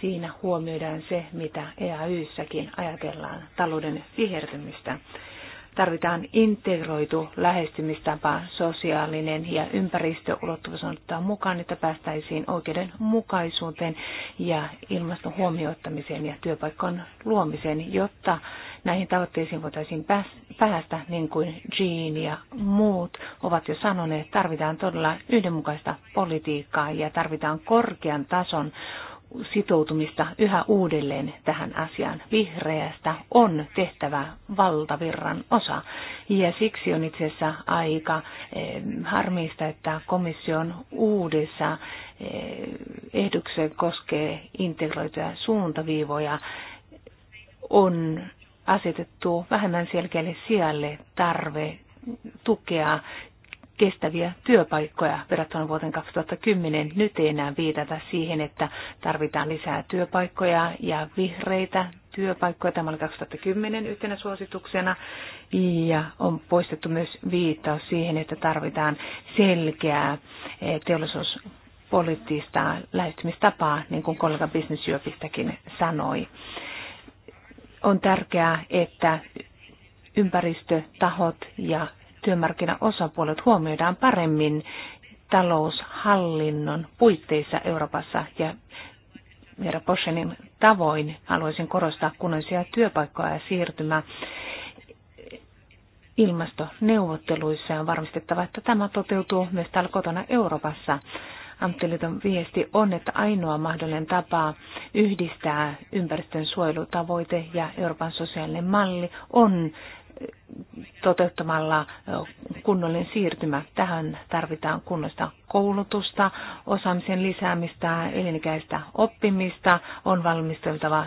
Siinä huomioidaan se, mitä EAYssäkin ajatellaan talouden vihertymistä. Tarvitaan integroitu lähestymistapa, sosiaalinen ja ympäristöulottuvuus on ottaa mukaan, että päästäisiin oikeudenmukaisuuteen ja ilmaston huomioittamiseen ja työpaikan luomiseen, jotta näihin tavoitteisiin voitaisiin päästä, niin kuin Jean ja muut ovat jo sanoneet, tarvitaan todella yhdenmukaista politiikkaa ja tarvitaan korkean tason sitoutumista yhä uudelleen tähän asiaan. Vihreästä on tehtävä valtavirran osa. Ja siksi on itse asiassa aika eh, harmista, että komission uudessa eh, ehdokseen koskee integroituja suuntaviivoja on asetettu vähemmän selkeälle sijalle tarve tukea kestäviä työpaikkoja verrattuna vuoteen 2010. Nyt ei enää viitata siihen, että tarvitaan lisää työpaikkoja ja vihreitä työpaikkoja. Tämä oli 2010 yhtenä suosituksena ja on poistettu myös viittaus siihen, että tarvitaan selkeää eh, teollisuuspoliittista lähestymistapaa, niin kuin kollega Business sanoi. On tärkeää, että ympäristötahot ja työmarkkinaosapuolet huomioidaan paremmin taloushallinnon puitteissa Euroopassa ja Vera Poschenin tavoin haluaisin korostaa kunnallisia työpaikkoja ja siirtymää ilmastoneuvotteluissa ja on varmistettava, että tämä toteutuu myös täällä kotona Euroopassa. Ammattiliiton viesti on, että ainoa mahdollinen tapa yhdistää ympäristön suojelutavoite ja Euroopan sosiaalinen malli on toteuttamalla kunnollinen siirtymä. Tähän tarvitaan kunnosta koulutusta, osaamisen lisäämistä, elinikäistä oppimista, on valmisteltava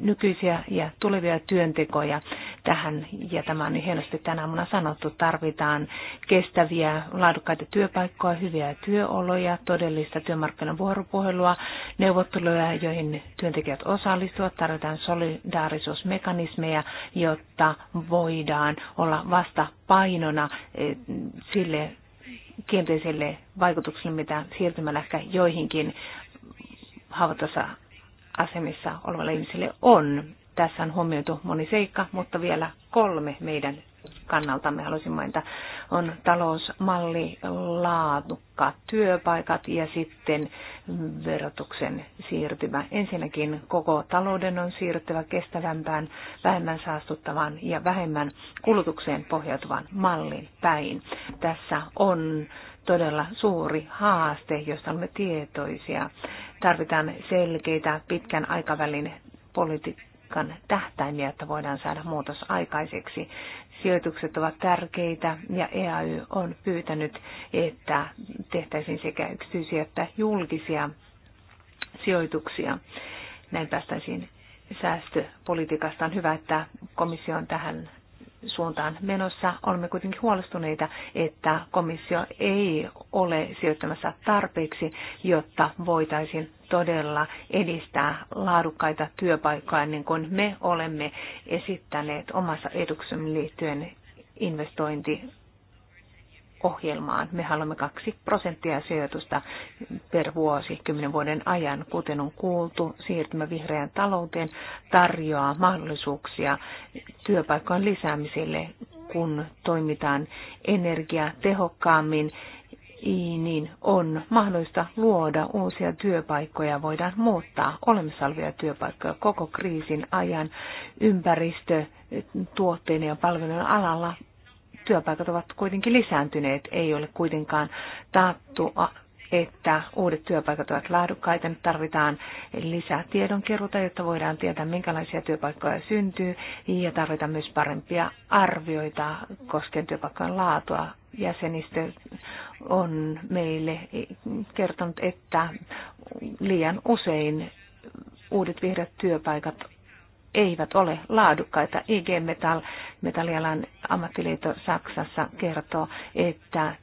nykyisiä ja tulevia työntekoja tähän, ja tämä on niin hienosti tänä aamuna sanottu, tarvitaan kestäviä, laadukkaita työpaikkoja, hyviä työoloja, todellista työmarkkinan vuoropuhelua, neuvotteluja, joihin työntekijät osallistuvat, tarvitaan solidaarisuusmekanismeja, jotta voidaan olla vasta painona eh, sille kielteiselle vaikutukselle, mitä siirtymällä ehkä joihinkin haavoittuvassa asemissa olevalle ihmiselle on. Tässä on huomioitu moni seikka, mutta vielä kolme meidän kannaltamme haluaisin mainita, on talousmalli, laadukkaat työpaikat ja sitten verotuksen siirtymä. Ensinnäkin koko talouden on siirtyvä kestävämpään, vähemmän saastuttavaan ja vähemmän kulutukseen pohjautuvan mallin päin. Tässä on todella suuri haaste, josta olemme tietoisia tarvitaan selkeitä pitkän aikavälin politiikan tähtäimiä, että voidaan saada muutos aikaiseksi. Sijoitukset ovat tärkeitä ja EAY on pyytänyt, että tehtäisiin sekä yksityisiä että julkisia sijoituksia. Näin päästäisiin säästöpolitiikasta. On hyvä, että komissio on tähän suuntaan menossa. Olemme kuitenkin huolestuneita, että komissio ei ole sijoittamassa tarpeeksi, jotta voitaisiin todella edistää laadukkaita työpaikkoja, niin kuin me olemme esittäneet omassa eduksemme liittyen investointi ohjelmaan. Me haluamme kaksi prosenttia sijoitusta per vuosi kymmenen vuoden ajan. Kuten on kuultu, siirtymä vihreään talouteen tarjoaa mahdollisuuksia työpaikkojen lisäämiselle, kun toimitaan energiatehokkaammin niin on mahdollista luoda uusia työpaikkoja, voidaan muuttaa olemassa olevia työpaikkoja koko kriisin ajan ympäristö, tuotteiden ja palvelujen alalla työpaikat ovat kuitenkin lisääntyneet. Ei ole kuitenkaan taattu, että uudet työpaikat ovat laadukkaita. Nyt tarvitaan lisää tiedonkeruuta, jotta voidaan tietää, minkälaisia työpaikkoja syntyy. Ja tarvitaan myös parempia arvioita koskien työpaikkojen laatua. Jäsenistö on meille kertonut, että liian usein uudet vihreät työpaikat eivät ole laadukkaita. IG Metall, metallialan ammattiliitto Saksassa kertoo, että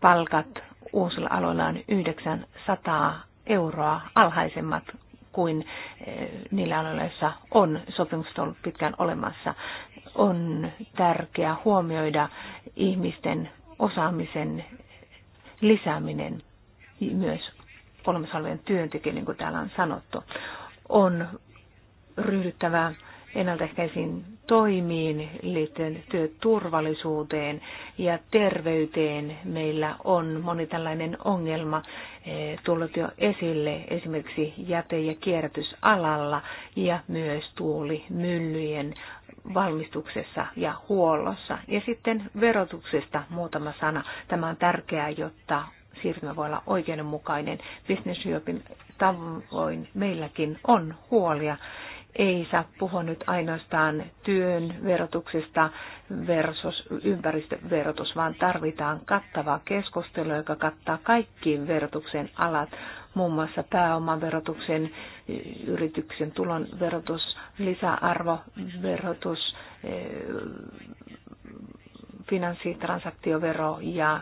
palkat uusilla aloilla on 900 euroa alhaisemmat kuin eh, niillä aloilla, joissa on sopimukset ollut pitkään olemassa. On tärkeää huomioida ihmisten osaamisen lisääminen myös olemassa olevien työntekijöiden, niin kuin täällä on sanottu. On ryhdyttävä ennaltaehkäisiin toimiin liittyen työturvallisuuteen ja terveyteen. Meillä on moni tällainen ongelma eh, tullut jo esille esimerkiksi jäte- ja kierrätysalalla ja myös tuulimyllyjen valmistuksessa ja huollossa. Ja sitten verotuksesta muutama sana. Tämä on tärkeää, jotta siirtymä voi olla oikeudenmukainen. Business Europein tavoin meilläkin on huolia ei saa puhua nyt ainoastaan työn verotuksesta versus ympäristöverotus, vaan tarvitaan kattavaa keskustelua, joka kattaa kaikki verotuksen alat, muun muassa pääomaverotuksen, yrityksen tulon verotus, lisäarvoverotus, eh, finanssitransaktiovero ja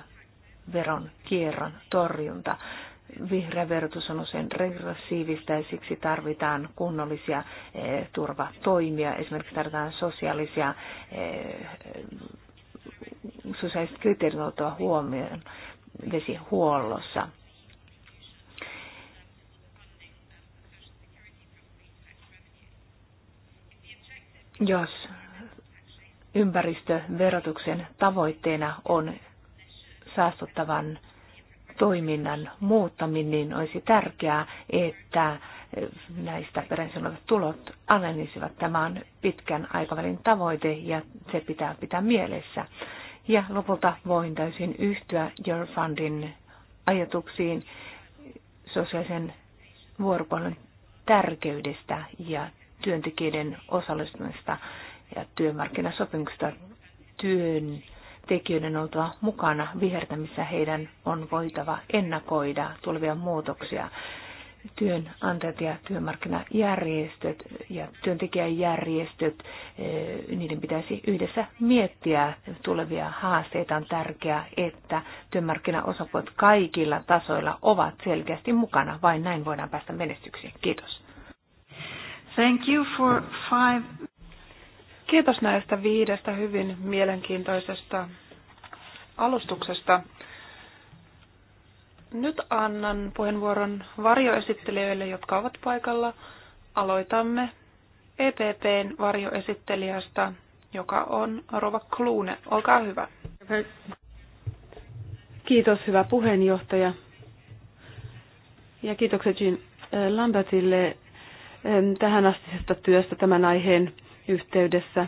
veron kierron torjunta vihreä verotus on usein regressiivistä ja siksi tarvitaan kunnollisia eh, turvatoimia. Esimerkiksi tarvitaan sosiaalisia eh, sosiaaliset kriteerit otettava huomioon vesihuollossa. Jos ympäristöverotuksen tavoitteena on saastuttavan toiminnan muuttaminen, niin olisi tärkeää, että näistä peräisin olevat tulot alenisivat. Tämä on pitkän aikavälin tavoite ja se pitää pitää mielessä. Ja lopulta voin täysin yhtyä Your Fundin ajatuksiin sosiaalisen vuoropuhelun tärkeydestä ja työntekijöiden osallistumista ja työmarkkinasopimuksesta työn tekijöiden oltava mukana vihertämissä. Heidän on voitava ennakoida tulevia muutoksia. Työnantajat ja työmarkkinajärjestöt ja työntekijäjärjestöt, eh, niiden pitäisi yhdessä miettiä tulevia haasteita. On tärkeää, että työmarkkinaosapuolet kaikilla tasoilla ovat selkeästi mukana. Vain näin voidaan päästä menestykseen. Kiitos. Thank you for five Kiitos näistä viidestä hyvin mielenkiintoisesta alustuksesta. Nyt annan puheenvuoron varjoesittelijöille, jotka ovat paikalla. Aloitamme EPPn varjoesittelijästä, joka on Rova Kluune. Olkaa hyvä. Kiitos, hyvä puheenjohtaja. Ja kiitokset Jean Lambertille tähän astisesta työstä tämän aiheen yhteydessä.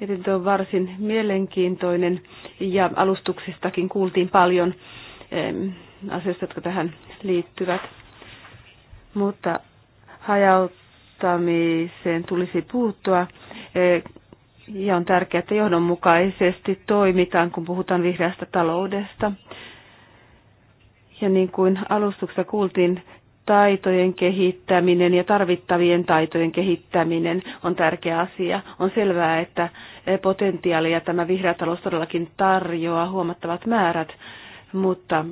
Mietintö on varsin mielenkiintoinen ja alustuksistakin kuultiin paljon asioista, jotka tähän liittyvät. Mutta hajauttamiseen tulisi puuttua e, ja on tärkeää, että johdonmukaisesti toimitaan, kun puhutaan vihreästä taloudesta. Ja niin kuin alustuksessa kuultiin, taitojen kehittäminen ja tarvittavien taitojen kehittäminen on tärkeä asia. On selvää, että eh, potentiaalia tämä vihreä talous todellakin tarjoaa huomattavat määrät, mutta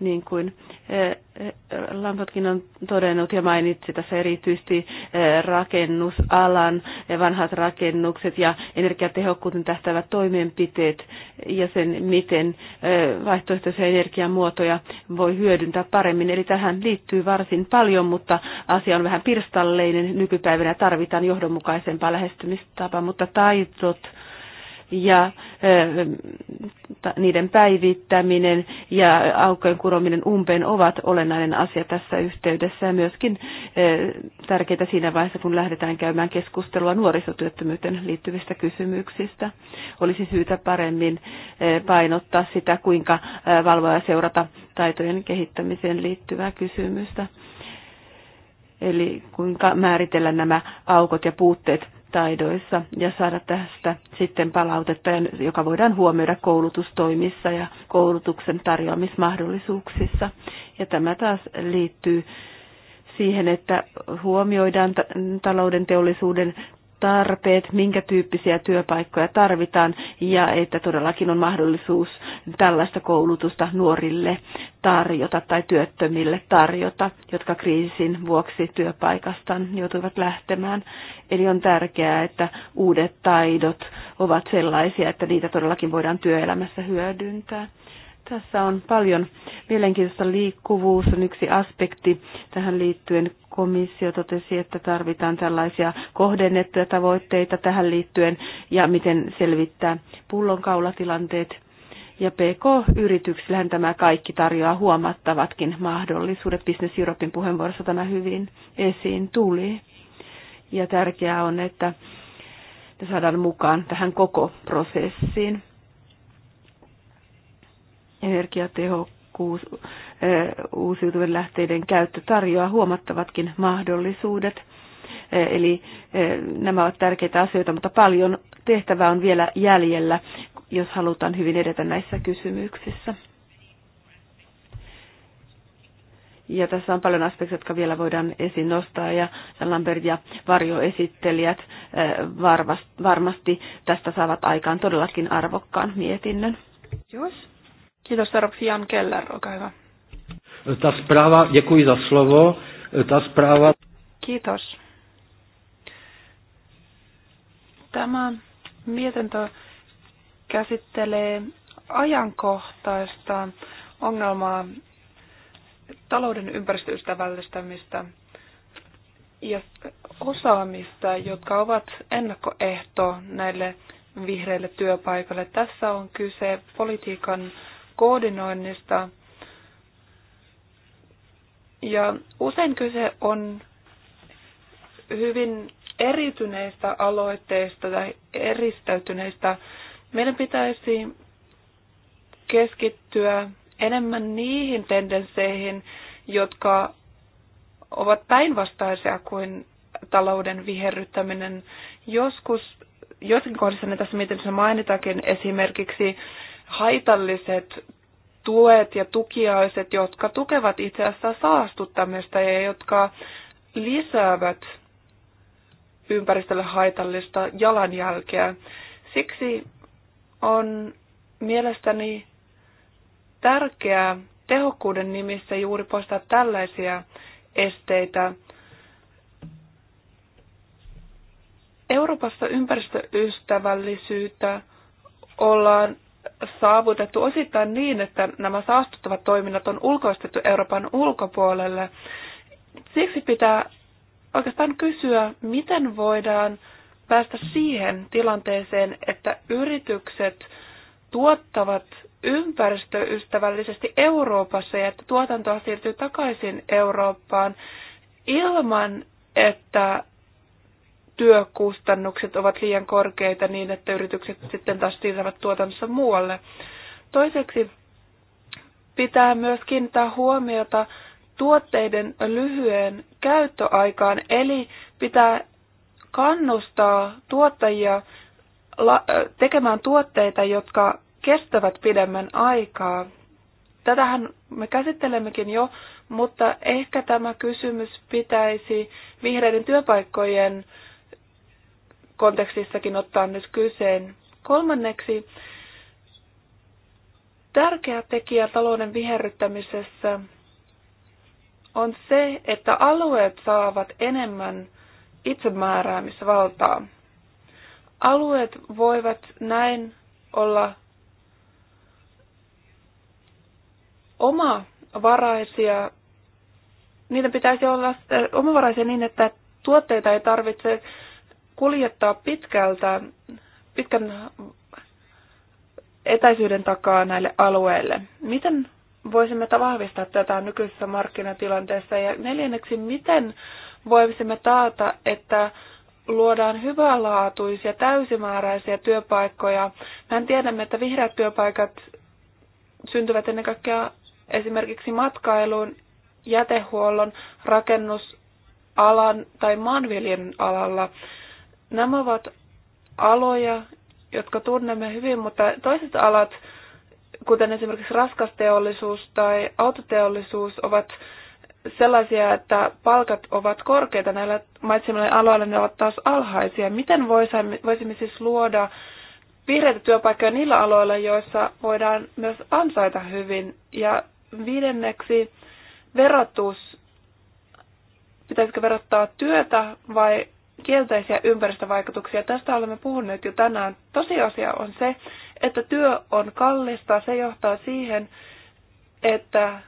niin kuin eh, eh, Lampotkin on todennut ja mainitsi tässä erityisesti eh, rakennusalan, vanhat rakennukset ja energiatehokkuuden tähtävät toimenpiteet ja sen, miten vaihtoehtoisia energiamuotoja voi hyödyntää paremmin. Eli tähän liittyy varsin paljon, mutta asia on vähän pirstalleinen. Nykypäivänä tarvitaan johdonmukaisempaa lähestymistapaa, mutta taitot ja niiden päivittäminen ja aukkojen kurominen umpeen ovat olennainen asia tässä yhteydessä ja myöskin tärkeitä siinä vaiheessa, kun lähdetään käymään keskustelua nuorisotyöttömyyteen liittyvistä kysymyksistä. Olisi syytä paremmin painottaa sitä, kuinka valvoa ja seurata taitojen kehittämiseen liittyvää kysymystä. Eli kuinka määritellä nämä aukot ja puutteet taidoissa ja saada tästä sitten palautetta, joka voidaan huomioida koulutustoimissa ja koulutuksen tarjoamismahdollisuuksissa. Ja tämä taas liittyy siihen, että huomioidaan talouden teollisuuden tarpeet, minkä tyyppisiä työpaikkoja tarvitaan ja että todellakin on mahdollisuus tällaista koulutusta nuorille tarjota tai työttömille tarjota, jotka kriisin vuoksi työpaikastaan joutuivat lähtemään. Eli on tärkeää, että uudet taidot ovat sellaisia, että niitä todellakin voidaan työelämässä hyödyntää. Tässä on paljon mielenkiintoista. Liikkuvuus on yksi aspekti tähän liittyen. Komissio totesi, että tarvitaan tällaisia kohdennettuja tavoitteita tähän liittyen ja miten selvittää pullonkaulatilanteet. Ja PK-yrityksillähän tämä kaikki tarjoaa huomattavatkin mahdollisuudet. Business Europein puheenvuorossa tämä hyvin esiin tuli. Ja tärkeää on, että saadaan mukaan tähän koko prosessiin energiatehokkuus, uusiutuvien lähteiden käyttö tarjoaa huomattavatkin mahdollisuudet. Eli nämä ovat tärkeitä asioita, mutta paljon tehtävää on vielä jäljellä, jos halutaan hyvin edetä näissä kysymyksissä. Ja tässä on paljon aspekteja, jotka vielä voidaan esiin nostaa, ja Lambert ja varjoesittelijät varmasti tästä saavat aikaan todellakin arvokkaan mietinnön. Jos. Kiitos seuraavaksi Jan Keller, olkaa hyvä. Ta sprawa, děkuji za slovo, ta sprawa... Kiitos. Tämä mietintö käsittelee ajankohtaista ongelmaa talouden ympäristöystävällistämistä ja osaamista, jotka ovat ennakkoehto näille vihreille työpaikoille. Tässä on kyse politiikan koordinoinnista. Ja usein kyse on hyvin erityneistä aloitteista tai eristäytyneistä. Meidän pitäisi keskittyä enemmän niihin tendensseihin, jotka ovat päinvastaisia kuin talouden viherryttäminen. Joskus, joskin kohdissa ne tässä mietinnössä mainitakin esimerkiksi haitalliset tuet ja tukiaiset, jotka tukevat itse asiassa saastuttamista ja jotka lisäävät ympäristölle haitallista jalanjälkeä. Siksi on mielestäni tärkeää tehokkuuden nimissä juuri poistaa tällaisia esteitä. Euroopassa ympäristöystävällisyyttä ollaan saavutettu osittain niin, että nämä saastuttavat toiminnat on ulkoistettu Euroopan ulkopuolelle. Siksi pitää oikeastaan kysyä, miten voidaan päästä siihen tilanteeseen, että yritykset tuottavat ympäristöystävällisesti Euroopassa ja että tuotantoa siirtyy takaisin Eurooppaan ilman, että työkustannukset ovat liian korkeita niin, että yritykset sitten taas siirtävät tuotannossa muualle. Toiseksi pitää myös kiinnittää huomiota tuotteiden lyhyen käyttöaikaan, eli pitää kannustaa tuottajia tekemään tuotteita, jotka kestävät pidemmän aikaa. Tätähän me käsittelemmekin jo, mutta ehkä tämä kysymys pitäisi vihreiden työpaikkojen kontekstissakin ottaa nyt kyseen. Kolmanneksi, tärkeä tekijä talouden viherryttämisessä on se, että alueet saavat enemmän itsemääräämisvaltaa. Alueet voivat näin olla oma varaisia, niiden pitäisi olla omavaraisia niin, että tuotteita ei tarvitse kuljettaa pitkältä, pitkän etäisyyden takaa näille alueille. Miten voisimme vahvistaa tätä nykyisessä markkinatilanteessa? Ja neljänneksi, miten voisimme taata, että luodaan hyvänlaatuisia, täysimääräisiä työpaikkoja. Mehän tiedämme, että vihreät työpaikat syntyvät ennen kaikkea esimerkiksi matkailun, jätehuollon, rakennusalan tai maanviljelyn alalla. Nämä ovat aloja, jotka tunnemme hyvin, mutta toiset alat, kuten esimerkiksi raskasteollisuus tai autoteollisuus, ovat sellaisia, että palkat ovat korkeita näillä mainitsemilla aloilla, ne ovat taas alhaisia. Miten voisimme siis luoda vihreitä työpaikkoja niillä aloilla, joissa voidaan myös ansaita hyvin? Ja viidenneksi verotus. Pitäisikö verottaa työtä vai kielteisiä ympäristövaikutuksia. Tästä olemme puhuneet jo tänään. Tosiasia on se, että työ on kallista. Se johtaa siihen, että,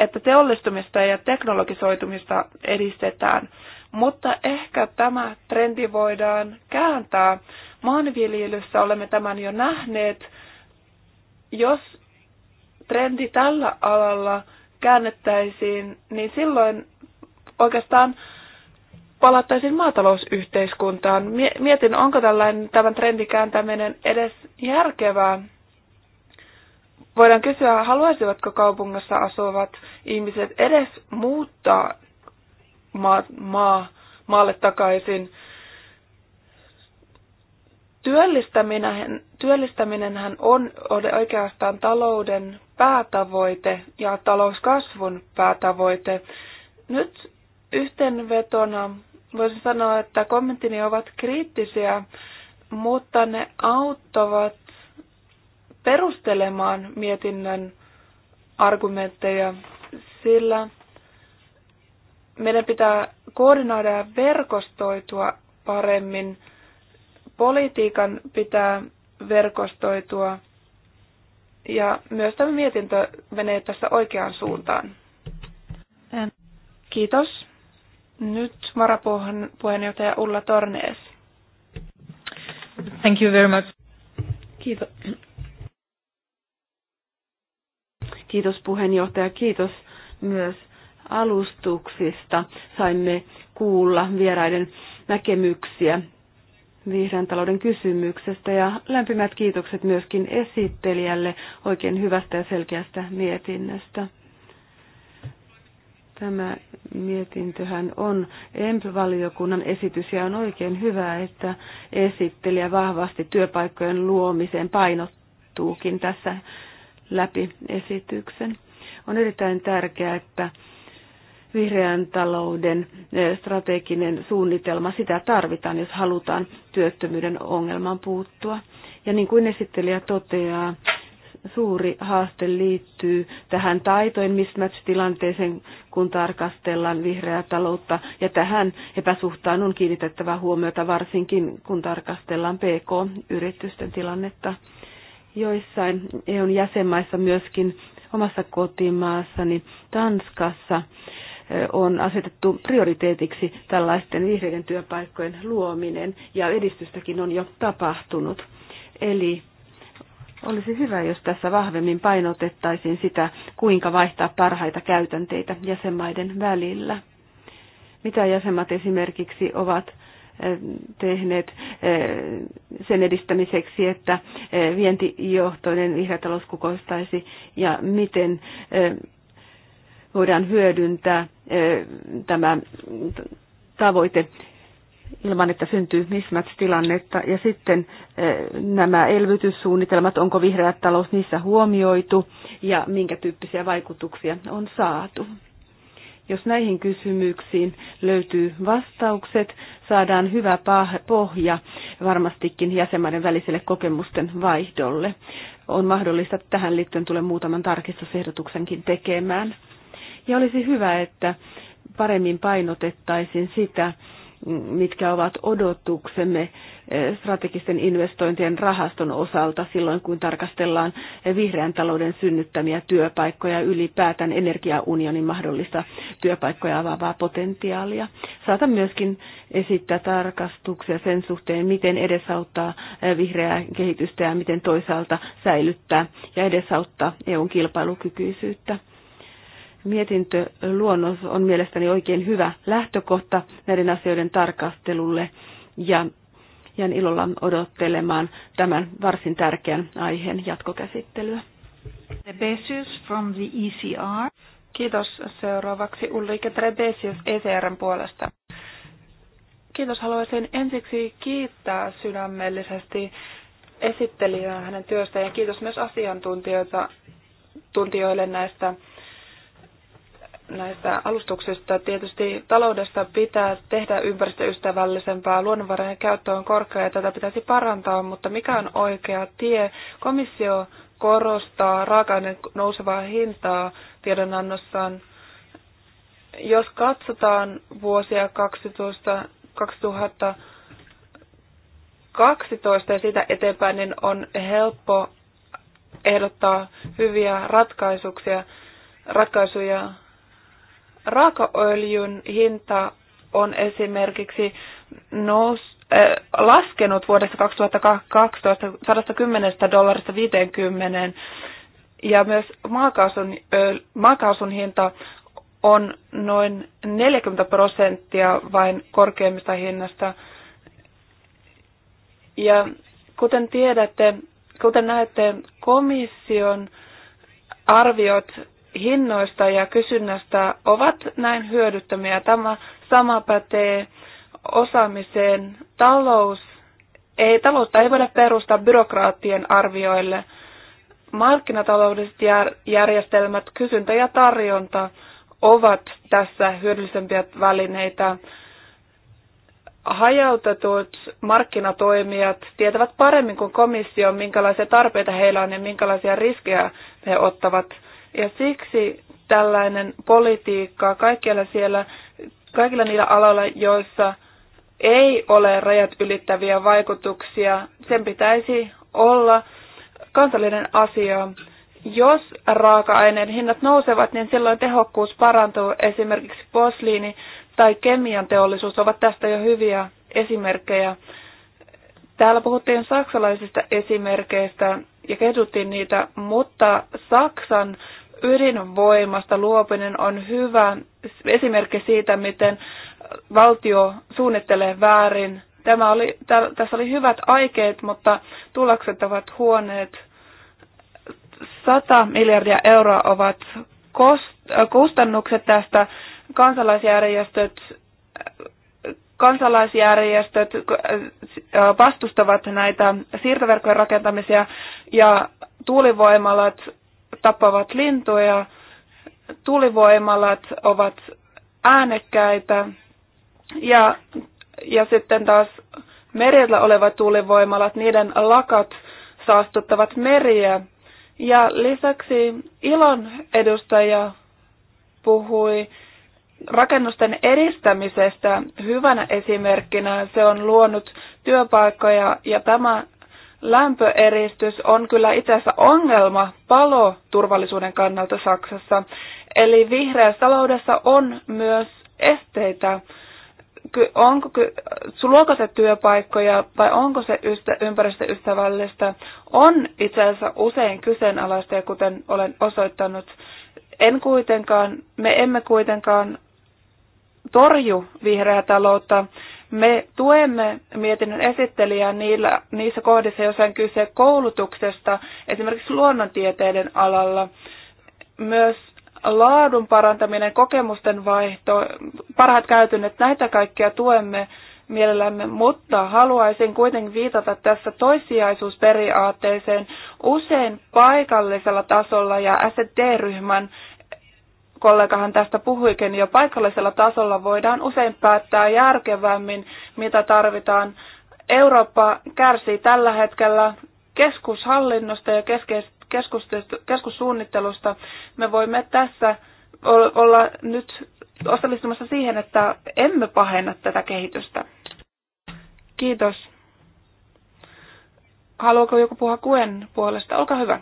että teollistumista ja teknologisoitumista edistetään. Mutta ehkä tämä trendi voidaan kääntää. Maanviljelyssä olemme tämän jo nähneet. Jos trendi tällä alalla käännettäisiin, niin silloin oikeastaan Palattaisin maatalousyhteiskuntaan. Mietin, onko tällainen, tämän trendin kääntäminen edes järkevää. Voidaan kysyä, haluaisivatko kaupungissa asuvat ihmiset edes muuttaa maa, maa, maalle takaisin. Työllistäminen, työllistäminenhän on oikeastaan talouden päätavoite ja talouskasvun päätavoite. Nyt Yhteenvetona voisin sanoa, että kommenttini ovat kriittisiä, mutta ne auttavat perustelemaan mietinnön argumentteja, sillä meidän pitää koordinoida ja verkostoitua paremmin. Politiikan pitää verkostoitua ja myös tämä mietintö menee tässä oikeaan suuntaan. Mm. Kiitos. Nyt varapuheenjohtaja Ulla Tornees. Thank you very much. Kiitos. Kiitos puheenjohtaja, kiitos myös alustuksista. Saimme kuulla vieraiden näkemyksiä vihreän talouden kysymyksestä ja lämpimät kiitokset myöskin esittelijälle oikein hyvästä ja selkeästä mietinnöstä. Tämä mietintöhän on EMP-valiokunnan esitys ja on oikein hyvä, että esittelijä vahvasti työpaikkojen luomiseen painottuukin tässä läpi esityksen. On erittäin tärkeää, että vihreän talouden e, strateginen suunnitelma, sitä tarvitaan, jos halutaan työttömyyden ongelman puuttua. Ja niin kuin esittelijä toteaa, suuri haaste liittyy tähän taitojen mismatch-tilanteeseen, kun tarkastellaan vihreää taloutta, ja tähän epäsuhtaan on kiinnitettävä huomiota varsinkin, kun tarkastellaan PK-yritysten tilannetta. Joissain EUn jäsenmaissa myöskin omassa kotimaassani Tanskassa on asetettu prioriteetiksi tällaisten vihreiden työpaikkojen luominen, ja edistystäkin on jo tapahtunut. Eli olisi hyvä, jos tässä vahvemmin painotettaisiin sitä, kuinka vaihtaa parhaita käytänteitä jäsenmaiden välillä. Mitä jäsenmaat esimerkiksi ovat eh, tehneet eh, sen edistämiseksi, että eh, vientijohtoinen vihreä talous kukoistaisi ja miten voidaan hyödyntää tämä tavoite ilman, että syntyy mismatch-tilannetta. Ja sitten eh, nämä elvytyssuunnitelmat, onko vihreä talous niissä huomioitu ja minkä tyyppisiä vaikutuksia on saatu. Jos näihin kysymyksiin löytyy vastaukset, saadaan hyvä pohja varmastikin jäsenmaiden väliselle kokemusten vaihdolle. On mahdollista tähän liittyen tulee muutaman tarkistusehdotuksenkin tekemään. Ja olisi hyvä, että paremmin painotettaisiin sitä, mitkä ovat odotuksemme eh, strategisten investointien rahaston osalta silloin, kun tarkastellaan vihreän talouden synnyttämiä työpaikkoja ylipäätään energiaunionin mahdollista työpaikkoja avaavaa potentiaalia. Saatan myöskin esittää tarkastuksia sen suhteen, miten edesauttaa eh, vihreää kehitystä ja miten toisaalta säilyttää ja edesauttaa EUn kilpailukykyisyyttä mietintöluonnos on mielestäni oikein hyvä lähtökohta näiden asioiden tarkastelulle ja jään ilolla odottelemaan tämän varsin tärkeän aiheen jatkokäsittelyä. from the ECR. Kiitos. Seuraavaksi Ulrike Trebesius ECRn puolesta. Kiitos. Haluaisin ensiksi kiittää sydämellisesti esittelijää hänen työstään ja kiitos myös asiantuntijoita tuntijoille näistä näistä alustuksista. Tietysti taloudesta pitää tehdä ympäristöystävällisempää, luonnonvarojen käyttö on korkea ja tätä pitäisi parantaa, mutta mikä on oikea tie? Komissio korostaa raaka nousevaa hintaa tiedonannossaan. Jos katsotaan vuosia 12, 2012 ja siitä eteenpäin, niin on helppo ehdottaa hyviä ratkaisuja Raakaöljyn hinta on esimerkiksi nous, äh, laskenut vuodesta 2012 110 dollarista 50 ja myös maakaasun, äh, maakaasun hinta on noin 40 prosenttia vain korkeimmista hinnasta. Ja kuten tiedätte, kuten näette, komission arviot hinnoista ja kysynnästä ovat näin hyödyttömiä. Tämä sama pätee osaamiseen. Talous ei, taloutta ei voida perustaa byrokraattien arvioille. Markkinataloudelliset järjestelmät, kysyntä ja tarjonta ovat tässä hyödyllisempiä välineitä. Hajautetut markkinatoimijat tietävät paremmin kuin komissio, minkälaisia tarpeita heillä on ja minkälaisia riskejä he ottavat – ja siksi tällainen politiikka kaikilla siellä, kaikilla niillä aloilla, joissa ei ole rajat ylittäviä vaikutuksia, sen pitäisi olla kansallinen asia. Jos raaka-aineen hinnat nousevat, niin silloin tehokkuus parantuu. Esimerkiksi posliini tai kemian teollisuus ovat tästä jo hyviä esimerkkejä. Täällä puhuttiin saksalaisista esimerkkeistä ja kehduttiin niitä, mutta Saksan ydinvoimasta luopuminen on hyvä esimerkki siitä, miten valtio suunnittelee väärin. Tämä oli, tä, tässä oli hyvät aikeet, mutta tulokset ovat huoneet. 100 miljardia euroa ovat kost, kustannukset tästä. Kansalaisjärjestöt, kansalaisjärjestöt äh, vastustavat näitä siirtoverkkojen rakentamisia ja tuulivoimalat tappavat lintuja, tulivoimalat ovat äänekkäitä ja, ja sitten taas merillä olevat tulivoimalat, niiden lakat saastuttavat meriä. Ja lisäksi Ilon edustaja puhui rakennusten edistämisestä hyvänä esimerkkinä. Se on luonut työpaikkoja ja tämä lämpöeristys on kyllä itse asiassa ongelma paloturvallisuuden kannalta Saksassa. Eli vihreässä taloudessa on myös esteitä. Onko, luoko se työpaikkoja vai onko se ystä, ympäristöystävällistä, on itse asiassa usein kyseenalaista ja kuten olen osoittanut, en kuitenkaan, me emme kuitenkaan torju vihreää taloutta me tuemme mietinnön esittelijää niillä, niissä kohdissa, joissa on kyse koulutuksesta, esimerkiksi luonnontieteiden alalla. Myös laadun parantaminen, kokemusten vaihto, parhaat käytännöt, näitä kaikkia tuemme mielellämme, mutta haluaisin kuitenkin viitata tässä toissijaisuusperiaatteeseen usein paikallisella tasolla ja SD-ryhmän kollegahan tästä puhuikin jo, paikallisella tasolla voidaan usein päättää järkevämmin, mitä tarvitaan. Eurooppa kärsii tällä hetkellä keskushallinnosta ja keskussuunnittelusta. Me voimme tässä olla nyt osallistumassa siihen, että emme pahenna tätä kehitystä. Kiitos. Haluaako joku puhua kuen puolesta? Olkaa hyvä.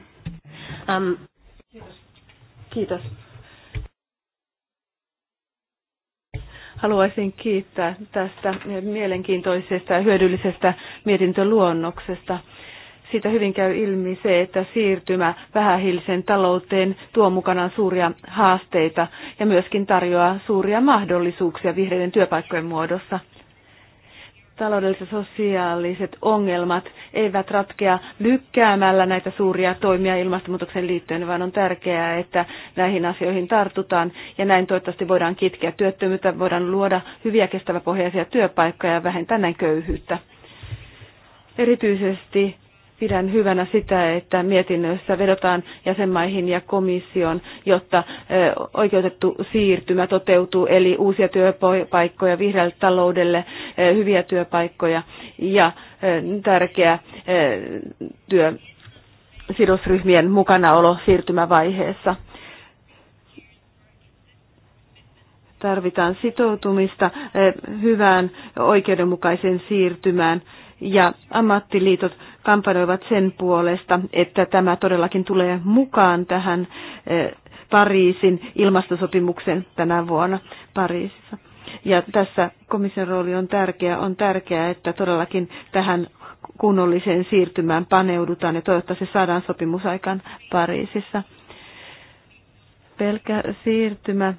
Um, kiitos. kiitos. Haluaisin kiittää tästä mielenkiintoisesta ja hyödyllisestä mietintöluonnoksesta. Siitä hyvin käy ilmi se, että siirtymä vähähiiliseen talouteen tuo mukanaan suuria haasteita ja myöskin tarjoaa suuria mahdollisuuksia vihreiden työpaikkojen muodossa taloudelliset ja sosiaaliset ongelmat eivät ratkea lykkäämällä näitä suuria toimia ilmastonmuutokseen liittyen, vaan on tärkeää, että näihin asioihin tartutaan ja näin toivottavasti voidaan kitkeä työttömyyttä, voidaan luoda hyviä kestäväpohjaisia työpaikkoja ja vähentää näin köyhyyttä. Erityisesti pidän hyvänä sitä, että mietinnössä vedotaan jäsenmaihin ja komission, jotta oikeutettu siirtymä toteutuu, eli uusia työpaikkoja vihreälle taloudelle, hyviä työpaikkoja ja tärkeä työ sidosryhmien mukanaolo siirtymävaiheessa. Tarvitaan sitoutumista hyvään oikeudenmukaiseen siirtymään ja ammattiliitot kampanjoivat sen puolesta, että tämä todellakin tulee mukaan tähän eh, Pariisin ilmastosopimuksen tänä vuonna Pariisissa. Ja tässä komission rooli on tärkeä. On tärkeää, että todellakin tähän kunnolliseen siirtymään paneudutaan ja toivottavasti saadaan sopimus aikaan Pariisissa. Pelkä siirtymä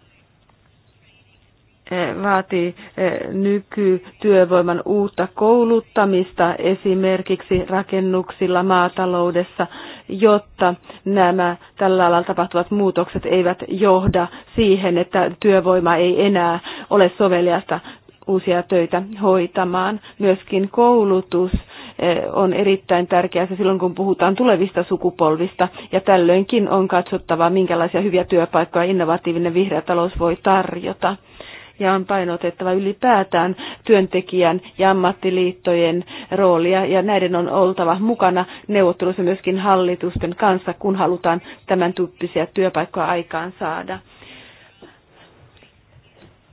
Eh, vaatii eh, nykytyövoiman uutta kouluttamista esimerkiksi rakennuksilla, maataloudessa, jotta nämä tällä alalla tapahtuvat muutokset eivät johda siihen, että työvoima ei enää ole soveliasta uusia töitä hoitamaan. Myöskin koulutus eh, on erittäin tärkeää silloin, kun puhutaan tulevista sukupolvista. Ja tällöinkin on katsottava, minkälaisia hyviä työpaikkoja innovatiivinen vihreä talous voi tarjota ja on painotettava ylipäätään työntekijän ja ammattiliittojen roolia ja näiden on oltava mukana neuvotteluissa myöskin hallitusten kanssa, kun halutaan tämän tyyppisiä työpaikkoja aikaan saada.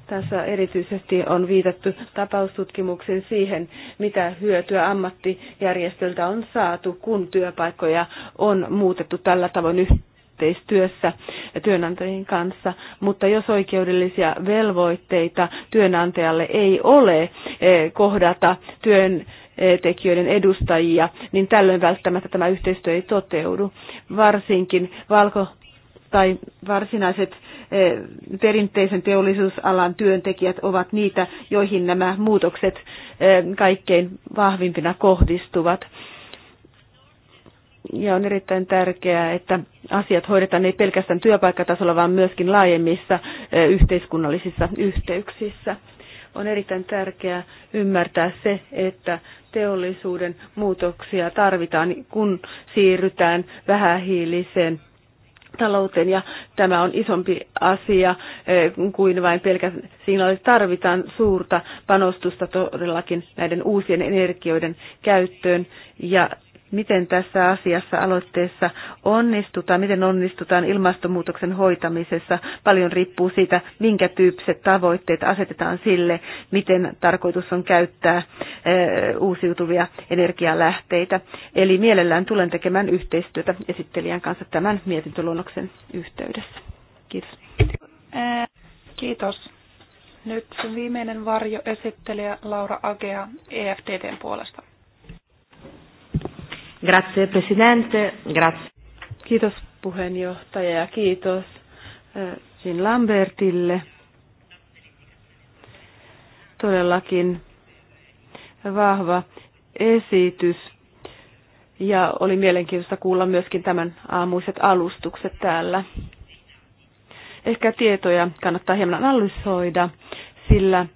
Tässä erityisesti on viitattu tapaustutkimuksen siihen, mitä hyötyä ammattijärjestöltä on saatu, kun työpaikkoja on muutettu tällä tavoin yhteen yhteistyössä työnantajien kanssa, mutta jos oikeudellisia velvoitteita työnantajalle ei ole eh, kohdata työn tekijöiden edustajia, niin tällöin välttämättä tämä yhteistyö ei toteudu. Varsinkin valko- tai varsinaiset eh, perinteisen teollisuusalan työntekijät ovat niitä, joihin nämä muutokset eh, kaikkein vahvimpina kohdistuvat. Ja on erittäin tärkeää, että asiat hoidetaan ei pelkästään työpaikkatasolla, vaan myöskin laajemmissa yhteiskunnallisissa yhteyksissä. On erittäin tärkeää ymmärtää se, että teollisuuden muutoksia tarvitaan, kun siirrytään vähähiiliseen talouteen ja tämä on isompi asia kuin vain pelkästään signaali. Tarvitaan suurta panostusta todellakin näiden uusien energioiden käyttöön ja miten tässä asiassa aloitteessa onnistutaan, miten onnistutaan ilmastonmuutoksen hoitamisessa. Paljon riippuu siitä, minkä tyyppiset tavoitteet asetetaan sille, miten tarkoitus on käyttää eh, uusiutuvia energialähteitä. Eli mielellään tulen tekemään yhteistyötä esittelijän kanssa tämän mietintöluonnoksen yhteydessä. Kiitos. Kiitos. Nyt viimeinen varjo esittelijä Laura Agea EFTTn puolesta. Grazie presidente, grazie. Kiitos puheenjohtaja ja kiitos eh, Jean Lambertille. Todellakin vahva esitys ja oli mielenkiintoista kuulla myöskin tämän aamuiset alustukset täällä. Ehkä tietoja kannattaa hieman analysoida, sillä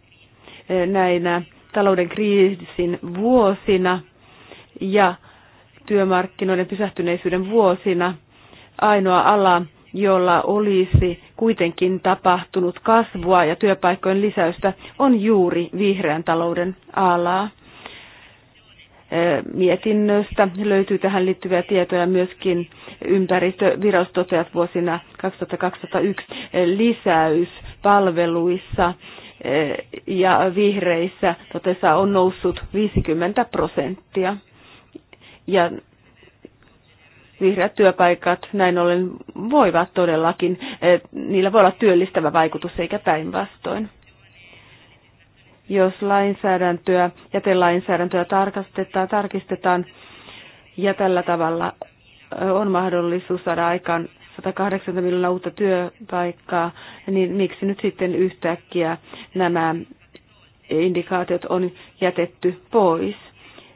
eh, näinä talouden kriisin vuosina ja työmarkkinoiden pysähtyneisyyden vuosina ainoa ala, jolla olisi kuitenkin tapahtunut kasvua ja työpaikkojen lisäystä, on juuri vihreän talouden alaa. Mietinnöstä löytyy tähän liittyviä tietoja myöskin ympäristövirastoteat vuosina 2021 lisäys palveluissa ja vihreissä totesa on noussut 50 prosenttia ja vihreät työpaikat näin ollen voivat todellakin, eh, niillä voi olla työllistävä vaikutus eikä päinvastoin. Jos lainsäädäntöä, jätelainsäädäntöä tarkastetaan, tarkistetaan ja tällä tavalla eh, on mahdollisuus saada aikaan 180 miljoonaa uutta työpaikkaa, niin miksi nyt sitten yhtäkkiä nämä indikaatiot on jätetty pois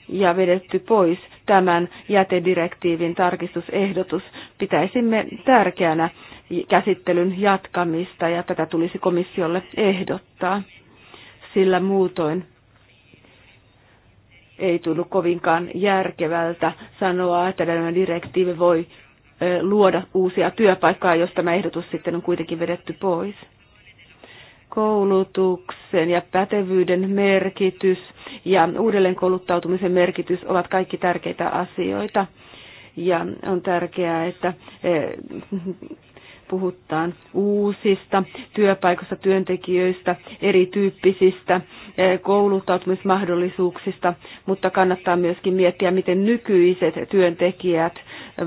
ja vedetty pois tämän jätedirektiivin tarkistusehdotus. Pitäisimme tärkeänä käsittelyn jatkamista ja tätä tulisi komissiolle ehdottaa, sillä muutoin ei tunnu kovinkaan järkevältä sanoa, että tämä direktiivi voi luoda uusia työpaikkoja, jos tämä ehdotus sitten on kuitenkin vedetty pois koulutuksen ja pätevyyden merkitys ja uudelleenkouluttautumisen merkitys ovat kaikki tärkeitä asioita. Ja on tärkeää, että eh, puhutaan uusista työpaikoista, työntekijöistä, erityyppisistä eh, kouluttautumismahdollisuuksista, mutta kannattaa myöskin miettiä, miten nykyiset työntekijät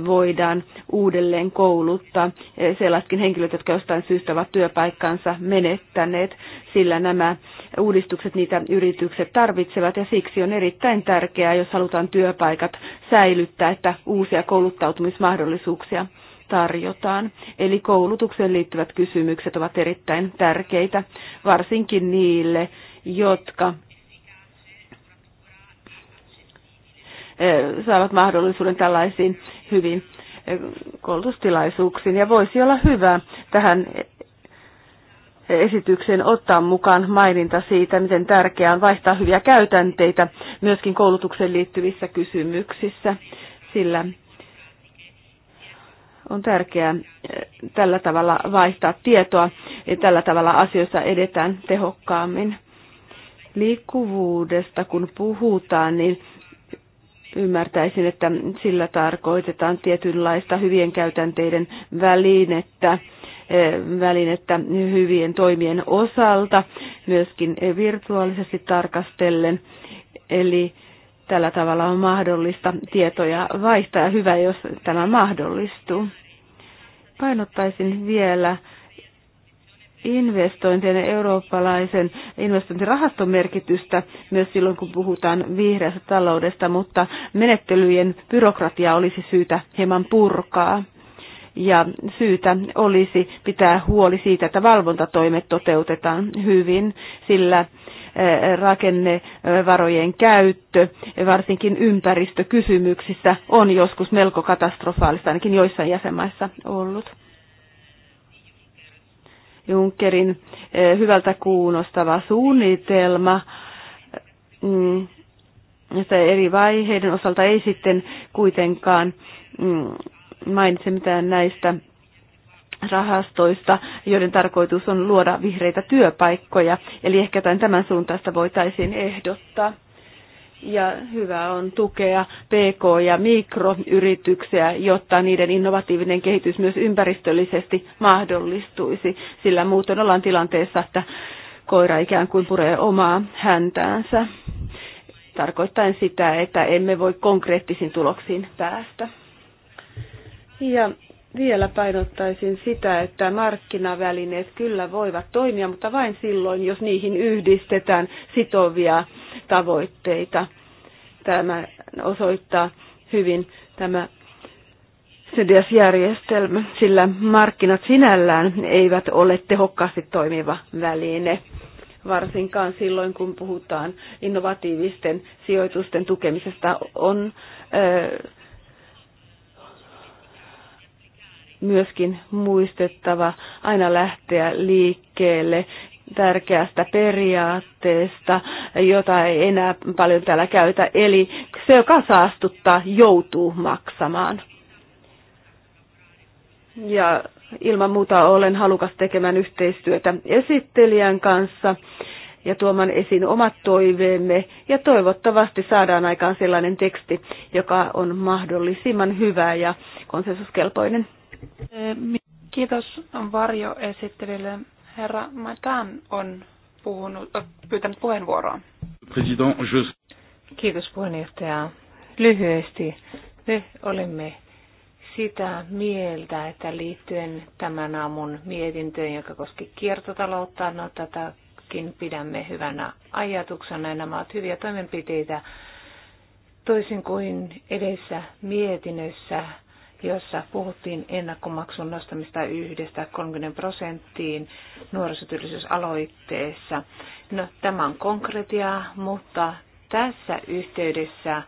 voidaan uudelleen kouluttaa. Eh, sellaisetkin henkilöt, jotka jostain syystä ovat työpaikkansa menettäneet, sillä nämä uudistukset niitä yritykset tarvitsevat ja siksi on erittäin tärkeää, jos halutaan työpaikat säilyttää, että uusia kouluttautumismahdollisuuksia tarjotaan. Eli koulutukseen liittyvät kysymykset ovat erittäin tärkeitä, varsinkin niille, jotka eh, saavat mahdollisuuden tällaisiin hyvin eh, koulutustilaisuuksiin. Ja voisi olla hyvä tähän eh, esitykseen ottaa mukaan maininta siitä, miten tärkeää on vaihtaa hyviä käytänteitä myöskin koulutukseen liittyvissä kysymyksissä, sillä on tärkeää eh, tällä tavalla vaihtaa tietoa ja tällä tavalla asioissa edetään tehokkaammin. Liikkuvuudesta kun puhutaan, niin ymmärtäisin, että sillä tarkoitetaan tietynlaista hyvien käytänteiden välinettä, eh, välinettä hyvien toimien osalta, myöskin virtuaalisesti tarkastellen. Eli tällä tavalla on mahdollista tietoja vaihtaa. Hyvä, jos tämä mahdollistuu. Painottaisin vielä investointien ja eurooppalaisen investointirahaston merkitystä myös silloin, kun puhutaan vihreästä taloudesta, mutta menettelyjen byrokratia olisi syytä hieman purkaa. Ja syytä olisi pitää huoli siitä, että valvontatoimet toteutetaan hyvin, sillä rakennevarojen käyttö, varsinkin ympäristökysymyksissä, on joskus melko katastrofaalista, ainakin joissain jäsenmaissa ollut. Junckerin eh, hyvältä kuunostava suunnitelma se mm, eri vaiheiden osalta ei sitten kuitenkaan mm, mainitse mitään näistä rahastoista, joiden tarkoitus on luoda vihreitä työpaikkoja. Eli ehkä jotain tämän suuntaista voitaisiin ehdottaa. Ja hyvä on tukea PK- ja mikroyrityksiä, jotta niiden innovatiivinen kehitys myös ympäristöllisesti mahdollistuisi, sillä muuten ollaan tilanteessa, että koira ikään kuin puree omaa häntäänsä, tarkoittain sitä, että emme voi konkreettisiin tuloksiin päästä. Ja vielä painottaisin sitä, että markkinavälineet kyllä voivat toimia, mutta vain silloin, jos niihin yhdistetään sitovia tavoitteita. Tämä osoittaa hyvin tämä CDS-järjestelmä, sillä markkinat sinällään eivät ole tehokkaasti toimiva väline, varsinkaan silloin kun puhutaan innovatiivisten sijoitusten tukemisesta. On myöskin muistettava aina lähteä liikkeelle tärkeästä periaatteesta, jota ei enää paljon täällä käytä, eli se, joka saastuttaa, joutuu maksamaan. Ja ilman muuta olen halukas tekemään yhteistyötä esittelijän kanssa ja tuomaan esiin omat toiveemme ja toivottavasti saadaan aikaan sellainen teksti, joka on mahdollisimman hyvä ja konsensuskelpoinen. Kiitos varjoesittelylle. Herra Matan on puhunut, pyytänyt puheenvuoroa. President, je... Kiitos puheenjohtaja. Lyhyesti me olemme sitä mieltä, että liittyen tämän aamun mietintöön, joka koski kiertotaloutta, no tätäkin pidämme hyvänä ajatuksena ja nämä ovat hyviä toimenpiteitä. Toisin kuin edessä mietinnössä jossa puhuttiin ennakkomaksun nostamista yhdestä 30 prosenttiin nuorisotyöllisyysaloitteessa. No, tämä on konkretia, mutta tässä yhteydessä,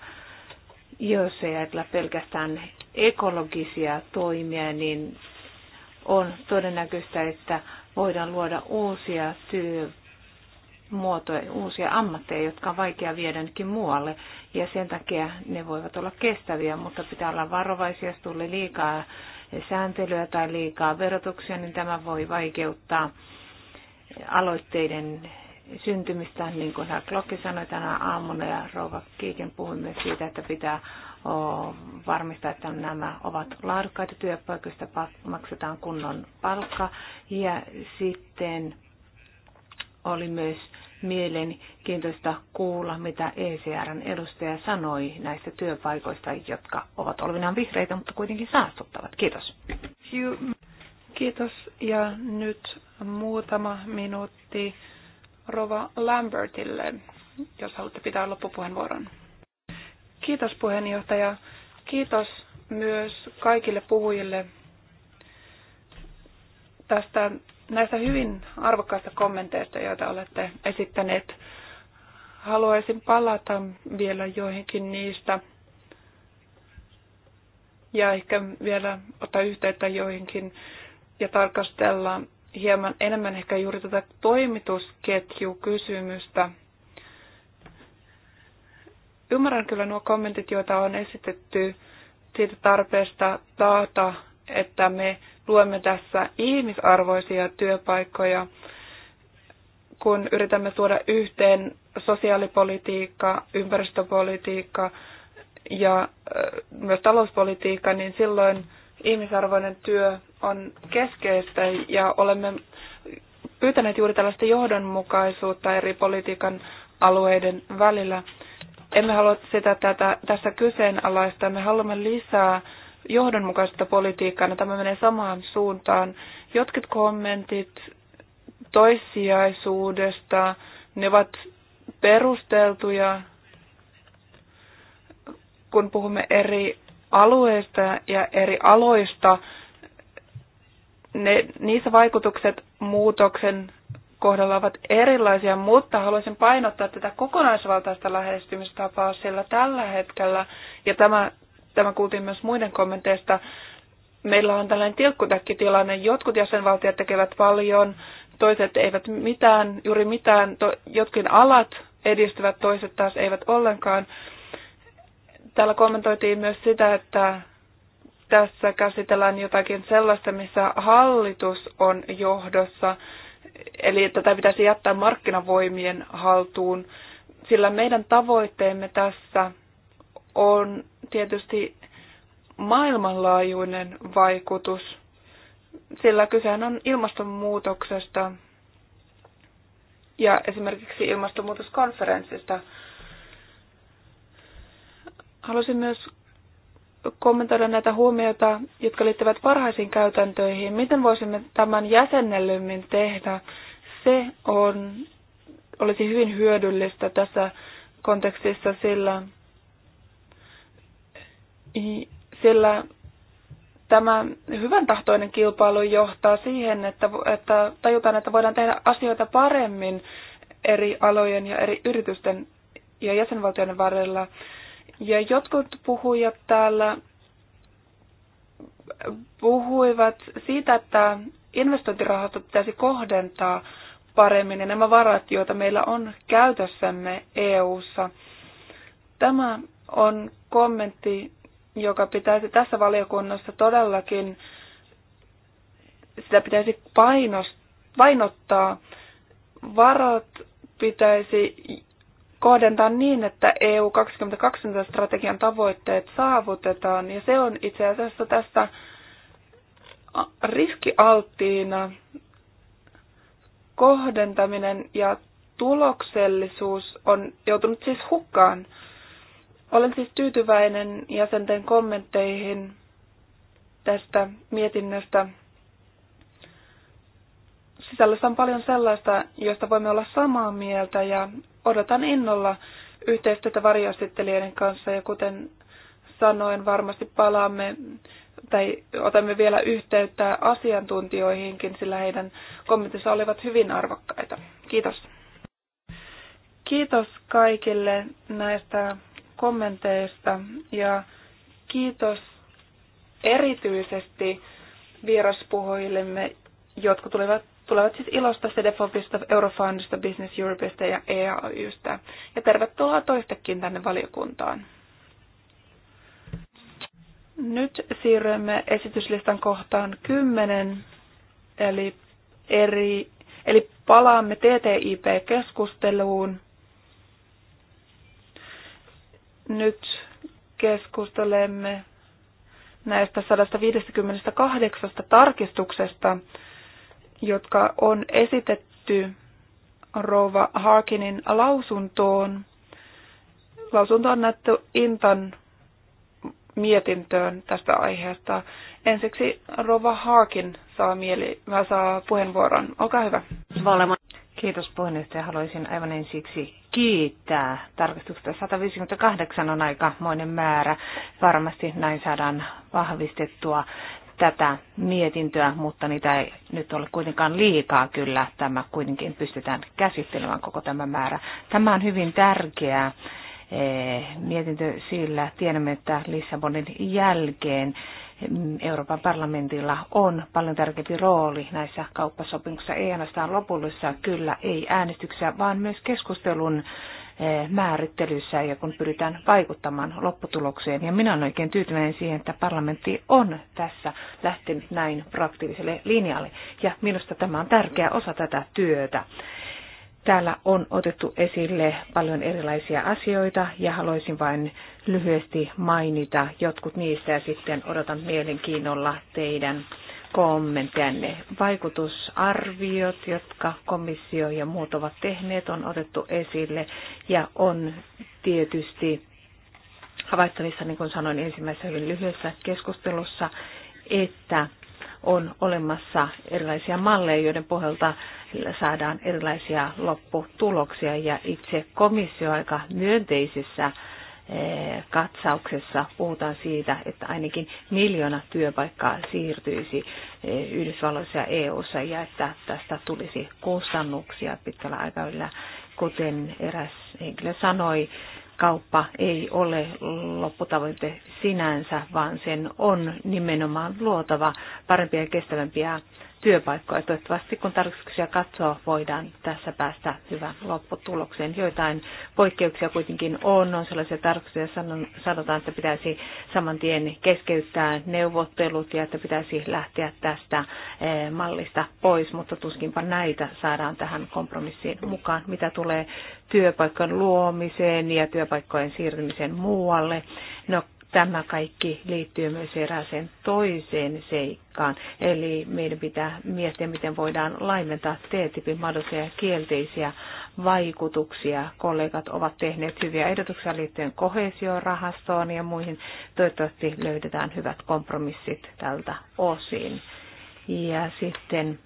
jos ei ajatella pelkästään ekologisia toimia, niin on todennäköistä, että voidaan luoda uusia työpaikkoja muotoja, uusia ammatteja, jotka on vaikea viedä nytkin muualle. Ja sen takia ne voivat olla kestäviä, mutta pitää olla varovaisia, jos tulee liikaa sääntelyä tai liikaa verotuksia, niin tämä voi vaikeuttaa aloitteiden syntymistä, niin kuin hän Klokki sanoi tänä aamuna ja Rouva Kiiken puhui myös siitä, että pitää varmistaa, että nämä ovat laadukkaita työpaikoista, maksetaan kunnon palkka ja sitten oli myös mielenkiintoista kuulla, mitä ECRn edustaja sanoi näistä työpaikoista, jotka ovat olevinaan vihreitä, mutta kuitenkin saastuttavat. Kiitos. Kiitos. Ja nyt muutama minuutti Rova Lambertille, jos haluatte pitää loppupuheenvuoron. Kiitos puheenjohtaja. Kiitos myös kaikille puhujille tästä näistä hyvin arvokkaista kommenteista, joita olette esittäneet. Haluaisin palata vielä joihinkin niistä ja ehkä vielä ottaa yhteyttä joihinkin ja tarkastella hieman enemmän ehkä juuri tätä toimitusketjukysymystä. Ymmärrän kyllä nuo kommentit, joita on esitetty siitä tarpeesta taata, että me luomme tässä ihmisarvoisia työpaikkoja, kun yritämme tuoda yhteen sosiaalipolitiikka, ympäristöpolitiikka ja myös talouspolitiikka, niin silloin ihmisarvoinen työ on keskeistä ja olemme pyytäneet juuri tällaista johdonmukaisuutta eri politiikan alueiden välillä. Emme halua sitä tätä, tässä kyseenalaista, me haluamme lisää johdonmukaista politiikkaa. No, tämä menee samaan suuntaan. Jotkut kommentit toissijaisuudesta, ne ovat perusteltuja, kun puhumme eri alueista ja eri aloista, ne, niissä vaikutukset muutoksen kohdalla ovat erilaisia, mutta haluaisin painottaa tätä kokonaisvaltaista lähestymistapaa, sillä tällä hetkellä, ja tämä tämä kuultiin myös muiden kommenteista, meillä on tällainen tilkkutäkkitilanne. Jotkut jäsenvaltiot tekevät paljon, toiset eivät mitään, juuri mitään, to, jotkin alat edistyvät, toiset taas eivät ollenkaan. Täällä kommentoitiin myös sitä, että tässä käsitellään jotakin sellaista, missä hallitus on johdossa, eli tätä pitäisi jättää markkinavoimien haltuun, sillä meidän tavoitteemme tässä on tietysti maailmanlaajuinen vaikutus, sillä kysehän on ilmastonmuutoksesta ja esimerkiksi ilmastonmuutoskonferenssista. Haluaisin myös kommentoida näitä huomioita, jotka liittyvät parhaisiin käytäntöihin. Miten voisimme tämän jäsennellymmin tehdä? Se on, olisi hyvin hyödyllistä tässä kontekstissa, sillä sillä tämä hyvän tahtoinen kilpailu johtaa siihen, että, että tajutaan, että voidaan tehdä asioita paremmin eri alojen ja eri yritysten ja jäsenvaltioiden varrella. Ja jotkut puhujat täällä puhuivat siitä, että investointirahastot pitäisi kohdentaa paremmin ja nämä varat, joita meillä on käytössämme EU:ssa. Tämä on kommentti, joka pitäisi tässä valiokunnassa todellakin, sitä pitäisi painost, painottaa. Varat pitäisi kohdentaa niin, että EU 2020-strategian tavoitteet saavutetaan, ja se on itse asiassa tässä riskialttiina kohdentaminen ja tuloksellisuus on joutunut siis hukkaan – olen siis tyytyväinen jäsenten kommentteihin tästä mietinnöstä. Sisällössä on paljon sellaista, josta voimme olla samaa mieltä ja odotan innolla yhteistyötä varjoesittelijöiden kanssa ja kuten sanoin, varmasti palaamme tai otamme vielä yhteyttä asiantuntijoihinkin, sillä heidän kommenttinsa olivat hyvin arvokkaita. Kiitos. Kiitos kaikille näistä kommenteista ja kiitos erityisesti vieraspuhujillemme, jotka tulivat, tulevat siis ilosta CDFOPista, Eurofundista, Business Europeista ja EAYstä. Ja tervetuloa toistekin tänne valiokuntaan. Nyt siirrymme esityslistan kohtaan 10, eli, eri, eli palaamme TTIP-keskusteluun nyt keskustelemme näistä 158 tarkistuksesta, jotka on esitetty Rova Harkinin lausuntoon. Lausunto on annettu Intan mietintöön tästä aiheesta. Ensiksi Rova Harkin saa, mieli, saa puheenvuoron. Olkaa hyvä. Valema. Kiitos puheenjohtaja. Haluaisin aivan ensiksi kiittää. tarkastuksesta 158 on aikamoinen määrä. Varmasti näin saadaan vahvistettua tätä mietintöä, mutta niitä ei nyt ole kuitenkaan liikaa kyllä. Tämä kuitenkin pystytään käsittelemään koko tämä määrä. Tämä on hyvin tärkeää eh, mietintö sillä tiedämme, että Lissabonin jälkeen Euroopan parlamentilla on paljon tärkeämpi rooli näissä kauppasopimuksissa, ei ainoastaan lopullisessa, kyllä ei äänestyksessä, vaan myös keskustelun eh, määrittelyssä ja kun pyritään vaikuttamaan lopputulokseen. Ja minä olen oikein tyytyväinen siihen, että parlamentti on tässä lähtenyt näin proaktiiviselle linjalle. Ja minusta tämä on tärkeä osa tätä työtä. Täällä on otettu esille paljon erilaisia asioita ja haluaisin vain lyhyesti mainita jotkut niistä ja sitten odotan mielenkiinnolla teidän kommenttianne. Vaikutusarviot, jotka komissio ja muut ovat tehneet, on otettu esille ja on tietysti havaittavissa, niin kuin sanoin ensimmäisessä hyvin lyhyessä keskustelussa, että on olemassa erilaisia malleja, joiden pohjalta sillä saadaan erilaisia lopputuloksia ja itse komissio aika myönteisessä eh, katsauksessa puhutaan siitä, että ainakin miljoona työpaikkaa siirtyisi eh, Yhdysvalloissa ja EU:ssa ja että tästä tulisi kustannuksia pitkällä aikavälillä. Kuten eräs henkilö sanoi, kauppa ei ole lopputavoite sinänsä, vaan sen on nimenomaan luotava parempia ja kestävämpiä työpaikkoja. Toivottavasti kun tarkoituksia katsoo, voidaan tässä päästä hyvään lopputulokseen. Joitain poikkeuksia kuitenkin on. On sellaisia tarkistuksia, sanotaan, että pitäisi saman tien keskeyttää neuvottelut ja että pitäisi lähteä tästä eh, mallista pois, mutta tuskinpa näitä saadaan tähän kompromissiin mukaan. Mitä tulee työpaikan luomiseen ja työpaikkojen siirtymiseen muualle. No, tämä kaikki liittyy myös erääseen toiseen seikkaan. Eli meidän pitää miettiä, miten voidaan laimentaa T-tipin mahdollisia kielteisiä vaikutuksia. Kollegat ovat tehneet hyviä ehdotuksia liittyen kohesiorahastoon ja muihin. Toivottavasti löydetään hyvät kompromissit tältä osin. Ja sitten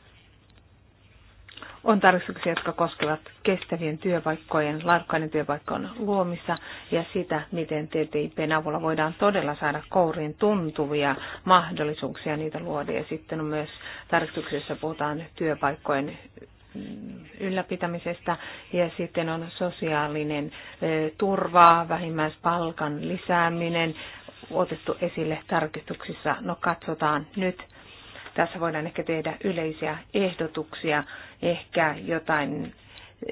on tarkistuksia, jotka koskevat kestävien työpaikkojen, laadukkaiden työpaikkojen luomissa ja sitä, miten TTIPn avulla voidaan todella saada kouriin tuntuvia mahdollisuuksia niitä luoda. Ja sitten on myös tarkistuksessa puhutaan työpaikkojen ylläpitämisestä ja sitten on sosiaalinen turva, vähimmäispalkan lisääminen otettu esille tarkistuksissa. No katsotaan nyt tässä voidaan ehkä tehdä yleisiä ehdotuksia, ehkä jotain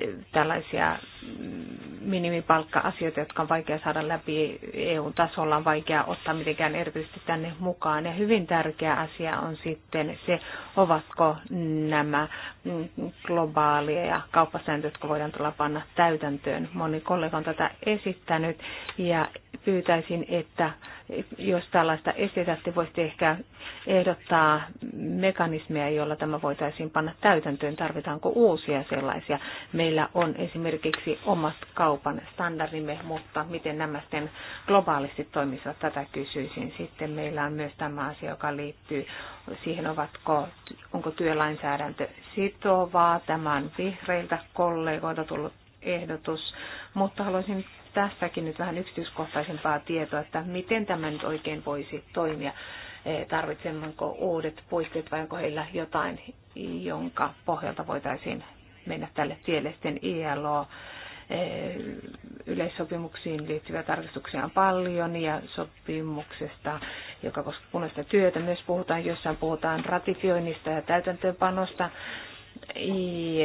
eh, tällaisia mm, minimipalkka-asioita, jotka on vaikea saada läpi EU-tasolla, on vaikea ottaa mitenkään erityisesti tänne mukaan. Ja hyvin tärkeä asia on sitten se, ovatko nämä mm, globaalia ja kauppasääntöjä, jotka voidaan tulla panna täytäntöön. Moni kollega on tätä esittänyt ja pyytäisin, että jos tällaista esitätte, voisitte ehkä ehdottaa mekanismeja, joilla tämä voitaisiin panna täytäntöön. Tarvitaanko uusia sellaisia? Meillä on esimerkiksi omat kaupan standardimme, mutta miten nämä sitten globaalisti toimisivat, tätä kysyisin. Sitten meillä on myös tämä asia, joka liittyy siihen, ovatko, onko työlainsäädäntö sitovaa. Tämä on vihreiltä kollegoilta tullut ehdotus, mutta haluaisin tässäkin nyt vähän yksityiskohtaisempaa tietoa, että miten tämä nyt oikein voisi toimia. E, Tarvitsemmeko uudet puitteet vai onko heillä jotain, jonka pohjalta voitaisiin mennä tälle tielle sitten ILO e, yleissopimuksiin liittyviä tarkistuksia on paljon ja sopimuksesta, joka koskee punaista työtä, myös puhutaan, jossain puhutaan ratifioinnista ja täytäntöönpanosta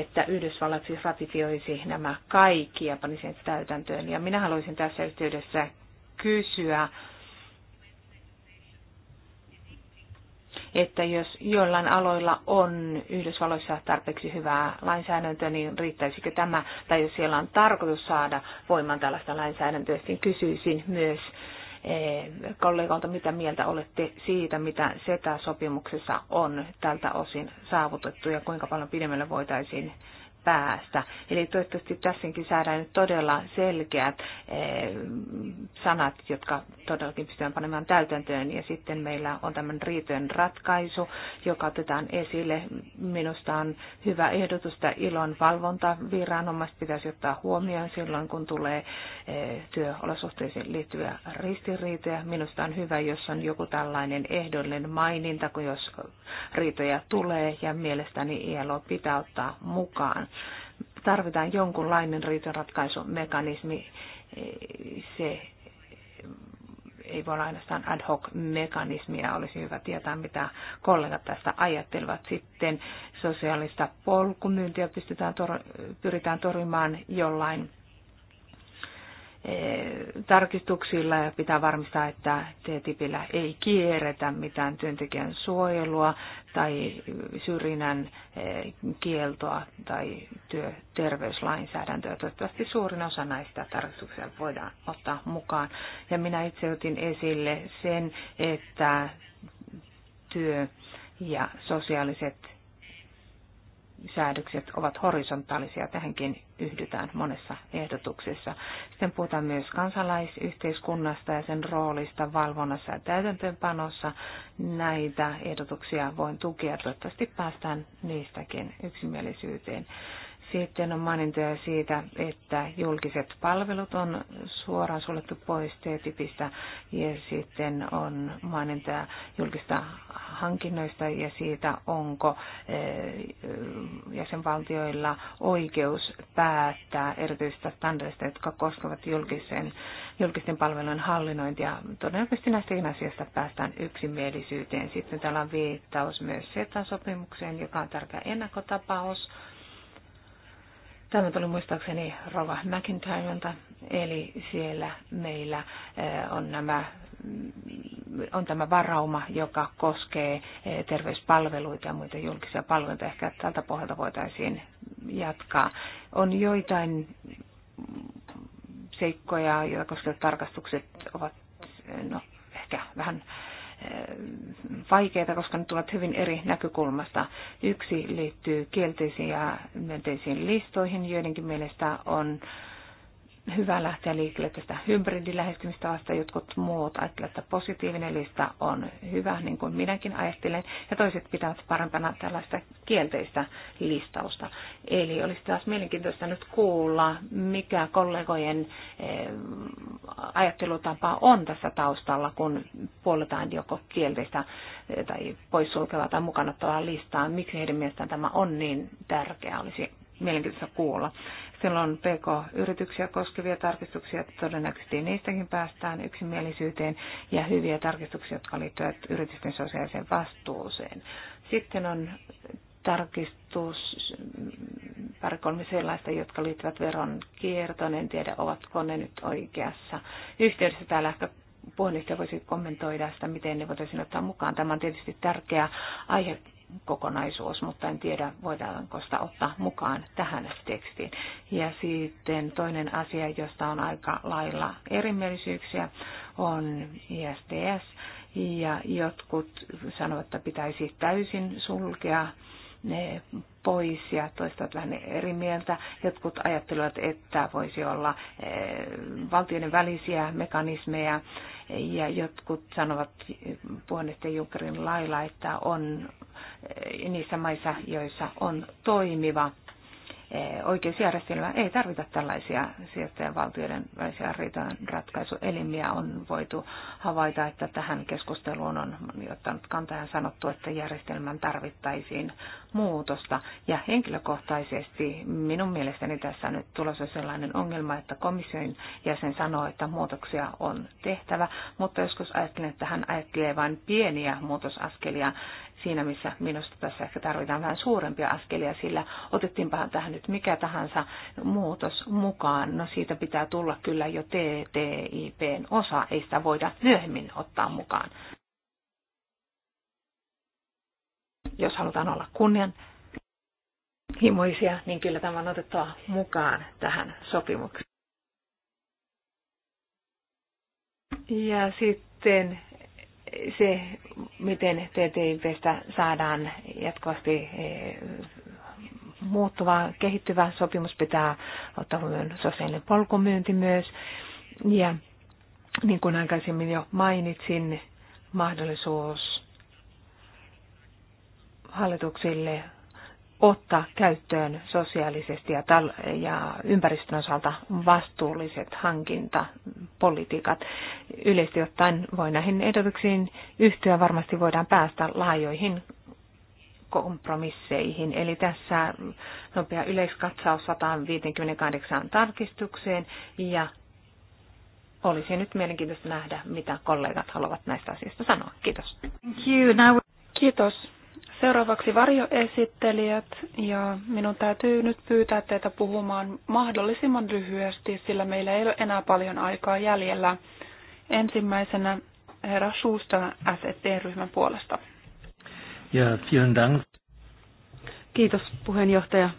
että Yhdysvallat siis ratifioisi nämä kaikki ja panisi sen täytäntöön. Ja minä haluaisin tässä yhteydessä kysyä, että jos jollain aloilla on Yhdysvalloissa tarpeeksi hyvää lainsäädäntöä, niin riittäisikö tämä, tai jos siellä on tarkoitus saada voimaan tällaista lainsäädäntöä, niin kysyisin myös Eh, kollegalta, mitä mieltä olette siitä, mitä SETA-sopimuksessa on tältä osin saavutettu ja kuinka paljon pidemmälle voitaisiin päästä. Eli toivottavasti tässäkin saadaan nyt todella selkeät eh, sanat, jotka todellakin pystytään panemaan täytäntöön. Ja sitten meillä on tämmöinen riitojen ratkaisu, joka otetaan esille. Minusta on hyvä ehdotus, että ilon valvontaviranomaiset pitäisi ottaa huomioon silloin, kun tulee eh, työolosuhteisiin liittyviä ristiriitoja. Minusta on hyvä, jos on joku tällainen ehdollinen maininta, kun jos riitoja tulee, ja mielestäni ILO pitää ottaa mukaan Tarvitaan jonkunlainen riitonratkaisumekanismi. Se ei voi olla ainoastaan ad hoc mekanismia. Olisi hyvä tietää, mitä kollegat tästä ajattelevat. Sitten sosiaalista polkumyyntiä pystytään tor- pyritään torjumaan jollain Eh, tarkistuksilla ja pitää varmistaa, että TTIPillä ei kierretä mitään työntekijän suojelua tai syrjinnän eh, kieltoa tai työterveyslainsäädäntöä. Toivottavasti suurin osa näistä tarkistuksia voidaan ottaa mukaan. Ja minä itse otin esille sen, että työ ja sosiaaliset säädökset ovat horisontaalisia. Tähänkin yhdytään monessa ehdotuksessa. Sitten puhutaan myös kansalaisyhteiskunnasta ja sen roolista valvonnassa ja täytäntöönpanossa. Näitä ehdotuksia voin tukea. Toivottavasti päästään niistäkin yksimielisyyteen. Sitten on mainintoja siitä, että julkiset palvelut on suoraan suljettu pois TTIPistä ja sitten on mainintoja julkista hankinnoista ja siitä, onko eh, jäsenvaltioilla oikeus päättää erityisistä standardista, jotka koskevat julkisen, julkisten palvelujen hallinnointia. Todennäköisesti näistäkin asiasta päästään yksimielisyyteen. Sitten täällä on viittaus myös seta sopimukseen joka on tärkeä ennakkotapaus Tämä tuli muistaakseni Rova McIntyreilta, eli siellä meillä eh, on, nämä, mm, on tämä varauma, joka koskee eh, terveyspalveluita ja muita julkisia palveluita. Ehkä tältä pohjalta voitaisiin jatkaa. On joitain seikkoja, joita koskevat tarkastukset ovat eh, no, ehkä vähän Eh, vaikeita, koska ne tulevat hyvin eri näkökulmasta. Yksi liittyy kielteisiin ja myönteisiin listoihin, joidenkin mielestä on äh, hyvä lähteä liikkeelle tästä vasta. Jotkut muut ajattelevat, että positiivinen lista on hyvä, niin kuin minäkin ajattelen, ja toiset pitävät parempana tällaista kielteistä listausta. Eli olisi taas mielenkiintoista nyt kuulla, mikä kollegojen eh, ajattelutapa on tässä taustalla, kun puoletaan joko kielteistä eh, tai poissulkevaa tai mukana listaa. Miksi heidän mielestään tämä on niin tärkeää, olisi mielenkiintoista kuulla. Silloin on PK-yrityksiä koskevia tarkistuksia, todennäköisesti niistäkin päästään yksimielisyyteen, ja hyviä tarkistuksia, jotka liittyvät yritysten sosiaaliseen vastuuseen. Sitten on tarkistus, pari kolme sellaista, jotka liittyvät veron kiertoon. En tiedä, ovatko ne nyt oikeassa yhteydessä. Täällä ehkä puheenjohtaja voisi kommentoida sitä, miten ne voitaisiin ottaa mukaan. Tämä on tietysti tärkeä aihe kokonaisuus, mutta en tiedä voidaanko sitä ottaa mukaan tähän tekstiin. Ja sitten toinen asia, josta on aika lailla erimielisyyksiä, on ISTS. Ja jotkut sanovat, että pitäisi täysin sulkea ne pois ja toistavat vähän eri mieltä. Jotkut ajattelevat, että voisi olla eh, valtioiden välisiä mekanismeja ja jotkut sanovat puheenjohtaja Junckerin lailla, että on eh, niissä maissa, joissa on toimiva Eh, oikeusjärjestelmä Ei tarvita tällaisia sijoittajavaltioiden välisiä riitojen ratkaisuelimiä. On voitu havaita, että tähän keskusteluun on ottanut kantajan sanottu, että järjestelmän tarvittaisiin muutosta. Ja henkilökohtaisesti minun mielestäni tässä nyt tulossa sellainen ongelma, että komission jäsen sanoo, että muutoksia on tehtävä, mutta joskus ajattelen, että hän ajattelee vain pieniä muutosaskelia siinä, missä minusta tässä ehkä tarvitaan vähän suurempia askelia, sillä otettiinpahan tähän nyt mikä tahansa muutos mukaan. No siitä pitää tulla kyllä jo TTIPn osa, ei sitä voida myöhemmin ottaa mukaan. Jos halutaan olla kunnian himoisia, niin kyllä tämä on otettava mukaan tähän sopimukseen. Ja sitten se, miten TTIPstä saadaan jatkuvasti eh, muuttuva, kehittyvä sopimus, pitää ottaa huomioon sosiaalinen polkumyynti myös. Ja niin kuin aikaisemmin jo mainitsin, mahdollisuus hallituksille ottaa käyttöön sosiaalisesti ja, tal- ja ympäristön osalta vastuulliset hankintapolitiikat. Yleisesti ottaen voi näihin ehdotuksiin yhtyä, varmasti voidaan päästä laajoihin kompromisseihin. Eli tässä nopea yleiskatsaus 158 tarkistukseen ja olisi nyt mielenkiintoista nähdä, mitä kollegat haluavat näistä asioista sanoa. Kiitos. Kiitos. Seuraavaksi varjoesittelijät ja minun täytyy nyt pyytää teitä puhumaan mahdollisimman lyhyesti, sillä meillä ei ole enää paljon aikaa jäljellä. Ensimmäisenä herra Schuster SET-ryhmän puolesta. Ja, vielen dank. Kiitos puheenjohtaja.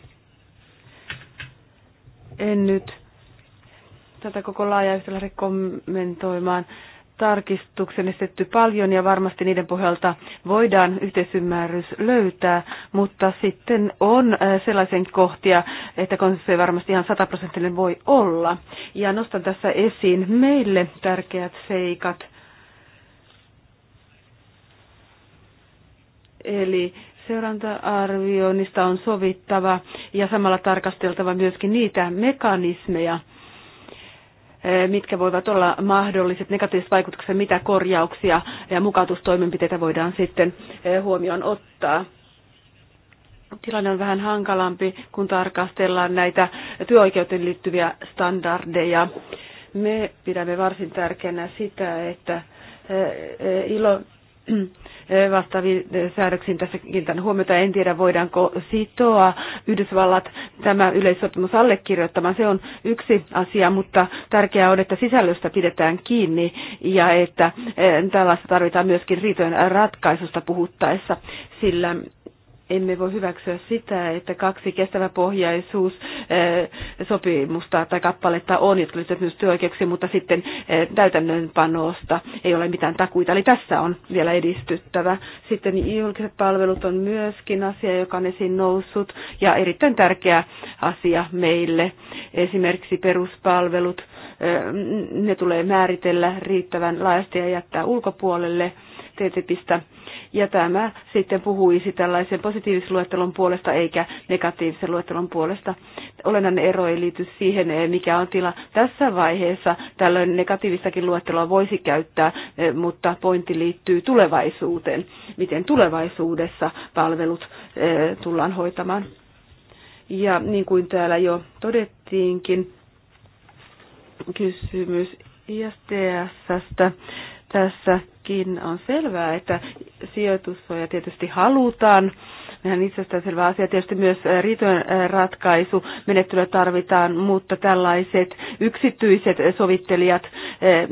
En nyt tätä koko laajaa yhtä lähde kommentoimaan tarkistuksen esitetty paljon ja varmasti niiden pohjalta voidaan yhteisymmärrys löytää, mutta sitten on äh, sellaisen kohtia, että konsensus varmasti ihan sataprosenttinen voi olla. Ja nostan tässä esiin meille tärkeät seikat. Eli seuranta-arvioinnista on sovittava ja samalla tarkasteltava myöskin niitä mekanismeja, mitkä voivat olla mahdolliset negatiiviset vaikutukset, mitä korjauksia ja mukautustoimenpiteitä voidaan sitten huomioon ottaa tilanne on vähän hankalampi, kun tarkastellaan näitä työoikeuteen liittyviä standardeja. Me pidämme varsin tärkeänä sitä, että ILO vastaaviin säädöksiin tässä kiinnitän huomiota. En tiedä, voidaanko sitoa Yhdysvallat tämä yleissopimus allekirjoittamaan. Se on yksi asia, mutta tärkeää on, että sisällöstä pidetään kiinni ja että tällaista tarvitaan myöskin riitojen ratkaisusta puhuttaessa, sillä emme voi hyväksyä sitä, että kaksi pohjaisuus eh, sopimusta tai kappaletta on, jotka liittyvät myös työoikeuksiin, mutta sitten eh, täytännönpanosta ei ole mitään takuita. Eli tässä on vielä edistyttävä. Sitten julkiset palvelut on myöskin asia, joka on esiin noussut ja erittäin tärkeä asia meille. Esimerkiksi peruspalvelut, eh, ne tulee määritellä riittävän laajasti ja jättää ulkopuolelle STTPistä. Ja tämä sitten puhuisi tällaisen positiivisen luettelon puolesta eikä negatiivisen luettelon puolesta. Olennainen ero ei liity siihen, eh, mikä on tila tässä vaiheessa. Tällöin negatiivistakin luetteloa voisi käyttää, eh, mutta pointti liittyy tulevaisuuteen. Miten tulevaisuudessa palvelut eh, tullaan hoitamaan. Ja niin kuin täällä jo todettiinkin, kysymys ISTSstä Tässäkin on selvää, että sijoitussuoja tietysti halutaan. Mehän itsestään selvä asia. Tietysti myös riitojen ratkaisu menettelyä tarvitaan, mutta tällaiset yksityiset sovittelijat, eh,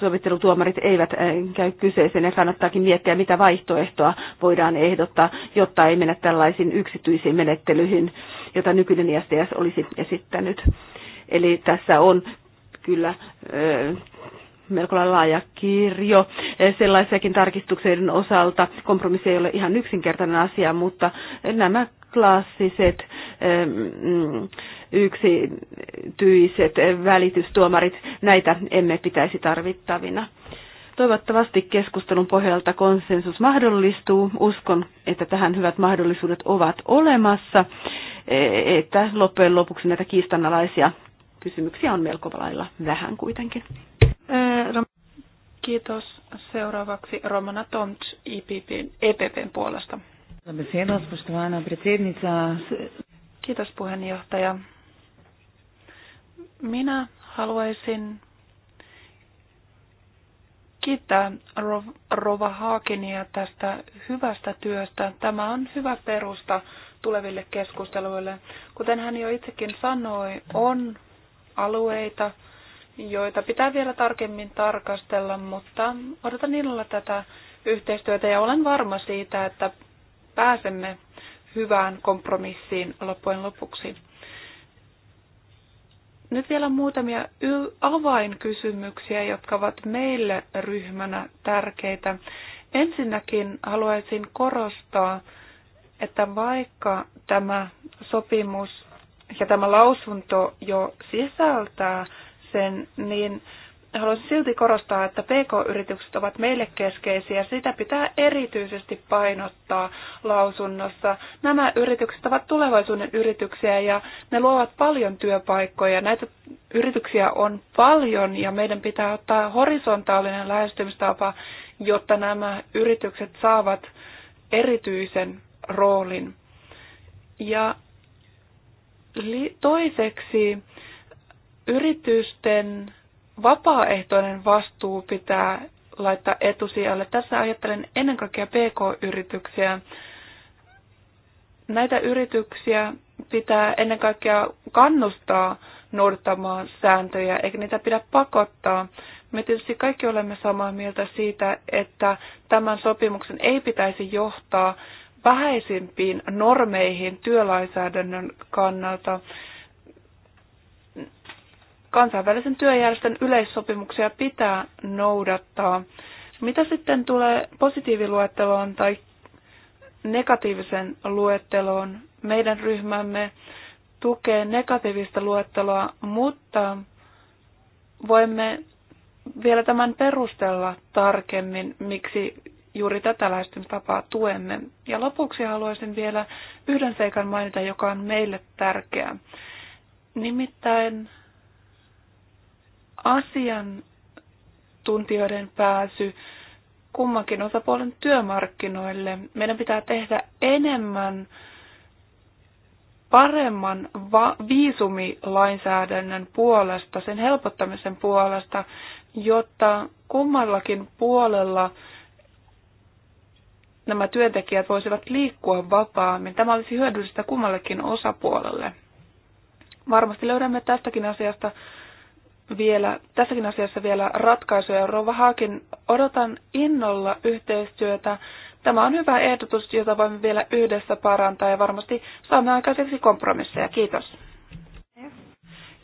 sovittelutuomarit eivät eh, käy kyseeseen ja kannattaakin miettiä, mitä vaihtoehtoa voidaan ehdottaa, jotta ei mennä tällaisiin yksityisiin menettelyihin, jota nykyinen STS olisi esittänyt. Eli tässä on kyllä eh, melko laaja kirjo eh, sellaisiakin tarkistuksien osalta. Kompromissi ei ole ihan yksinkertainen asia, mutta nämä klassiset mm, yksityiset välitystuomarit, näitä emme pitäisi tarvittavina. Toivottavasti keskustelun pohjalta konsensus mahdollistuu. Uskon, että tähän hyvät mahdollisuudet ovat olemassa, eh, että loppujen lopuksi näitä kiistanalaisia kysymyksiä on melko lailla vähän kuitenkin. Kiitos. Seuraavaksi Romana Tomt EPPn puolesta. Kiitos puheenjohtaja. Minä haluaisin kiittää Rova Haakinia tästä hyvästä työstä. Tämä on hyvä perusta tuleville keskusteluille. Kuten hän jo itsekin sanoi, on alueita, joita pitää vielä tarkemmin tarkastella, mutta odotan illalla tätä yhteistyötä ja olen varma siitä, että pääsemme hyvään kompromissiin loppujen lopuksi. Nyt vielä muutamia avainkysymyksiä, jotka ovat meille ryhmänä tärkeitä. Ensinnäkin haluaisin korostaa, että vaikka tämä sopimus ja tämä lausunto jo sisältää kysymykseen, niin haluaisin silti korostaa, että PK-yritykset ovat meille keskeisiä. Sitä pitää erityisesti painottaa lausunnossa. Nämä yritykset ovat tulevaisuuden yrityksiä ja ne luovat paljon työpaikkoja. Näitä yrityksiä on paljon ja meidän pitää ottaa horisontaalinen lähestymistapa, jotta nämä yritykset saavat erityisen roolin. Ja toiseksi yritysten vapaaehtoinen vastuu pitää laittaa etusijalle. Tässä ajattelen ennen kaikkea PK-yrityksiä. Näitä yrityksiä pitää ennen kaikkea kannustaa noudattamaan sääntöjä, eikä niitä pidä pakottaa. Me tietysti kaikki olemme samaa mieltä siitä, että tämän sopimuksen ei pitäisi johtaa vähäisimpiin normeihin työlainsäädännön kannalta kansainvälisen työjärjestön yleissopimuksia pitää noudattaa. Mitä sitten tulee positiiviluetteloon tai negatiivisen luetteloon? Meidän ryhmämme tukee negatiivista luetteloa, mutta voimme vielä tämän perustella tarkemmin, miksi juuri tätä lähestymistapaa tuemme. Ja lopuksi haluaisin vielä yhden seikan mainita, joka on meille tärkeä. Nimittäin asiantuntijoiden pääsy kummankin osapuolen työmarkkinoille. Meidän pitää tehdä enemmän paremman va- viisumilainsäädännön puolesta, sen helpottamisen puolesta, jotta kummallakin puolella nämä työntekijät voisivat liikkua vapaammin. Tämä olisi hyödyllistä kummallekin osapuolelle. Varmasti löydämme tästäkin asiasta vielä, tässäkin asiassa vielä ratkaisuja. Rova Haakin, odotan innolla yhteistyötä. Tämä on hyvä ehdotus, jota voimme vielä yhdessä parantaa ja varmasti saamme aikaiseksi kompromisseja. Kiitos.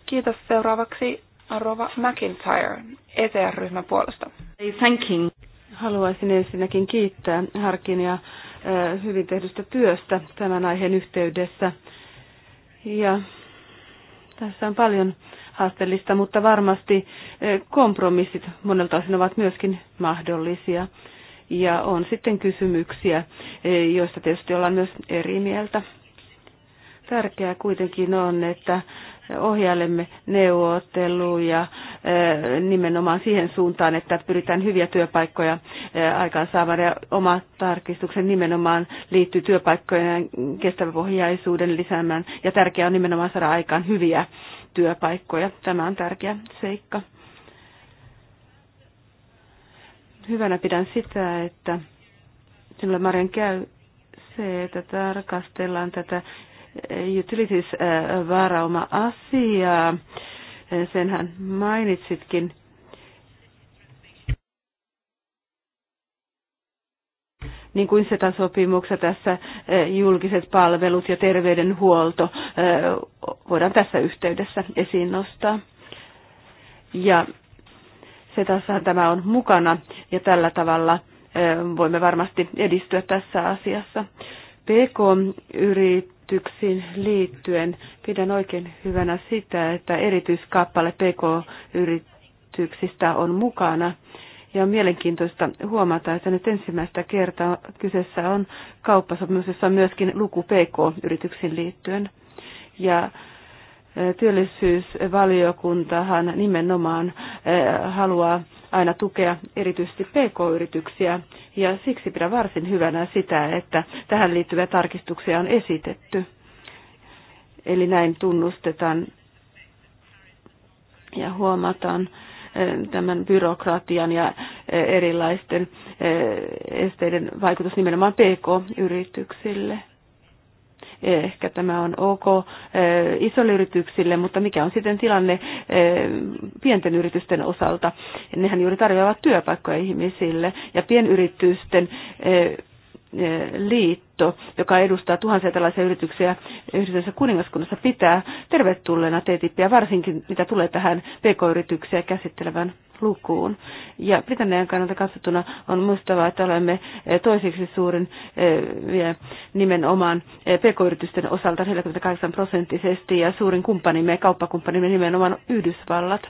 Kiitos seuraavaksi Rova McIntyre etr ryhmän puolesta. Thanking. Haluaisin ensinnäkin kiittää Harkin ja hyvin tehdystä työstä tämän aiheen yhteydessä. Ja tässä on paljon haasteellista, mutta varmasti e, kompromissit monelta osin ovat myöskin mahdollisia. Ja on sitten kysymyksiä, e, joista tietysti ollaan myös eri mieltä. Tärkeää kuitenkin on, että ohjailemme neuvotteluja e, nimenomaan siihen suuntaan, että pyritään hyviä työpaikkoja aikaansaamaan. Ja oma tarkistuksen nimenomaan liittyy työpaikkojen pohjaisuuden lisäämään. Ja tärkeää on nimenomaan saada aikaan hyviä työpaikkoja. Tämä on tärkeä seikka. Hyvänä pidän sitä, että sinulle Marjan käy se, että tarkastellaan tätä utilities-varauma-asiaa. Senhän mainitsitkin niin kuin SETA-sopimuksessa tässä eh, julkiset palvelut ja terveydenhuolto eh, voidaan tässä yhteydessä esiin nostaa. Ja SETassa tämä on mukana ja tällä tavalla eh, voimme varmasti edistyä tässä asiassa. PK-yrityksiin liittyen pidän oikein hyvänä sitä, että erityiskappale PK-yrityksistä on mukana ja on mielenkiintoista huomata, että nyt ensimmäistä kertaa kyseessä on kauppasopimus, jossa on myöskin luku PK-yrityksiin liittyen. Ja e, työllisyysvaliokuntahan nimenomaan e, haluaa aina tukea erityisesti PK-yrityksiä, ja siksi pidän varsin hyvänä sitä, että tähän liittyviä tarkistuksia on esitetty. Eli näin tunnustetaan ja huomataan tämän byrokratian ja e, erilaisten e, esteiden vaikutus nimenomaan PK-yrityksille. Ehkä tämä on ok e, isolle yrityksille, mutta mikä on sitten tilanne pienten yritysten osalta? Nehän juuri tarjoavat työpaikkoja ihmisille ja pienyritysten liitto, joka edustaa tuhansia tällaisia yrityksiä yhdessä kuningaskunnassa, pitää tervetulleena TTIPia, varsinkin mitä tulee tähän pk-yrityksiä käsittelevän lukuun. Ja Britannian kannalta katsottuna on muistavaa, että olemme eh, toiseksi suurin eh, nimenomaan eh, pk-yritysten osalta 48 prosenttisesti ja suurin kumppanimme, kauppakumppanimme nimenomaan Yhdysvallat.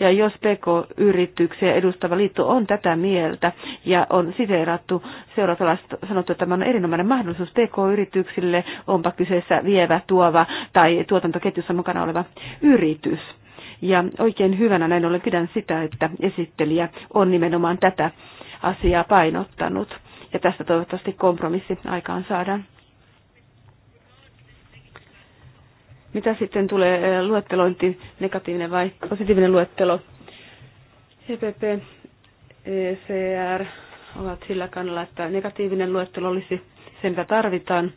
Ja jos PK-yrityksiä edustava liitto on tätä mieltä ja on siteerattu seuraavalaista sanottu, että tämä on erinomainen mahdollisuus PK-yrityksille, onpa kyseessä vievä, tuova tai tuotantoketjussa mukana oleva yritys. Ja oikein hyvänä näin ollen pidän sitä, että esittelijä on nimenomaan tätä asiaa painottanut. Ja tästä toivottavasti kompromissi aikaan saadaan. Mitä sitten tulee eh, luettelointi, negatiivinen vai positiivinen luettelo? EPP, ECR ovat sillä kannalla, että negatiivinen luettelo olisi se, mitä tarvitaan.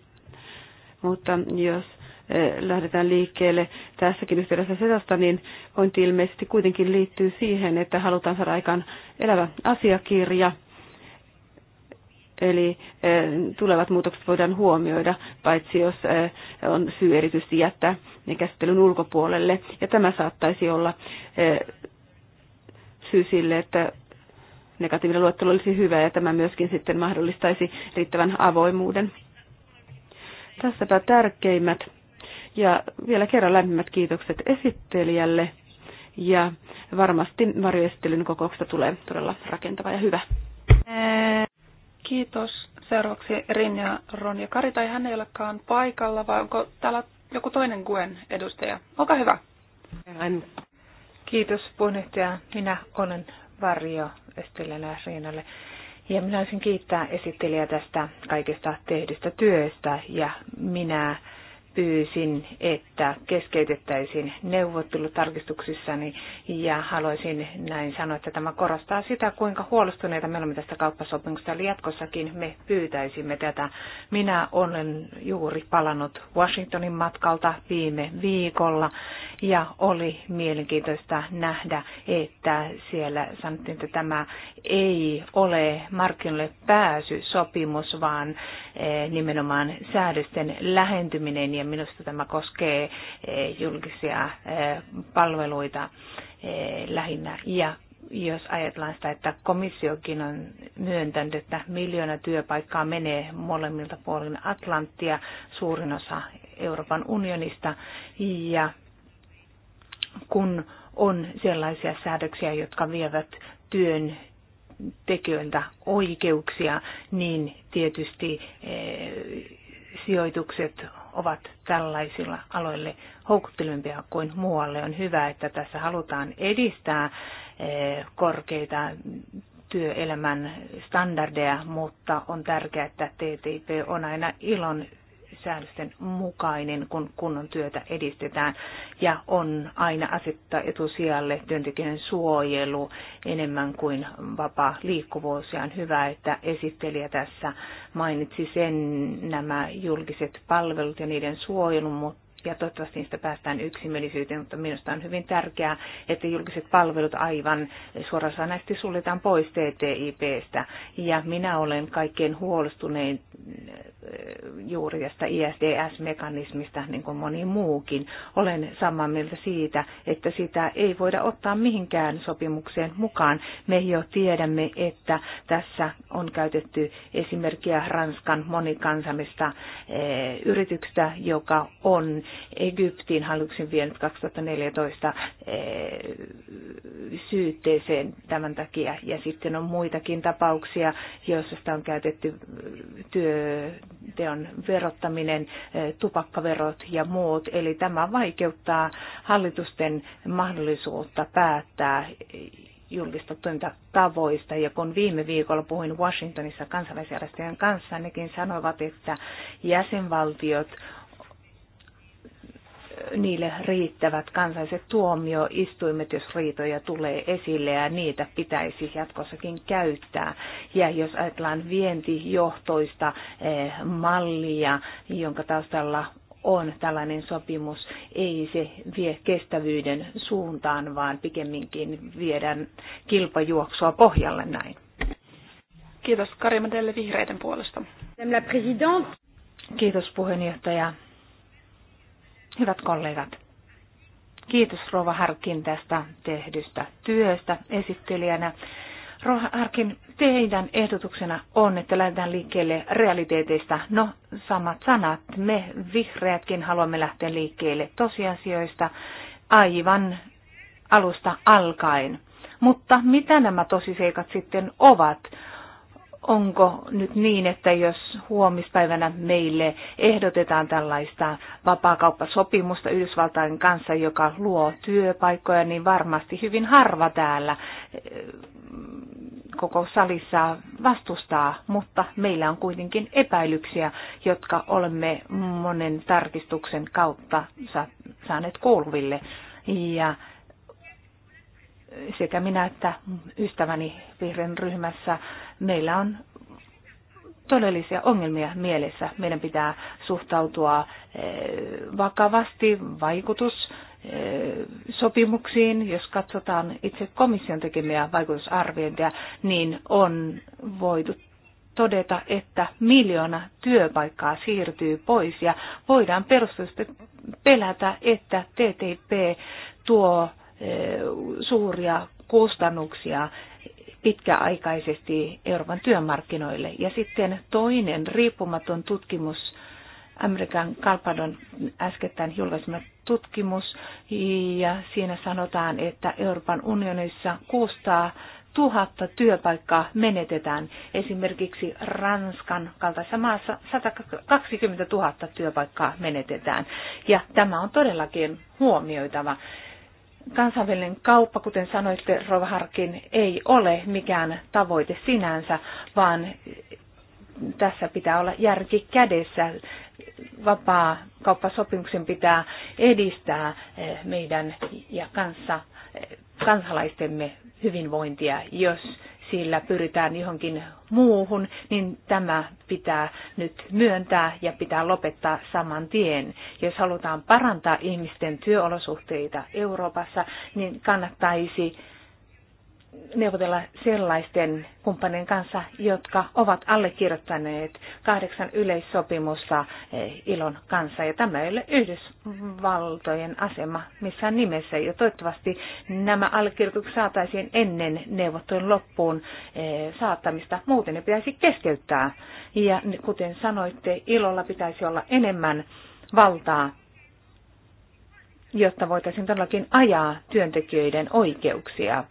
Mutta jos eh, lähdetään liikkeelle tässäkin yhteydessä setasta, niin pointti ilmeisesti kuitenkin liittyy siihen, että halutaan saada aikaan elävä asiakirja – Eli eh, tulevat muutokset voidaan huomioida, paitsi jos eh, on syy erityisesti jättää ne käsittelyn ulkopuolelle. Ja tämä saattaisi olla eh, syy sille, että negatiivinen luettelo olisi hyvä ja tämä myöskin sitten mahdollistaisi riittävän avoimuuden. Tässäpä tärkeimmät ja vielä kerran lämpimät kiitokset esittelijälle ja varmasti varjoesittelyn kokouksesta tulee todella rakentava ja hyvä. Kiitos. Seuraavaksi Rinja Ronja Kari, tai hän ei olekaan paikalla, vai onko täällä joku toinen Guen edustaja? Olkaa hyvä. Kiitos puheenjohtaja. Minä olen Varjo Estilänä Rinnalle. Ja minä olisin kiittää esittelijä tästä kaikesta tehdystä työstä ja minä pyysin, että keskeytettäisiin neuvottelutarkistuksissani ja haluaisin näin sanoa, että tämä korostaa sitä, kuinka huolestuneita me olemme tästä kauppasopimuksesta. Eli jatkossakin me pyytäisimme tätä. Minä olen juuri palannut Washingtonin matkalta viime viikolla ja oli mielenkiintoista nähdä, että siellä sanottiin, että tämä ei ole markkinoille pääsy sopimus, vaan eh, nimenomaan säädösten lähentyminen ja minusta tämä koskee eh, julkisia eh, palveluita eh, lähinnä ja jos ajatellaan sitä, että komissiokin on myöntänyt, että miljoona työpaikkaa menee molemmilta puolin Atlanttia, suurin osa Euroopan unionista, ja kun on sellaisia säädöksiä, jotka vievät työn tekijöiltä oikeuksia, niin tietysti sijoitukset ovat tällaisilla aloille houkuttelimpia kuin muualle. On hyvä, että tässä halutaan edistää eh, korkeita työelämän standardeja, mutta on tärkeää, että TTIP on aina ilon säädösten mukainen, kun kunnon työtä edistetään. Ja on aina asettaa etusijalle työntekijän suojelu enemmän kuin vapaa liikkuvuus. Ja on hyvä, että esittelijä tässä mainitsi sen nämä julkiset palvelut ja niiden suojelun, mutta ja toivottavasti niistä päästään yksimielisyyteen, mutta minusta on hyvin tärkeää, että julkiset palvelut aivan suorasanaisesti suljetaan pois TTIPstä. Ja minä olen kaikkein huolestunein eh, juuri tästä ISDS-mekanismista, niin kuin moni muukin. Olen samaa mieltä siitä, että sitä ei voida ottaa mihinkään sopimukseen mukaan. Me jo tiedämme, että tässä on käytetty esimerkkiä Ranskan monikansallista eh, yrityksestä, joka on Egyptin hallituksen vienyt 2014 eh, syytteeseen tämän takia. Ja sitten on muitakin tapauksia, joissa sitä on käytetty eh, työteon verottaminen, eh, tupakkaverot ja muut. Eli tämä vaikeuttaa hallitusten mahdollisuutta päättää julkista toimintatavoista. Ja kun viime viikolla puhuin Washingtonissa kansalaisjärjestöjen kanssa, nekin sanoivat, että jäsenvaltiot niille riittävät kansalliset tuomioistuimet, jos riitoja tulee esille ja niitä pitäisi jatkossakin käyttää. Ja jos ajatellaan vientijohtoista eh, mallia, jonka taustalla on tällainen sopimus, ei se vie kestävyyden suuntaan, vaan pikemminkin viedään kilpajuoksua pohjalle näin. Kiitos Karimadelle vihreiden puolesta. Kiitos puheenjohtaja. Hyvät kollegat, kiitos Rova Harkin tästä tehdystä työstä esittelijänä. Rova Harkin, teidän ehdotuksena on, että lähdetään liikkeelle realiteeteista. No, samat sanat. Me vihreätkin haluamme lähteä liikkeelle tosiasioista aivan alusta alkaen. Mutta mitä nämä tosiseikat sitten ovat? onko nyt niin, että jos huomispäivänä meille ehdotetaan tällaista vapaakauppasopimusta Yhdysvaltain kanssa, joka luo työpaikkoja, niin varmasti hyvin harva täällä eh, koko salissa vastustaa, mutta meillä on kuitenkin epäilyksiä, jotka olemme monen tarkistuksen kautta saaneet kuuluville. Ja sekä minä että ystäväni vihreän ryhmässä, meillä on todellisia ongelmia mielessä. Meidän pitää suhtautua eh, vakavasti vaikutus eh, sopimuksiin, jos katsotaan itse komission tekemiä vaikutusarviointia, niin on voitu todeta, että miljoona työpaikkaa siirtyy pois ja voidaan perusteellisesti pelätä, että TTP tuo Eh, suuria kustannuksia pitkäaikaisesti Euroopan työmarkkinoille. Ja sitten toinen riippumaton tutkimus, Amerikan Kalpadon äskettäin julkaisema tutkimus, ja siinä sanotaan, että Euroopan unionissa kuustaa tuhatta työpaikkaa menetetään. Esimerkiksi Ranskan kaltaisessa maassa 120 000 työpaikkaa menetetään. Ja tämä on todellakin huomioitava. Kansainvälinen kauppa, kuten sanoitte, Rova Harkin, ei ole mikään tavoite sinänsä, vaan tässä pitää olla järki kädessä. Vapaa kauppasopimuksen pitää edistää eh, meidän ja kanssa, eh, kansalaistemme hyvinvointia. Jos sillä pyritään johonkin muuhun, niin tämä pitää nyt myöntää ja pitää lopettaa saman tien. Jos halutaan parantaa ihmisten työolosuhteita Euroopassa, niin kannattaisi neuvotella sellaisten kumppanien kanssa, jotka ovat allekirjoittaneet kahdeksan yleissopimusta eh, ilon kanssa. Ja tämä ei ole Yhdysvaltojen asema missään nimessä. Ja toivottavasti nämä allekirjoitukset saataisiin ennen neuvottelun loppuun eh, saattamista. Muuten ne pitäisi keskeyttää. Ja kuten sanoitte, ilolla pitäisi olla enemmän valtaa jotta voitaisiin todellakin ajaa työntekijöiden oikeuksia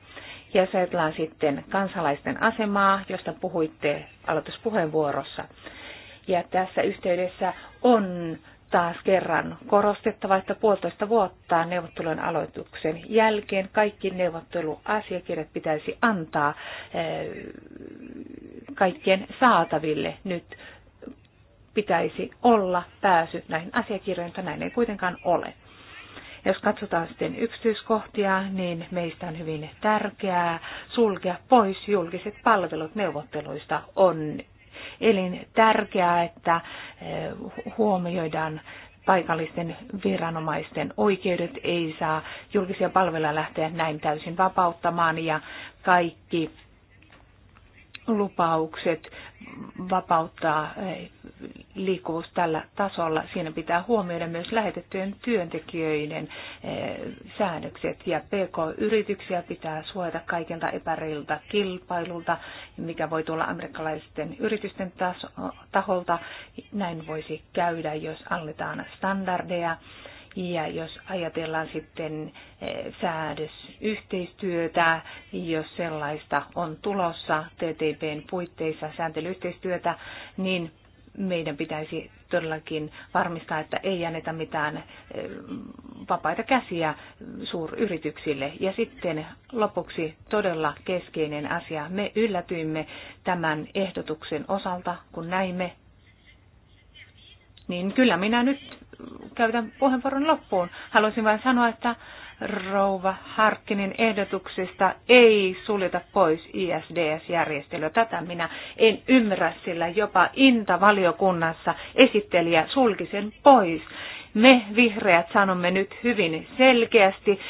ja jos ajatellaan sitten kansalaisten asemaa, josta puhuitte aloituspuheenvuorossa. Ja tässä yhteydessä on taas kerran korostettava, että puolitoista vuotta neuvottelujen aloituksen jälkeen kaikki neuvotteluasiakirjat pitäisi antaa eh, kaikkien saataville nyt pitäisi olla pääsy näihin asiakirjoihin, mutta näin ei kuitenkaan ole. Jos katsotaan sitten yksityiskohtia, niin meistä on hyvin tärkeää sulkea pois julkiset palvelut neuvotteluista. On elin tärkeää, että eh, huomioidaan paikallisten viranomaisten oikeudet ei saa julkisia palveluja lähteä näin täysin vapauttamaan ja kaikki lupaukset vapauttaa eh, liikkuvuus tällä tasolla. Siinä pitää huomioida myös lähetettyjen työntekijöiden eh, säännökset ja PK-yrityksiä pitää suojata kaikilta epäreilta kilpailulta, mikä voi tulla amerikkalaisten yritysten taso taholta. Näin voisi käydä, jos annetaan standardeja ja jos ajatellaan sitten eh, säädösyhteistyötä, jos sellaista on tulossa TTPn puitteissa sääntelyyhteistyötä, niin meidän pitäisi todellakin varmistaa, että ei anneta mitään eh, vapaita käsiä suuryrityksille. Ja sitten lopuksi todella keskeinen asia. Me yllätyimme tämän ehdotuksen osalta, kun näimme, niin kyllä minä nyt käytän puheenvuoron loppuun. Haluaisin vain sanoa, että rouva Harkkinin ehdotuksista ei suljeta pois ISDS-järjestelyä. Tätä minä en ymmärrä, sillä jopa Inta-valiokunnassa esittelijä sulki sen pois. Me vihreät sanomme nyt hyvin selkeästi,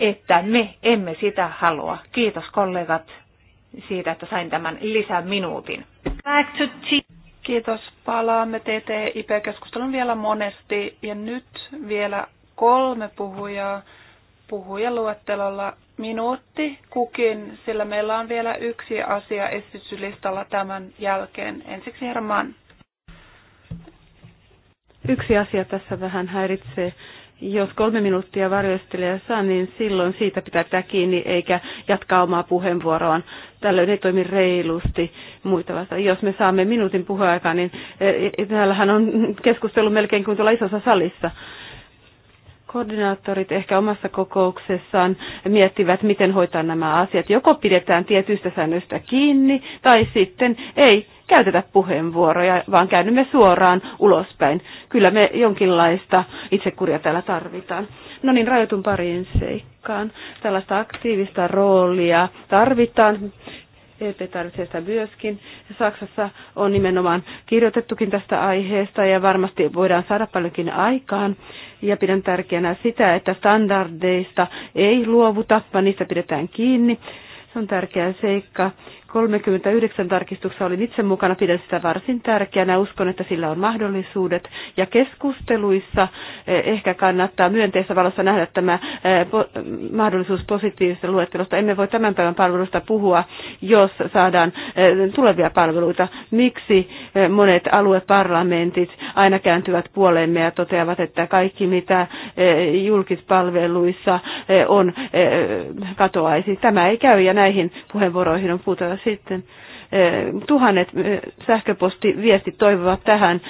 että me emme sitä halua. Kiitos kollegat siitä, että sain tämän lisäminuutin. Back to Kiitos. Palaamme TTIP-keskustelun vielä monesti. Ja nyt vielä kolme puhujaa puhujaluettelolla minuutti kukin, sillä meillä on vielä yksi asia esityslistalla tämän jälkeen. Ensiksi herra Mann. Yksi asia tässä vähän häiritsee jos kolme minuuttia varjostelija saa, niin silloin siitä pitää pitää kiinni eikä jatkaa omaa puheenvuoroaan. Tällöin ei toimi reilusti muita vasta. Jos me saamme minuutin puheaikaa, niin eh, eh, täällähän on keskustelu melkein kuin tuolla isossa salissa koordinaattorit ehkä omassa kokouksessaan miettivät, miten hoitaa nämä asiat. Joko pidetään tietystä säännöstä kiinni tai sitten ei käytetä puheenvuoroja, vaan käännymme suoraan ulospäin. Kyllä me jonkinlaista itsekuria täällä tarvitaan. No niin, rajoitun pariin seikkaan. Tällaista aktiivista roolia tarvitaan. EP tarvitsee sitä myöskin. Saksassa on nimenomaan kirjoitettukin tästä aiheesta ja varmasti voidaan saada paljonkin aikaan. Ja pidän tärkeänä sitä, että standardeista ei luovuta, vaan niistä pidetään kiinni. Se on tärkeä seikka. 39 tarkistuksessa olin itse mukana, pidän sitä varsin tärkeänä. Uskon, että sillä on mahdollisuudet. Ja keskusteluissa eh, ehkä kannattaa myönteisessä valossa nähdä tämä eh, mahdollisuus positiivisesta luettelosta. Emme voi tämän päivän palvelusta puhua, jos saadaan eh, tulevia palveluita. Miksi monet alueparlamentit aina kääntyvät puoleemme ja toteavat, että kaikki mitä julkispalveluissa on katoaisi. Tämä ei käy ja näihin puheenvuoroihin on puututtava sitten eh, tuhannet eh, sähköpostiviestit toivovat tähän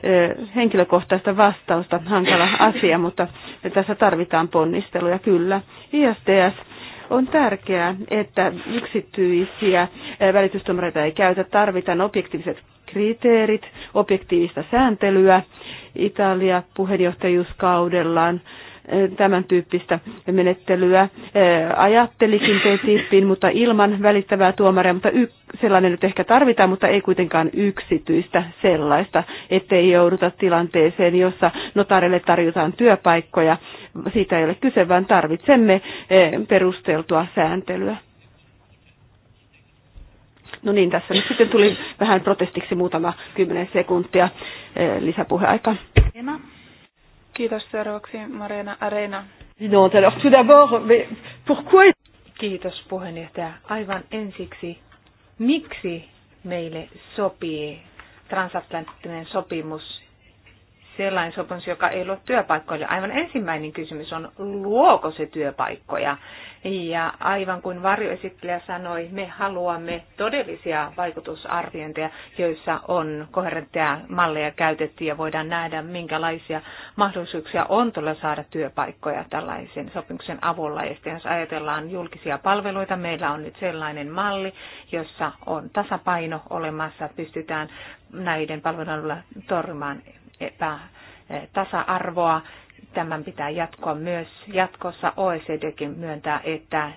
eh, henkilökohtaista vastausta. Hankala asia, mutta tässä tarvitaan ponnisteluja kyllä. ISTS on tärkeää, että yksityisiä välitystuomareita ei käytä. Tarvitaan objektiiviset kriteerit, objektiivista sääntelyä. Italia puheenjohtajuuskaudellaan tämän tyyppistä menettelyä. Ajattelikin TTIPin, mutta ilman välittävää tuomaria, mutta y- sellainen nyt ehkä tarvitaan, mutta ei kuitenkaan yksityistä sellaista, ettei jouduta tilanteeseen, jossa notarille tarjotaan työpaikkoja. Siitä ei ole kyse, vaan tarvitsemme perusteltua sääntelyä. No niin, tässä nyt sitten tuli vähän protestiksi muutama kymmenen sekuntia lisäpuheaika. Emma. Kiitos seuraavaksi Marina Arena. Kiitos puheenjohtaja. Aivan ensiksi, miksi meille sopii transatlanttinen sopimus sellainen sopimus, joka ei luo työpaikkoja. Aivan ensimmäinen kysymys on, luoko se työpaikkoja? Ja aivan kuin varjoesittelijä sanoi, me haluamme todellisia vaikutusarviointeja, joissa on koherentteja malleja käytetty ja voidaan nähdä, minkälaisia mahdollisuuksia on tulla saada työpaikkoja tällaisen sopimuksen avulla. Ja sitten jos ajatellaan julkisia palveluita, meillä on nyt sellainen malli, jossa on tasapaino olemassa, pystytään näiden palveluilla torjumaan epätasa-arvoa. Tämän pitää jatkoa myös jatkossa. OECDkin myöntää, että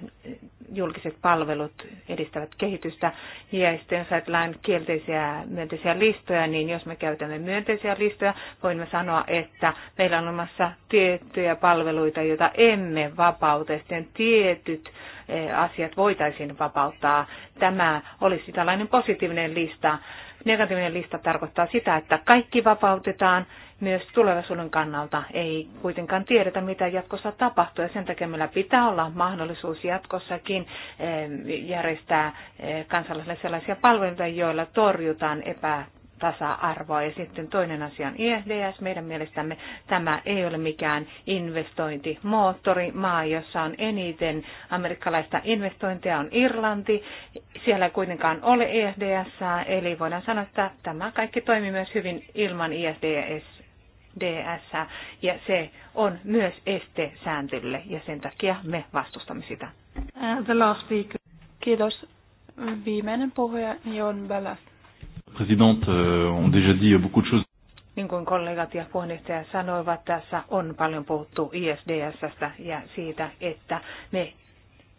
julkiset palvelut edistävät kehitystä. Ja sitten jos ajatellaan kielteisiä myönteisiä listoja, niin jos me käytämme myönteisiä listoja, voimme sanoa, että meillä on olemassa tiettyjä palveluita, joita emme vapauta. Sitten tietyt eh, asiat voitaisiin vapauttaa. Tämä olisi tällainen positiivinen lista negatiivinen lista tarkoittaa sitä, että kaikki vapautetaan myös tulevaisuuden kannalta. Ei kuitenkaan tiedetä, mitä jatkossa tapahtuu, ja sen takia meillä pitää olla mahdollisuus jatkossakin eh, järjestää eh, kansalaisille sellaisia palveluita, joilla torjutaan epä tasa-arvoa. Ja sitten toinen asia on IFDS. Meidän mielestämme tämä ei ole mikään investointimoottori. Maa, jossa on eniten amerikkalaista investointia on Irlanti. Siellä ei kuitenkaan ole IFDS, eli voidaan sanoa, että tämä kaikki toimii myös hyvin ilman IFDS. DS, ja se on myös este sääntelylle, ja sen takia me vastustamme sitä. Uh, the last speaker. Kiitos. Viimeinen puhuja Jon Balas. President, euh, on déjà dit beaucoup de choses. Niin kuin kollegat ja puheenjohtaja sanoivat, tässä on paljon puhuttu ISDSstä ja siitä, että me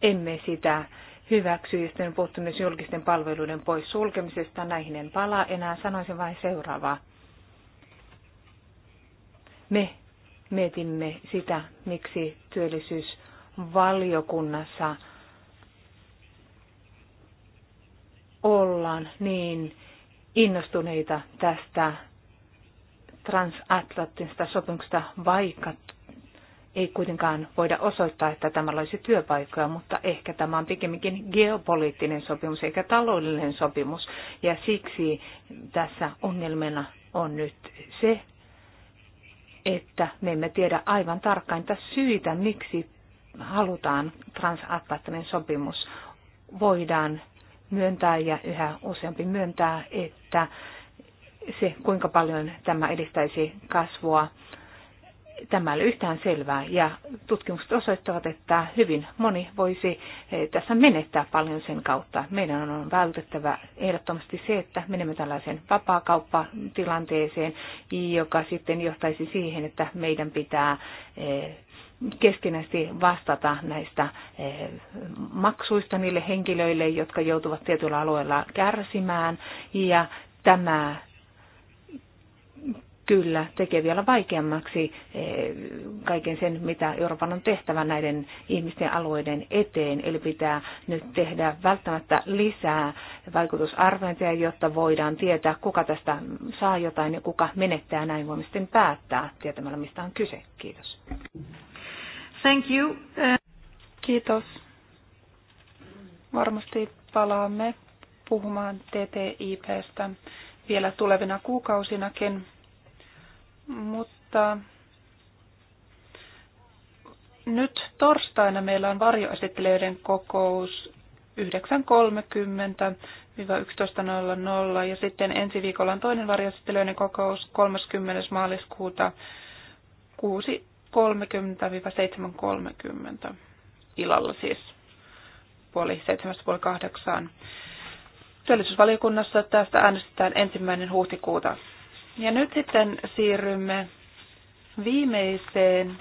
emme sitä hyväksy. Ja sitten puhuttu myös julkisten palveluiden pois sulkemisesta. Näihin en palaa enää. Sanoisin vain seuraavaa. Me mietimme sitä, miksi työllisyysvaliokunnassa ollaan niin innostuneita tästä transatlanttista sopimuksesta, vaikka ei kuitenkaan voida osoittaa, että tämä olisi työpaikkoja, mutta ehkä tämä on pikemminkin geopoliittinen sopimus eikä taloudellinen sopimus. Ja siksi tässä ongelmana on nyt se, että me emme tiedä aivan tarkkaan syitä, miksi halutaan transatlanttinen sopimus. Voidaan myöntää ja yhä useampi myöntää, että se kuinka paljon tämä edistäisi kasvua, tämä ei ole yhtään selvää. Ja tutkimukset osoittavat, että hyvin moni voisi eh, tässä menettää paljon sen kautta. Meidän on vältettävä ehdottomasti se, että menemme tällaiseen vapaakauppatilanteeseen, joka sitten johtaisi siihen, että meidän pitää eh, keskinäisesti vastata näistä eh, maksuista niille henkilöille, jotka joutuvat tietyllä alueella kärsimään. Ja tämä kyllä tekee vielä vaikeammaksi eh, kaiken sen, mitä Euroopan on tehtävä näiden ihmisten alueiden eteen. Eli pitää nyt tehdä välttämättä lisää vaikutusarviointeja, jotta voidaan tietää, kuka tästä saa jotain ja kuka menettää. Näin voimme sitten päättää tietämällä, mistä on kyse. Kiitos. Thank you. Uh, Kiitos. Varmasti palaamme puhumaan TTIPstä vielä tulevina kuukausinakin, mutta nyt torstaina meillä on varjoesittelijöiden kokous 9.30-11.00 ja sitten ensi viikolla on toinen varjoesittelijöiden kokous 30. maaliskuuta 730 730 illalla siis puoli seitsemästä puoli kahdeksaan. Työllisyysvaliokunnassa tästä äänestetään ensimmäinen huhtikuuta. Ja nyt sitten siirrymme viimeiseen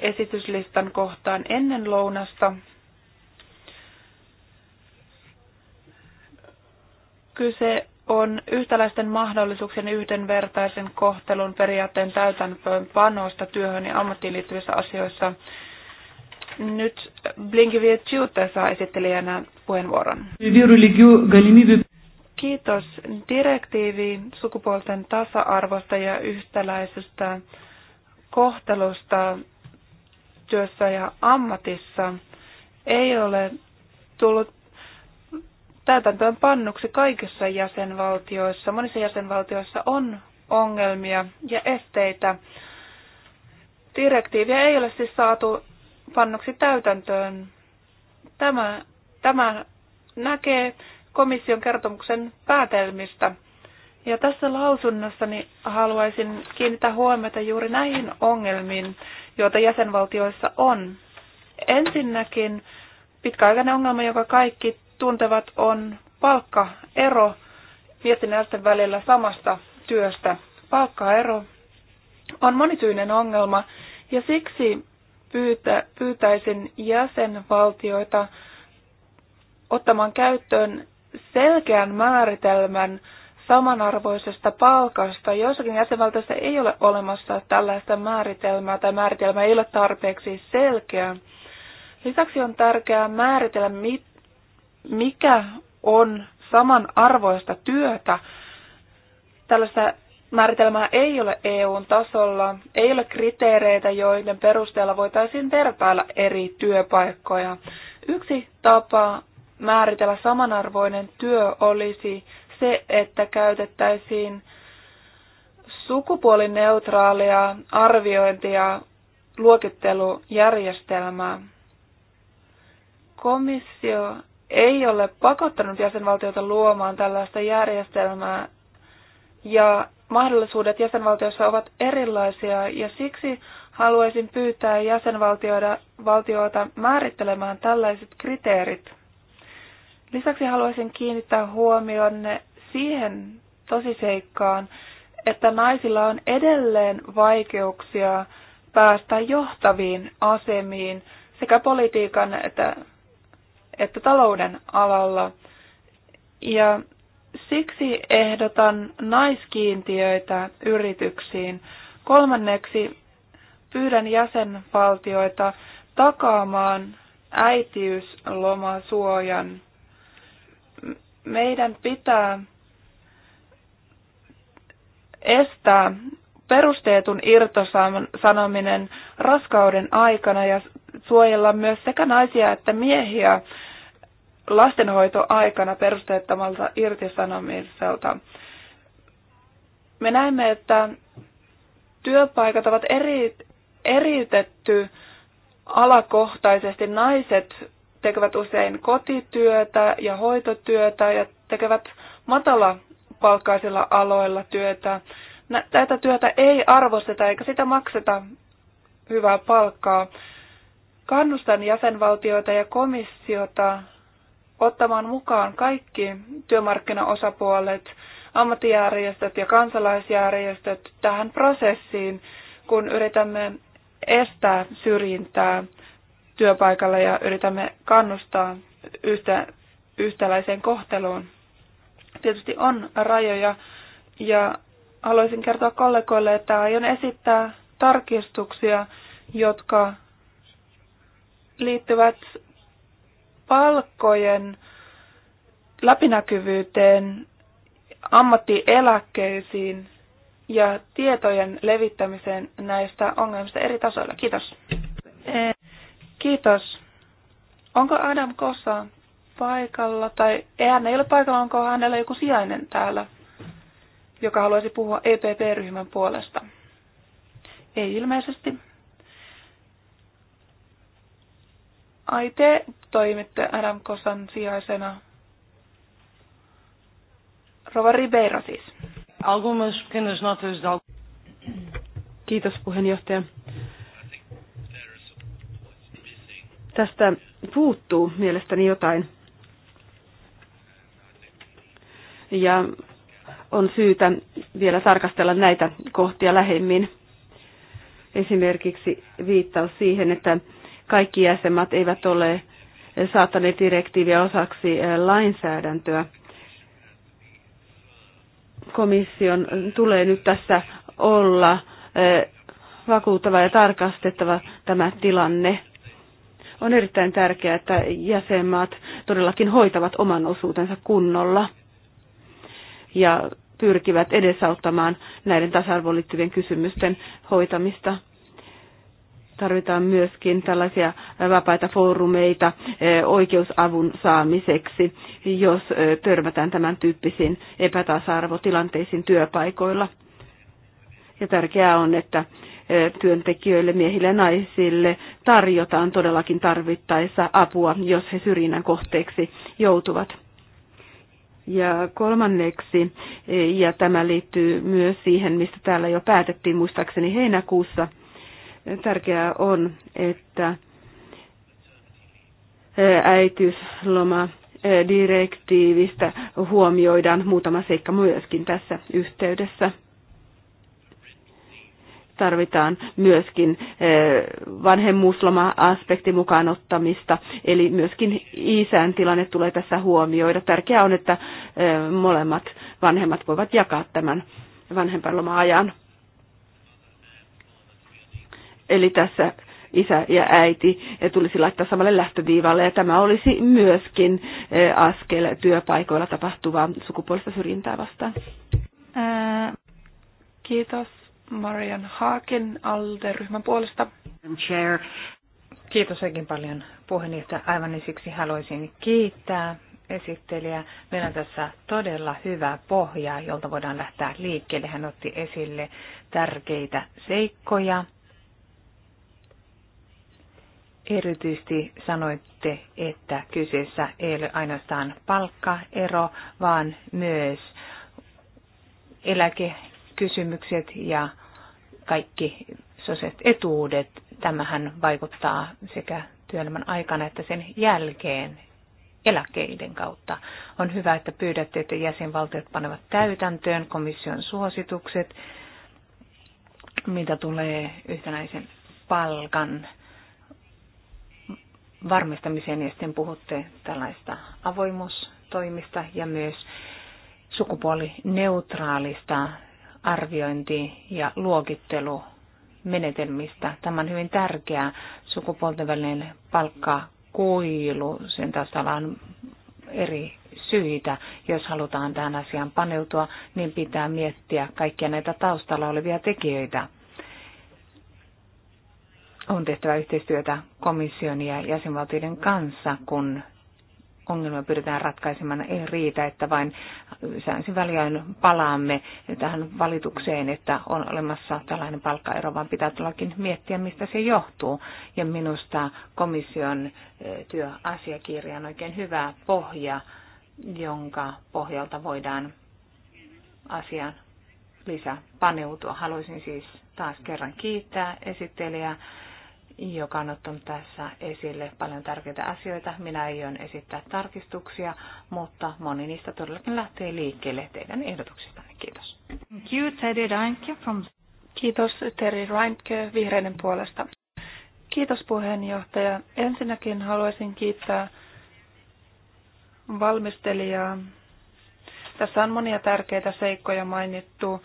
esityslistan kohtaan ennen lounasta. Kyse on yhtäläisten mahdollisuuksien yhdenvertaisen kohtelun periaatteen täytäntöön panosta työhön ja ammattiin liittyvissä asioissa. Nyt Blinkivier Chiute saa esittelijänä puheenvuoron. Kiitos. Direktiivi sukupuolten tasa-arvosta ja yhtäläisestä kohtelusta työssä ja ammatissa ei ole tullut täytäntöön pannuksi kaikissa jäsenvaltioissa. Monissa jäsenvaltioissa on ongelmia ja esteitä. Direktiiviä ei ole siis saatu pannuksi täytäntöön. Tämä, tämä näkee komission kertomuksen päätelmistä. Ja tässä lausunnossani haluaisin kiinnittää huomiota juuri näihin ongelmiin, joita jäsenvaltioissa on. Ensinnäkin pitkäaikainen ongelma, joka kaikki tuntevat, on palkkaero miesten ja naisten välillä samasta työstä. Palkkaero on monityinen ongelma ja siksi pyytä, pyytäisin jäsenvaltioita ottamaan käyttöön selkeän määritelmän samanarvoisesta palkasta. Joissakin jäsenvaltioissa ei ole olemassa tällaista määritelmää tai määritelmä ei ole tarpeeksi selkeä. Lisäksi on tärkeää määritellä, mit, mikä on samanarvoista työtä. Tällaista määritelmää ei ole EUn tasolla, ei ole kriteereitä, joiden perusteella voitaisiin vertailla eri työpaikkoja. Yksi tapa määritellä samanarvoinen työ olisi se, että käytettäisiin sukupuolineutraalia arviointia luokittelujärjestelmää. Komissio ei ole pakottanut jäsenvaltiota luomaan tällaista järjestelmää ja mahdollisuudet jäsenvaltioissa ovat erilaisia ja siksi haluaisin pyytää jäsenvaltioita määrittelemään tällaiset kriteerit. Lisäksi haluaisin kiinnittää huomionne siihen tosiseikkaan, että naisilla on edelleen vaikeuksia päästä johtaviin asemiin sekä politiikan että että talouden alalla. Ja siksi ehdotan naiskiintiöitä yrityksiin. Kolmanneksi pyydän jäsenvaltioita takaamaan äitiyslomasuojan. Meidän pitää estää perusteetun irtosanominen raskauden aikana ja suojella myös sekä naisia että miehiä lastenhoitoaikana perusteettomalta irtisanomiselta. Me näemme, että työpaikat ovat eri, eriytetty alakohtaisesti. Naiset tekevät usein kotityötä ja hoitotyötä ja tekevät matala palkkaisilla aloilla työtä. Tätä työtä ei arvosteta eikä sitä makseta hyvää palkkaa. Kannustan jäsenvaltioita ja komissiota ottamaan mukaan kaikki työmarkkinaosapuolet, ammattijärjestöt ja kansalaisjärjestöt tähän prosessiin, kun yritämme estää syrjintää työpaikalla ja yritämme kannustaa yhtä, yhtäläiseen kohteluun. Tietysti on rajoja ja haluaisin kertoa kollegoille, että aion esittää tarkistuksia, jotka liittyvät palkkojen läpinäkyvyyteen, ammattieläkkeisiin ja tietojen levittämiseen näistä ongelmista eri tasoilla. Kiitos. Kiitos. Onko Adam Kossa paikalla, tai ei hän ei ole paikalla, onko hänellä joku sijainen täällä, joka haluaisi puhua EPP-ryhmän puolesta? Ei ilmeisesti. Ai te toimitte Adam Kosan sijaisena. Rova Ribeiro siis. Algumas pequenas notas de Kiitos puheenjohtaja. Tästä puuttuu mielestäni jotain. Ja on syytä vielä tarkastella näitä kohtia lähemmin. Esimerkiksi viittaus siihen, että kaikki jäsenmaat eivät ole saattaneet direktiiviä osaksi eh, lainsäädäntöä. Komission tulee nyt tässä olla eh, vakuuttava ja tarkastettava tämä tilanne. On erittäin tärkeää, että jäsenmaat todellakin hoitavat oman osuutensa kunnolla ja pyrkivät edesauttamaan näiden tasa-arvoon liittyvien kysymysten hoitamista tarvitaan myöskin tällaisia vapaita foorumeita eh, oikeusavun saamiseksi, jos eh, törmätään tämän tyyppisiin epätasa-arvotilanteisiin työpaikoilla. Ja tärkeää on, että eh, työntekijöille, miehille ja naisille tarjotaan todellakin tarvittaessa apua, jos he syrjinnän kohteeksi joutuvat. Ja kolmanneksi, ja tämä liittyy myös siihen, mistä täällä jo päätettiin muistaakseni heinäkuussa, Tärkeää on, että äitiysloma direktiivistä huomioidaan muutama seikka myöskin tässä yhteydessä. Tarvitaan myöskin vanhemmuusloma-aspekti mukaan ottamista, eli myöskin isän tilanne tulee tässä huomioida. Tärkeää on, että molemmat vanhemmat voivat jakaa tämän vanhempainloma-ajan. Eli tässä isä ja äiti tulisi laittaa samalle lähtöviivalle ja tämä olisi myöskin e, askel työpaikoilla tapahtuvaa sukupuolista syrjintää vastaan. Ää, kiitos Marian Haaken ALDE-ryhmän puolesta. Kiitos oikein paljon puheenjohtaja. Aivan siksi haluaisin kiittää esittelijä. Meillä on tässä todella hyvä pohja, jolta voidaan lähteä liikkeelle. Hän otti esille tärkeitä seikkoja erityisesti sanoitte, että kyseessä ei ole ainoastaan palkkaero, vaan myös eläkekysymykset ja kaikki sosiaaliset etuudet. Tämähän vaikuttaa sekä työelämän aikana että sen jälkeen eläkeiden kautta. On hyvä, että pyydätte, että jäsenvaltiot panevat täytäntöön komission suositukset, mitä tulee yhtenäisen palkan varmistamiseen ja sitten puhutte tällaista avoimuustoimista ja myös sukupuolineutraalista arviointi- ja luokittelumenetelmistä. Tämä on hyvin tärkeä Sukupuolten välinen palkkakuilu, sen taustalla on eri syitä. Jos halutaan tähän asiaan paneutua, niin pitää miettiä kaikkia näitä taustalla olevia tekijöitä on tehtävä yhteistyötä komission ja jäsenvaltioiden kanssa, kun ongelma pyritään ratkaisemaan. Ei riitä, että vain säänsin palaamme tähän valitukseen, että on olemassa tällainen palkkaero, vaan pitää tullakin miettiä, mistä se johtuu. Ja minusta komission eh, työasiakirja on oikein hyvä pohja, jonka pohjalta voidaan asiaan lisää paneutua. Haluaisin siis taas kerran kiittää esittelijää joka on ottanut tässä esille paljon tärkeitä asioita. Minä aion esittää tarkistuksia, mutta moni niistä todellakin lähtee liikkeelle teidän ehdotuksistanne. Kiitos. Thank you, Teddy from... Kiitos Terry Reinke vihreiden puolesta. Kiitos puheenjohtaja. Ensinnäkin haluaisin kiittää valmistelijaa. Tässä on monia tärkeitä seikkoja mainittu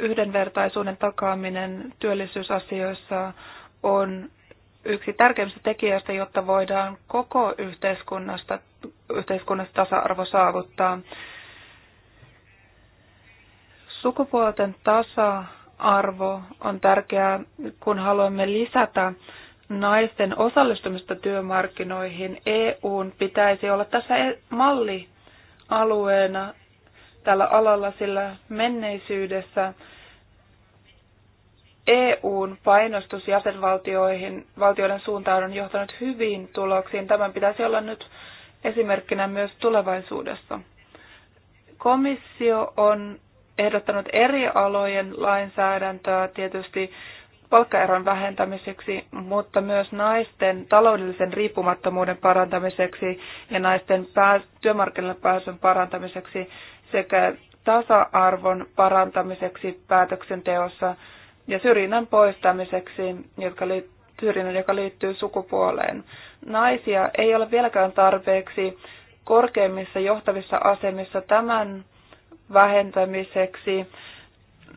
yhdenvertaisuuden takaaminen työllisyysasioissa on yksi tärkeimmistä tekijöistä, jotta voidaan koko yhteiskunnasta, yhteiskunnasta tasa-arvo saavuttaa. Sukupuolten tasa-arvo on tärkeää, kun haluamme lisätä naisten osallistumista työmarkkinoihin. EUn pitäisi olla tässä e-, mallialueena tällä alalla, sillä menneisyydessä EUn painostus jäsenvaltioihin valtioiden suuntaan on johtanut hyviin tuloksiin. Tämän pitäisi olla nyt esimerkkinä myös tulevaisuudessa. Komissio on ehdottanut eri alojen lainsäädäntöä tietysti palkkaeron vähentämiseksi, mutta myös naisten taloudellisen riippumattomuuden parantamiseksi ja naisten pääs- työmarkkinoille pääsyn parantamiseksi sekä tasa-arvon parantamiseksi päätöksenteossa ja syrjinnän poistamiseksi, jotka liittyvät syrjinnän, joka liittyy sukupuoleen. Naisia ei ole vieläkään tarpeeksi korkeimmissa johtavissa asemissa tämän vähentämiseksi.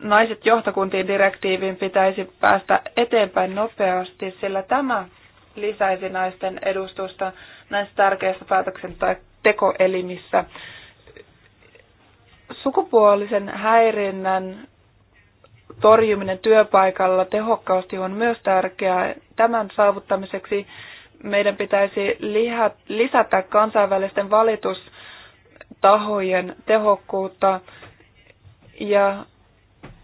Naiset johtokuntiin direktiivin pitäisi päästä eteenpäin nopeasti, sillä tämä lisäisi naisten edustusta näissä tärkeissä päätöksentekoelimissä. Sukupuolisen häirinnän torjuminen työpaikalla tehokkaasti on myös tärkeää. Tämän saavuttamiseksi meidän pitäisi lisätä kansainvälisten valitustahojen tehokkuutta ja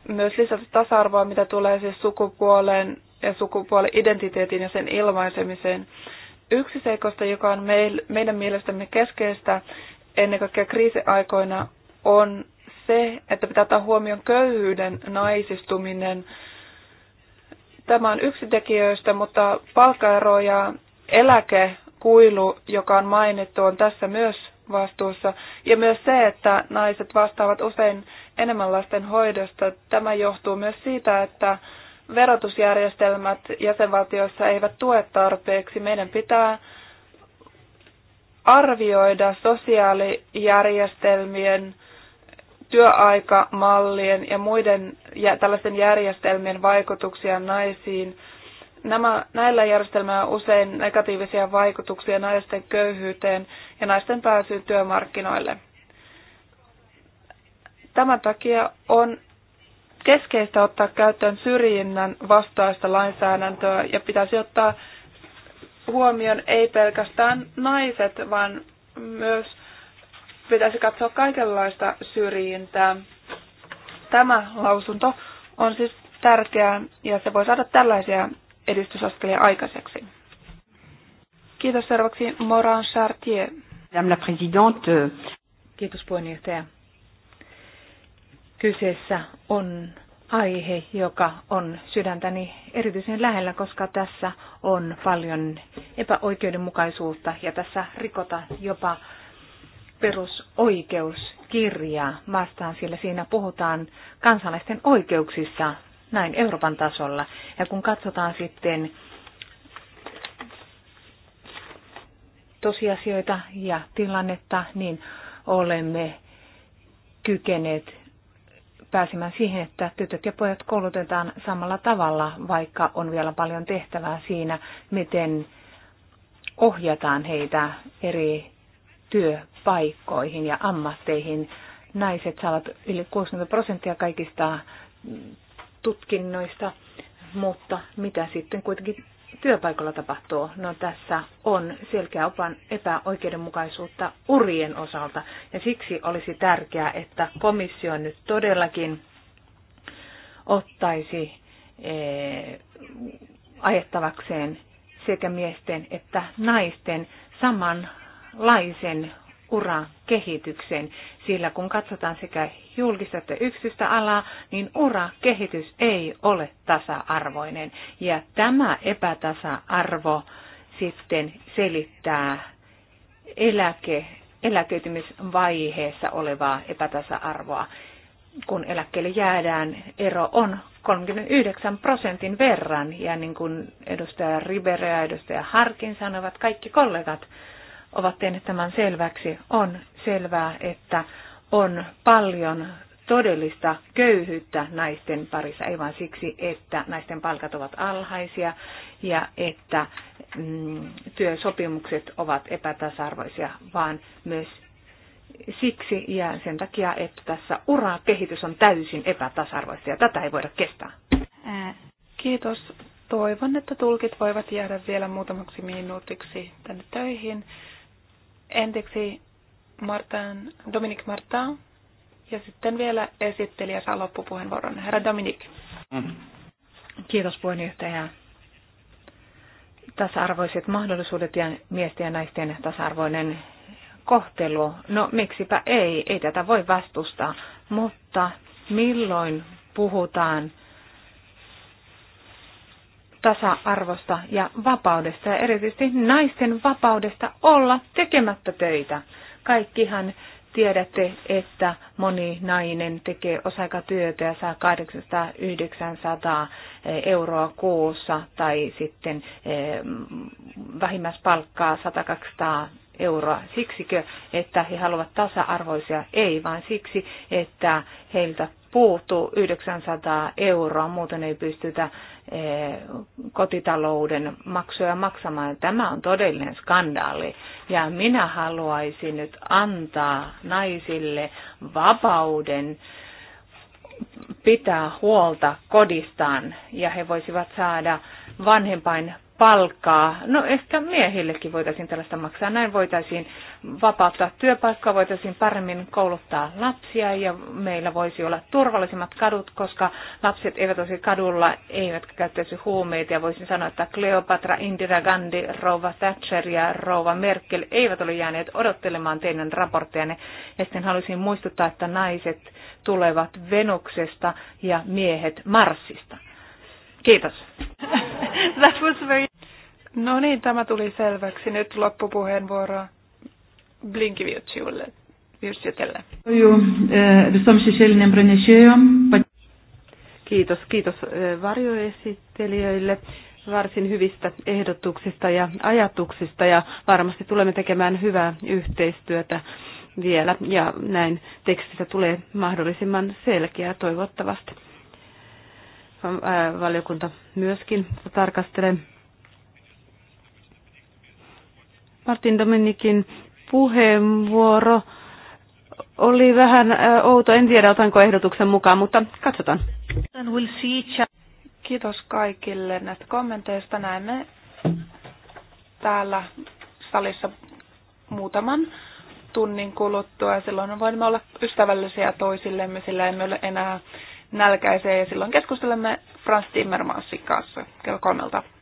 myös lisätä tasa-arvoa, mitä tulee siis sukupuoleen ja sukupuoli-identiteetin ja sen ilmaisemiseen. Yksi seikosta, joka on meidän mielestämme keskeistä ennen kaikkea kriisiaikoina, on se, että pitää ottaa huomioon köyhyyden naisistuminen. Tämä on yksi tekijöistä, mutta palkkaero ja eläkekuilu, joka on mainittu, on tässä myös vastuussa. Ja myös se, että naiset vastaavat usein enemmän lasten hoidosta. Tämä johtuu myös siitä, että verotusjärjestelmät jäsenvaltioissa eivät tue tarpeeksi. Meidän pitää arvioida sosiaalijärjestelmien työaikamallien ja muiden ja tällaisten järjestelmien vaikutuksia naisiin. Nämä, näillä järjestelmillä on usein negatiivisia vaikutuksia naisten köyhyyteen ja naisten pääsyyn työmarkkinoille. Tämän takia on keskeistä ottaa käyttöön syrjinnän vastaista lainsäädäntöä ja pitäisi ottaa huomioon ei pelkästään naiset, vaan myös pitäisi katsoa kaikenlaista syrjintää. Tämä lausunto on siis tärkeää ja se voi saada tällaisia edistysaskelia aikaiseksi. Kiitos seuraavaksi Moran Chartier. Madame la Présidente. Euh, Kiitos puheenjohtaja. Kyseessä on aihe, joka on sydäntäni erityisen lähellä, koska tässä on paljon epäoikeudenmukaisuutta ja tässä rikota jopa perusoikeuskirja vastaan, sillä siinä puhutaan kansalaisten oikeuksissa näin Euroopan tasolla. Ja kun katsotaan sitten tosiasioita ja tilannetta, niin olemme kykeneet pääsemään siihen, että tytöt ja pojat koulutetaan samalla tavalla, vaikka on vielä paljon tehtävää siinä, miten ohjataan heitä eri työpaikkoihin ja ammatteihin. Naiset saavat yli 60 prosenttia kaikista tutkinnoista, mutta mitä sitten kuitenkin työpaikalla tapahtuu? No tässä on selkeä opan epäoikeudenmukaisuutta urien osalta ja siksi olisi tärkeää, että komissio nyt todellakin ottaisi eh, ajettavakseen sekä miesten että naisten saman laisen urakehityksen, sillä kun katsotaan sekä julkista että yksistä alaa, niin urakehitys ei ole tasa-arvoinen. Ja tämä epätasa-arvo sitten selittää eläke, eläköitymisvaiheessa olevaa epätasa-arvoa. Kun eläkkeelle jäädään, ero on 39 prosentin verran, ja niin kuin edustaja Ribera ja edustaja Harkin sanovat, kaikki kollegat ovat tehneet tämän selväksi. On selvää, että on paljon todellista köyhyyttä naisten parissa, ei vain siksi, että naisten palkat ovat alhaisia ja että mm, työsopimukset ovat epätasarvoisia, vaan myös siksi ja sen takia, että tässä urakehitys on täysin epätasarvoista ja tätä ei voida kestää. kiitos. Toivon, että tulkit voivat jäädä vielä muutamaksi minuutiksi tänne töihin ensiksi Martin, Dominic Martin ja sitten vielä esittelijä saa loppupuheenvuoron. Herra Dominic. Mm. Kiitos puheenjohtaja. Tasa-arvoiset mahdollisuudet ja miesten ja naisten tasa-arvoinen kohtelu. No miksipä ei, ei tätä voi vastustaa, mutta milloin puhutaan tasa-arvosta ja vapaudesta ja erityisesti naisten vapaudesta olla tekemättä töitä. Kaikkihan tiedätte, että moni nainen tekee osa-aikatyötä ja saa 800-900 eh, euroa kuussa tai sitten eh, vähimmäispalkkaa 100-200 euroa. Siksikö, että he haluavat tasa-arvoisia? Ei, vaan siksi, että heiltä puuttuu 900 euroa, muuten ei pystytä Eh, kotitalouden maksuja maksamaan. Tämä on todellinen skandaali. Ja minä haluaisin nyt antaa naisille vapauden pitää huolta kodistaan ja he voisivat saada vanhempain palkkaa. No ehkä miehillekin voitaisiin tällaista maksaa. Näin voitaisiin vapauttaa työpaikkaa, voitaisiin paremmin kouluttaa lapsia ja meillä voisi olla turvallisemmat kadut, koska lapset eivät olisi kadulla, eivät käyttäisi huumeita ja voisin sanoa, että Cleopatra, Indira Gandhi, Rova Thatcher ja Rova Merkel eivät ole jääneet odottelemaan teidän raporttejanne. Ja sitten haluaisin muistuttaa, että naiset tulevat Venuksesta ja miehet Marsista. Kiitos. That was very... No niin, tämä tuli selväksi. Nyt loppupuheenvuoro Blinkiviutsiulle. Eh, kiitos, kiitos eh, varjoesittelijöille varsin hyvistä ehdotuksista ja ajatuksista ja varmasti tulemme tekemään hyvää yhteistyötä vielä ja näin tekstistä tulee mahdollisimman selkeää toivottavasti valiokunta myöskin tarkastelee. Martin Dominikin puheenvuoro oli vähän outo. En tiedä, otanko ehdotuksen mukaan, mutta katsotaan. Kiitos kaikille näistä kommenteista. Näemme täällä salissa muutaman tunnin kuluttua. Silloin voimme olla ystävällisiä toisillemme, sillä emme ole enää nälkäisiä ja silloin keskustelemme Frans Timmermansin kanssa kello kolmelta.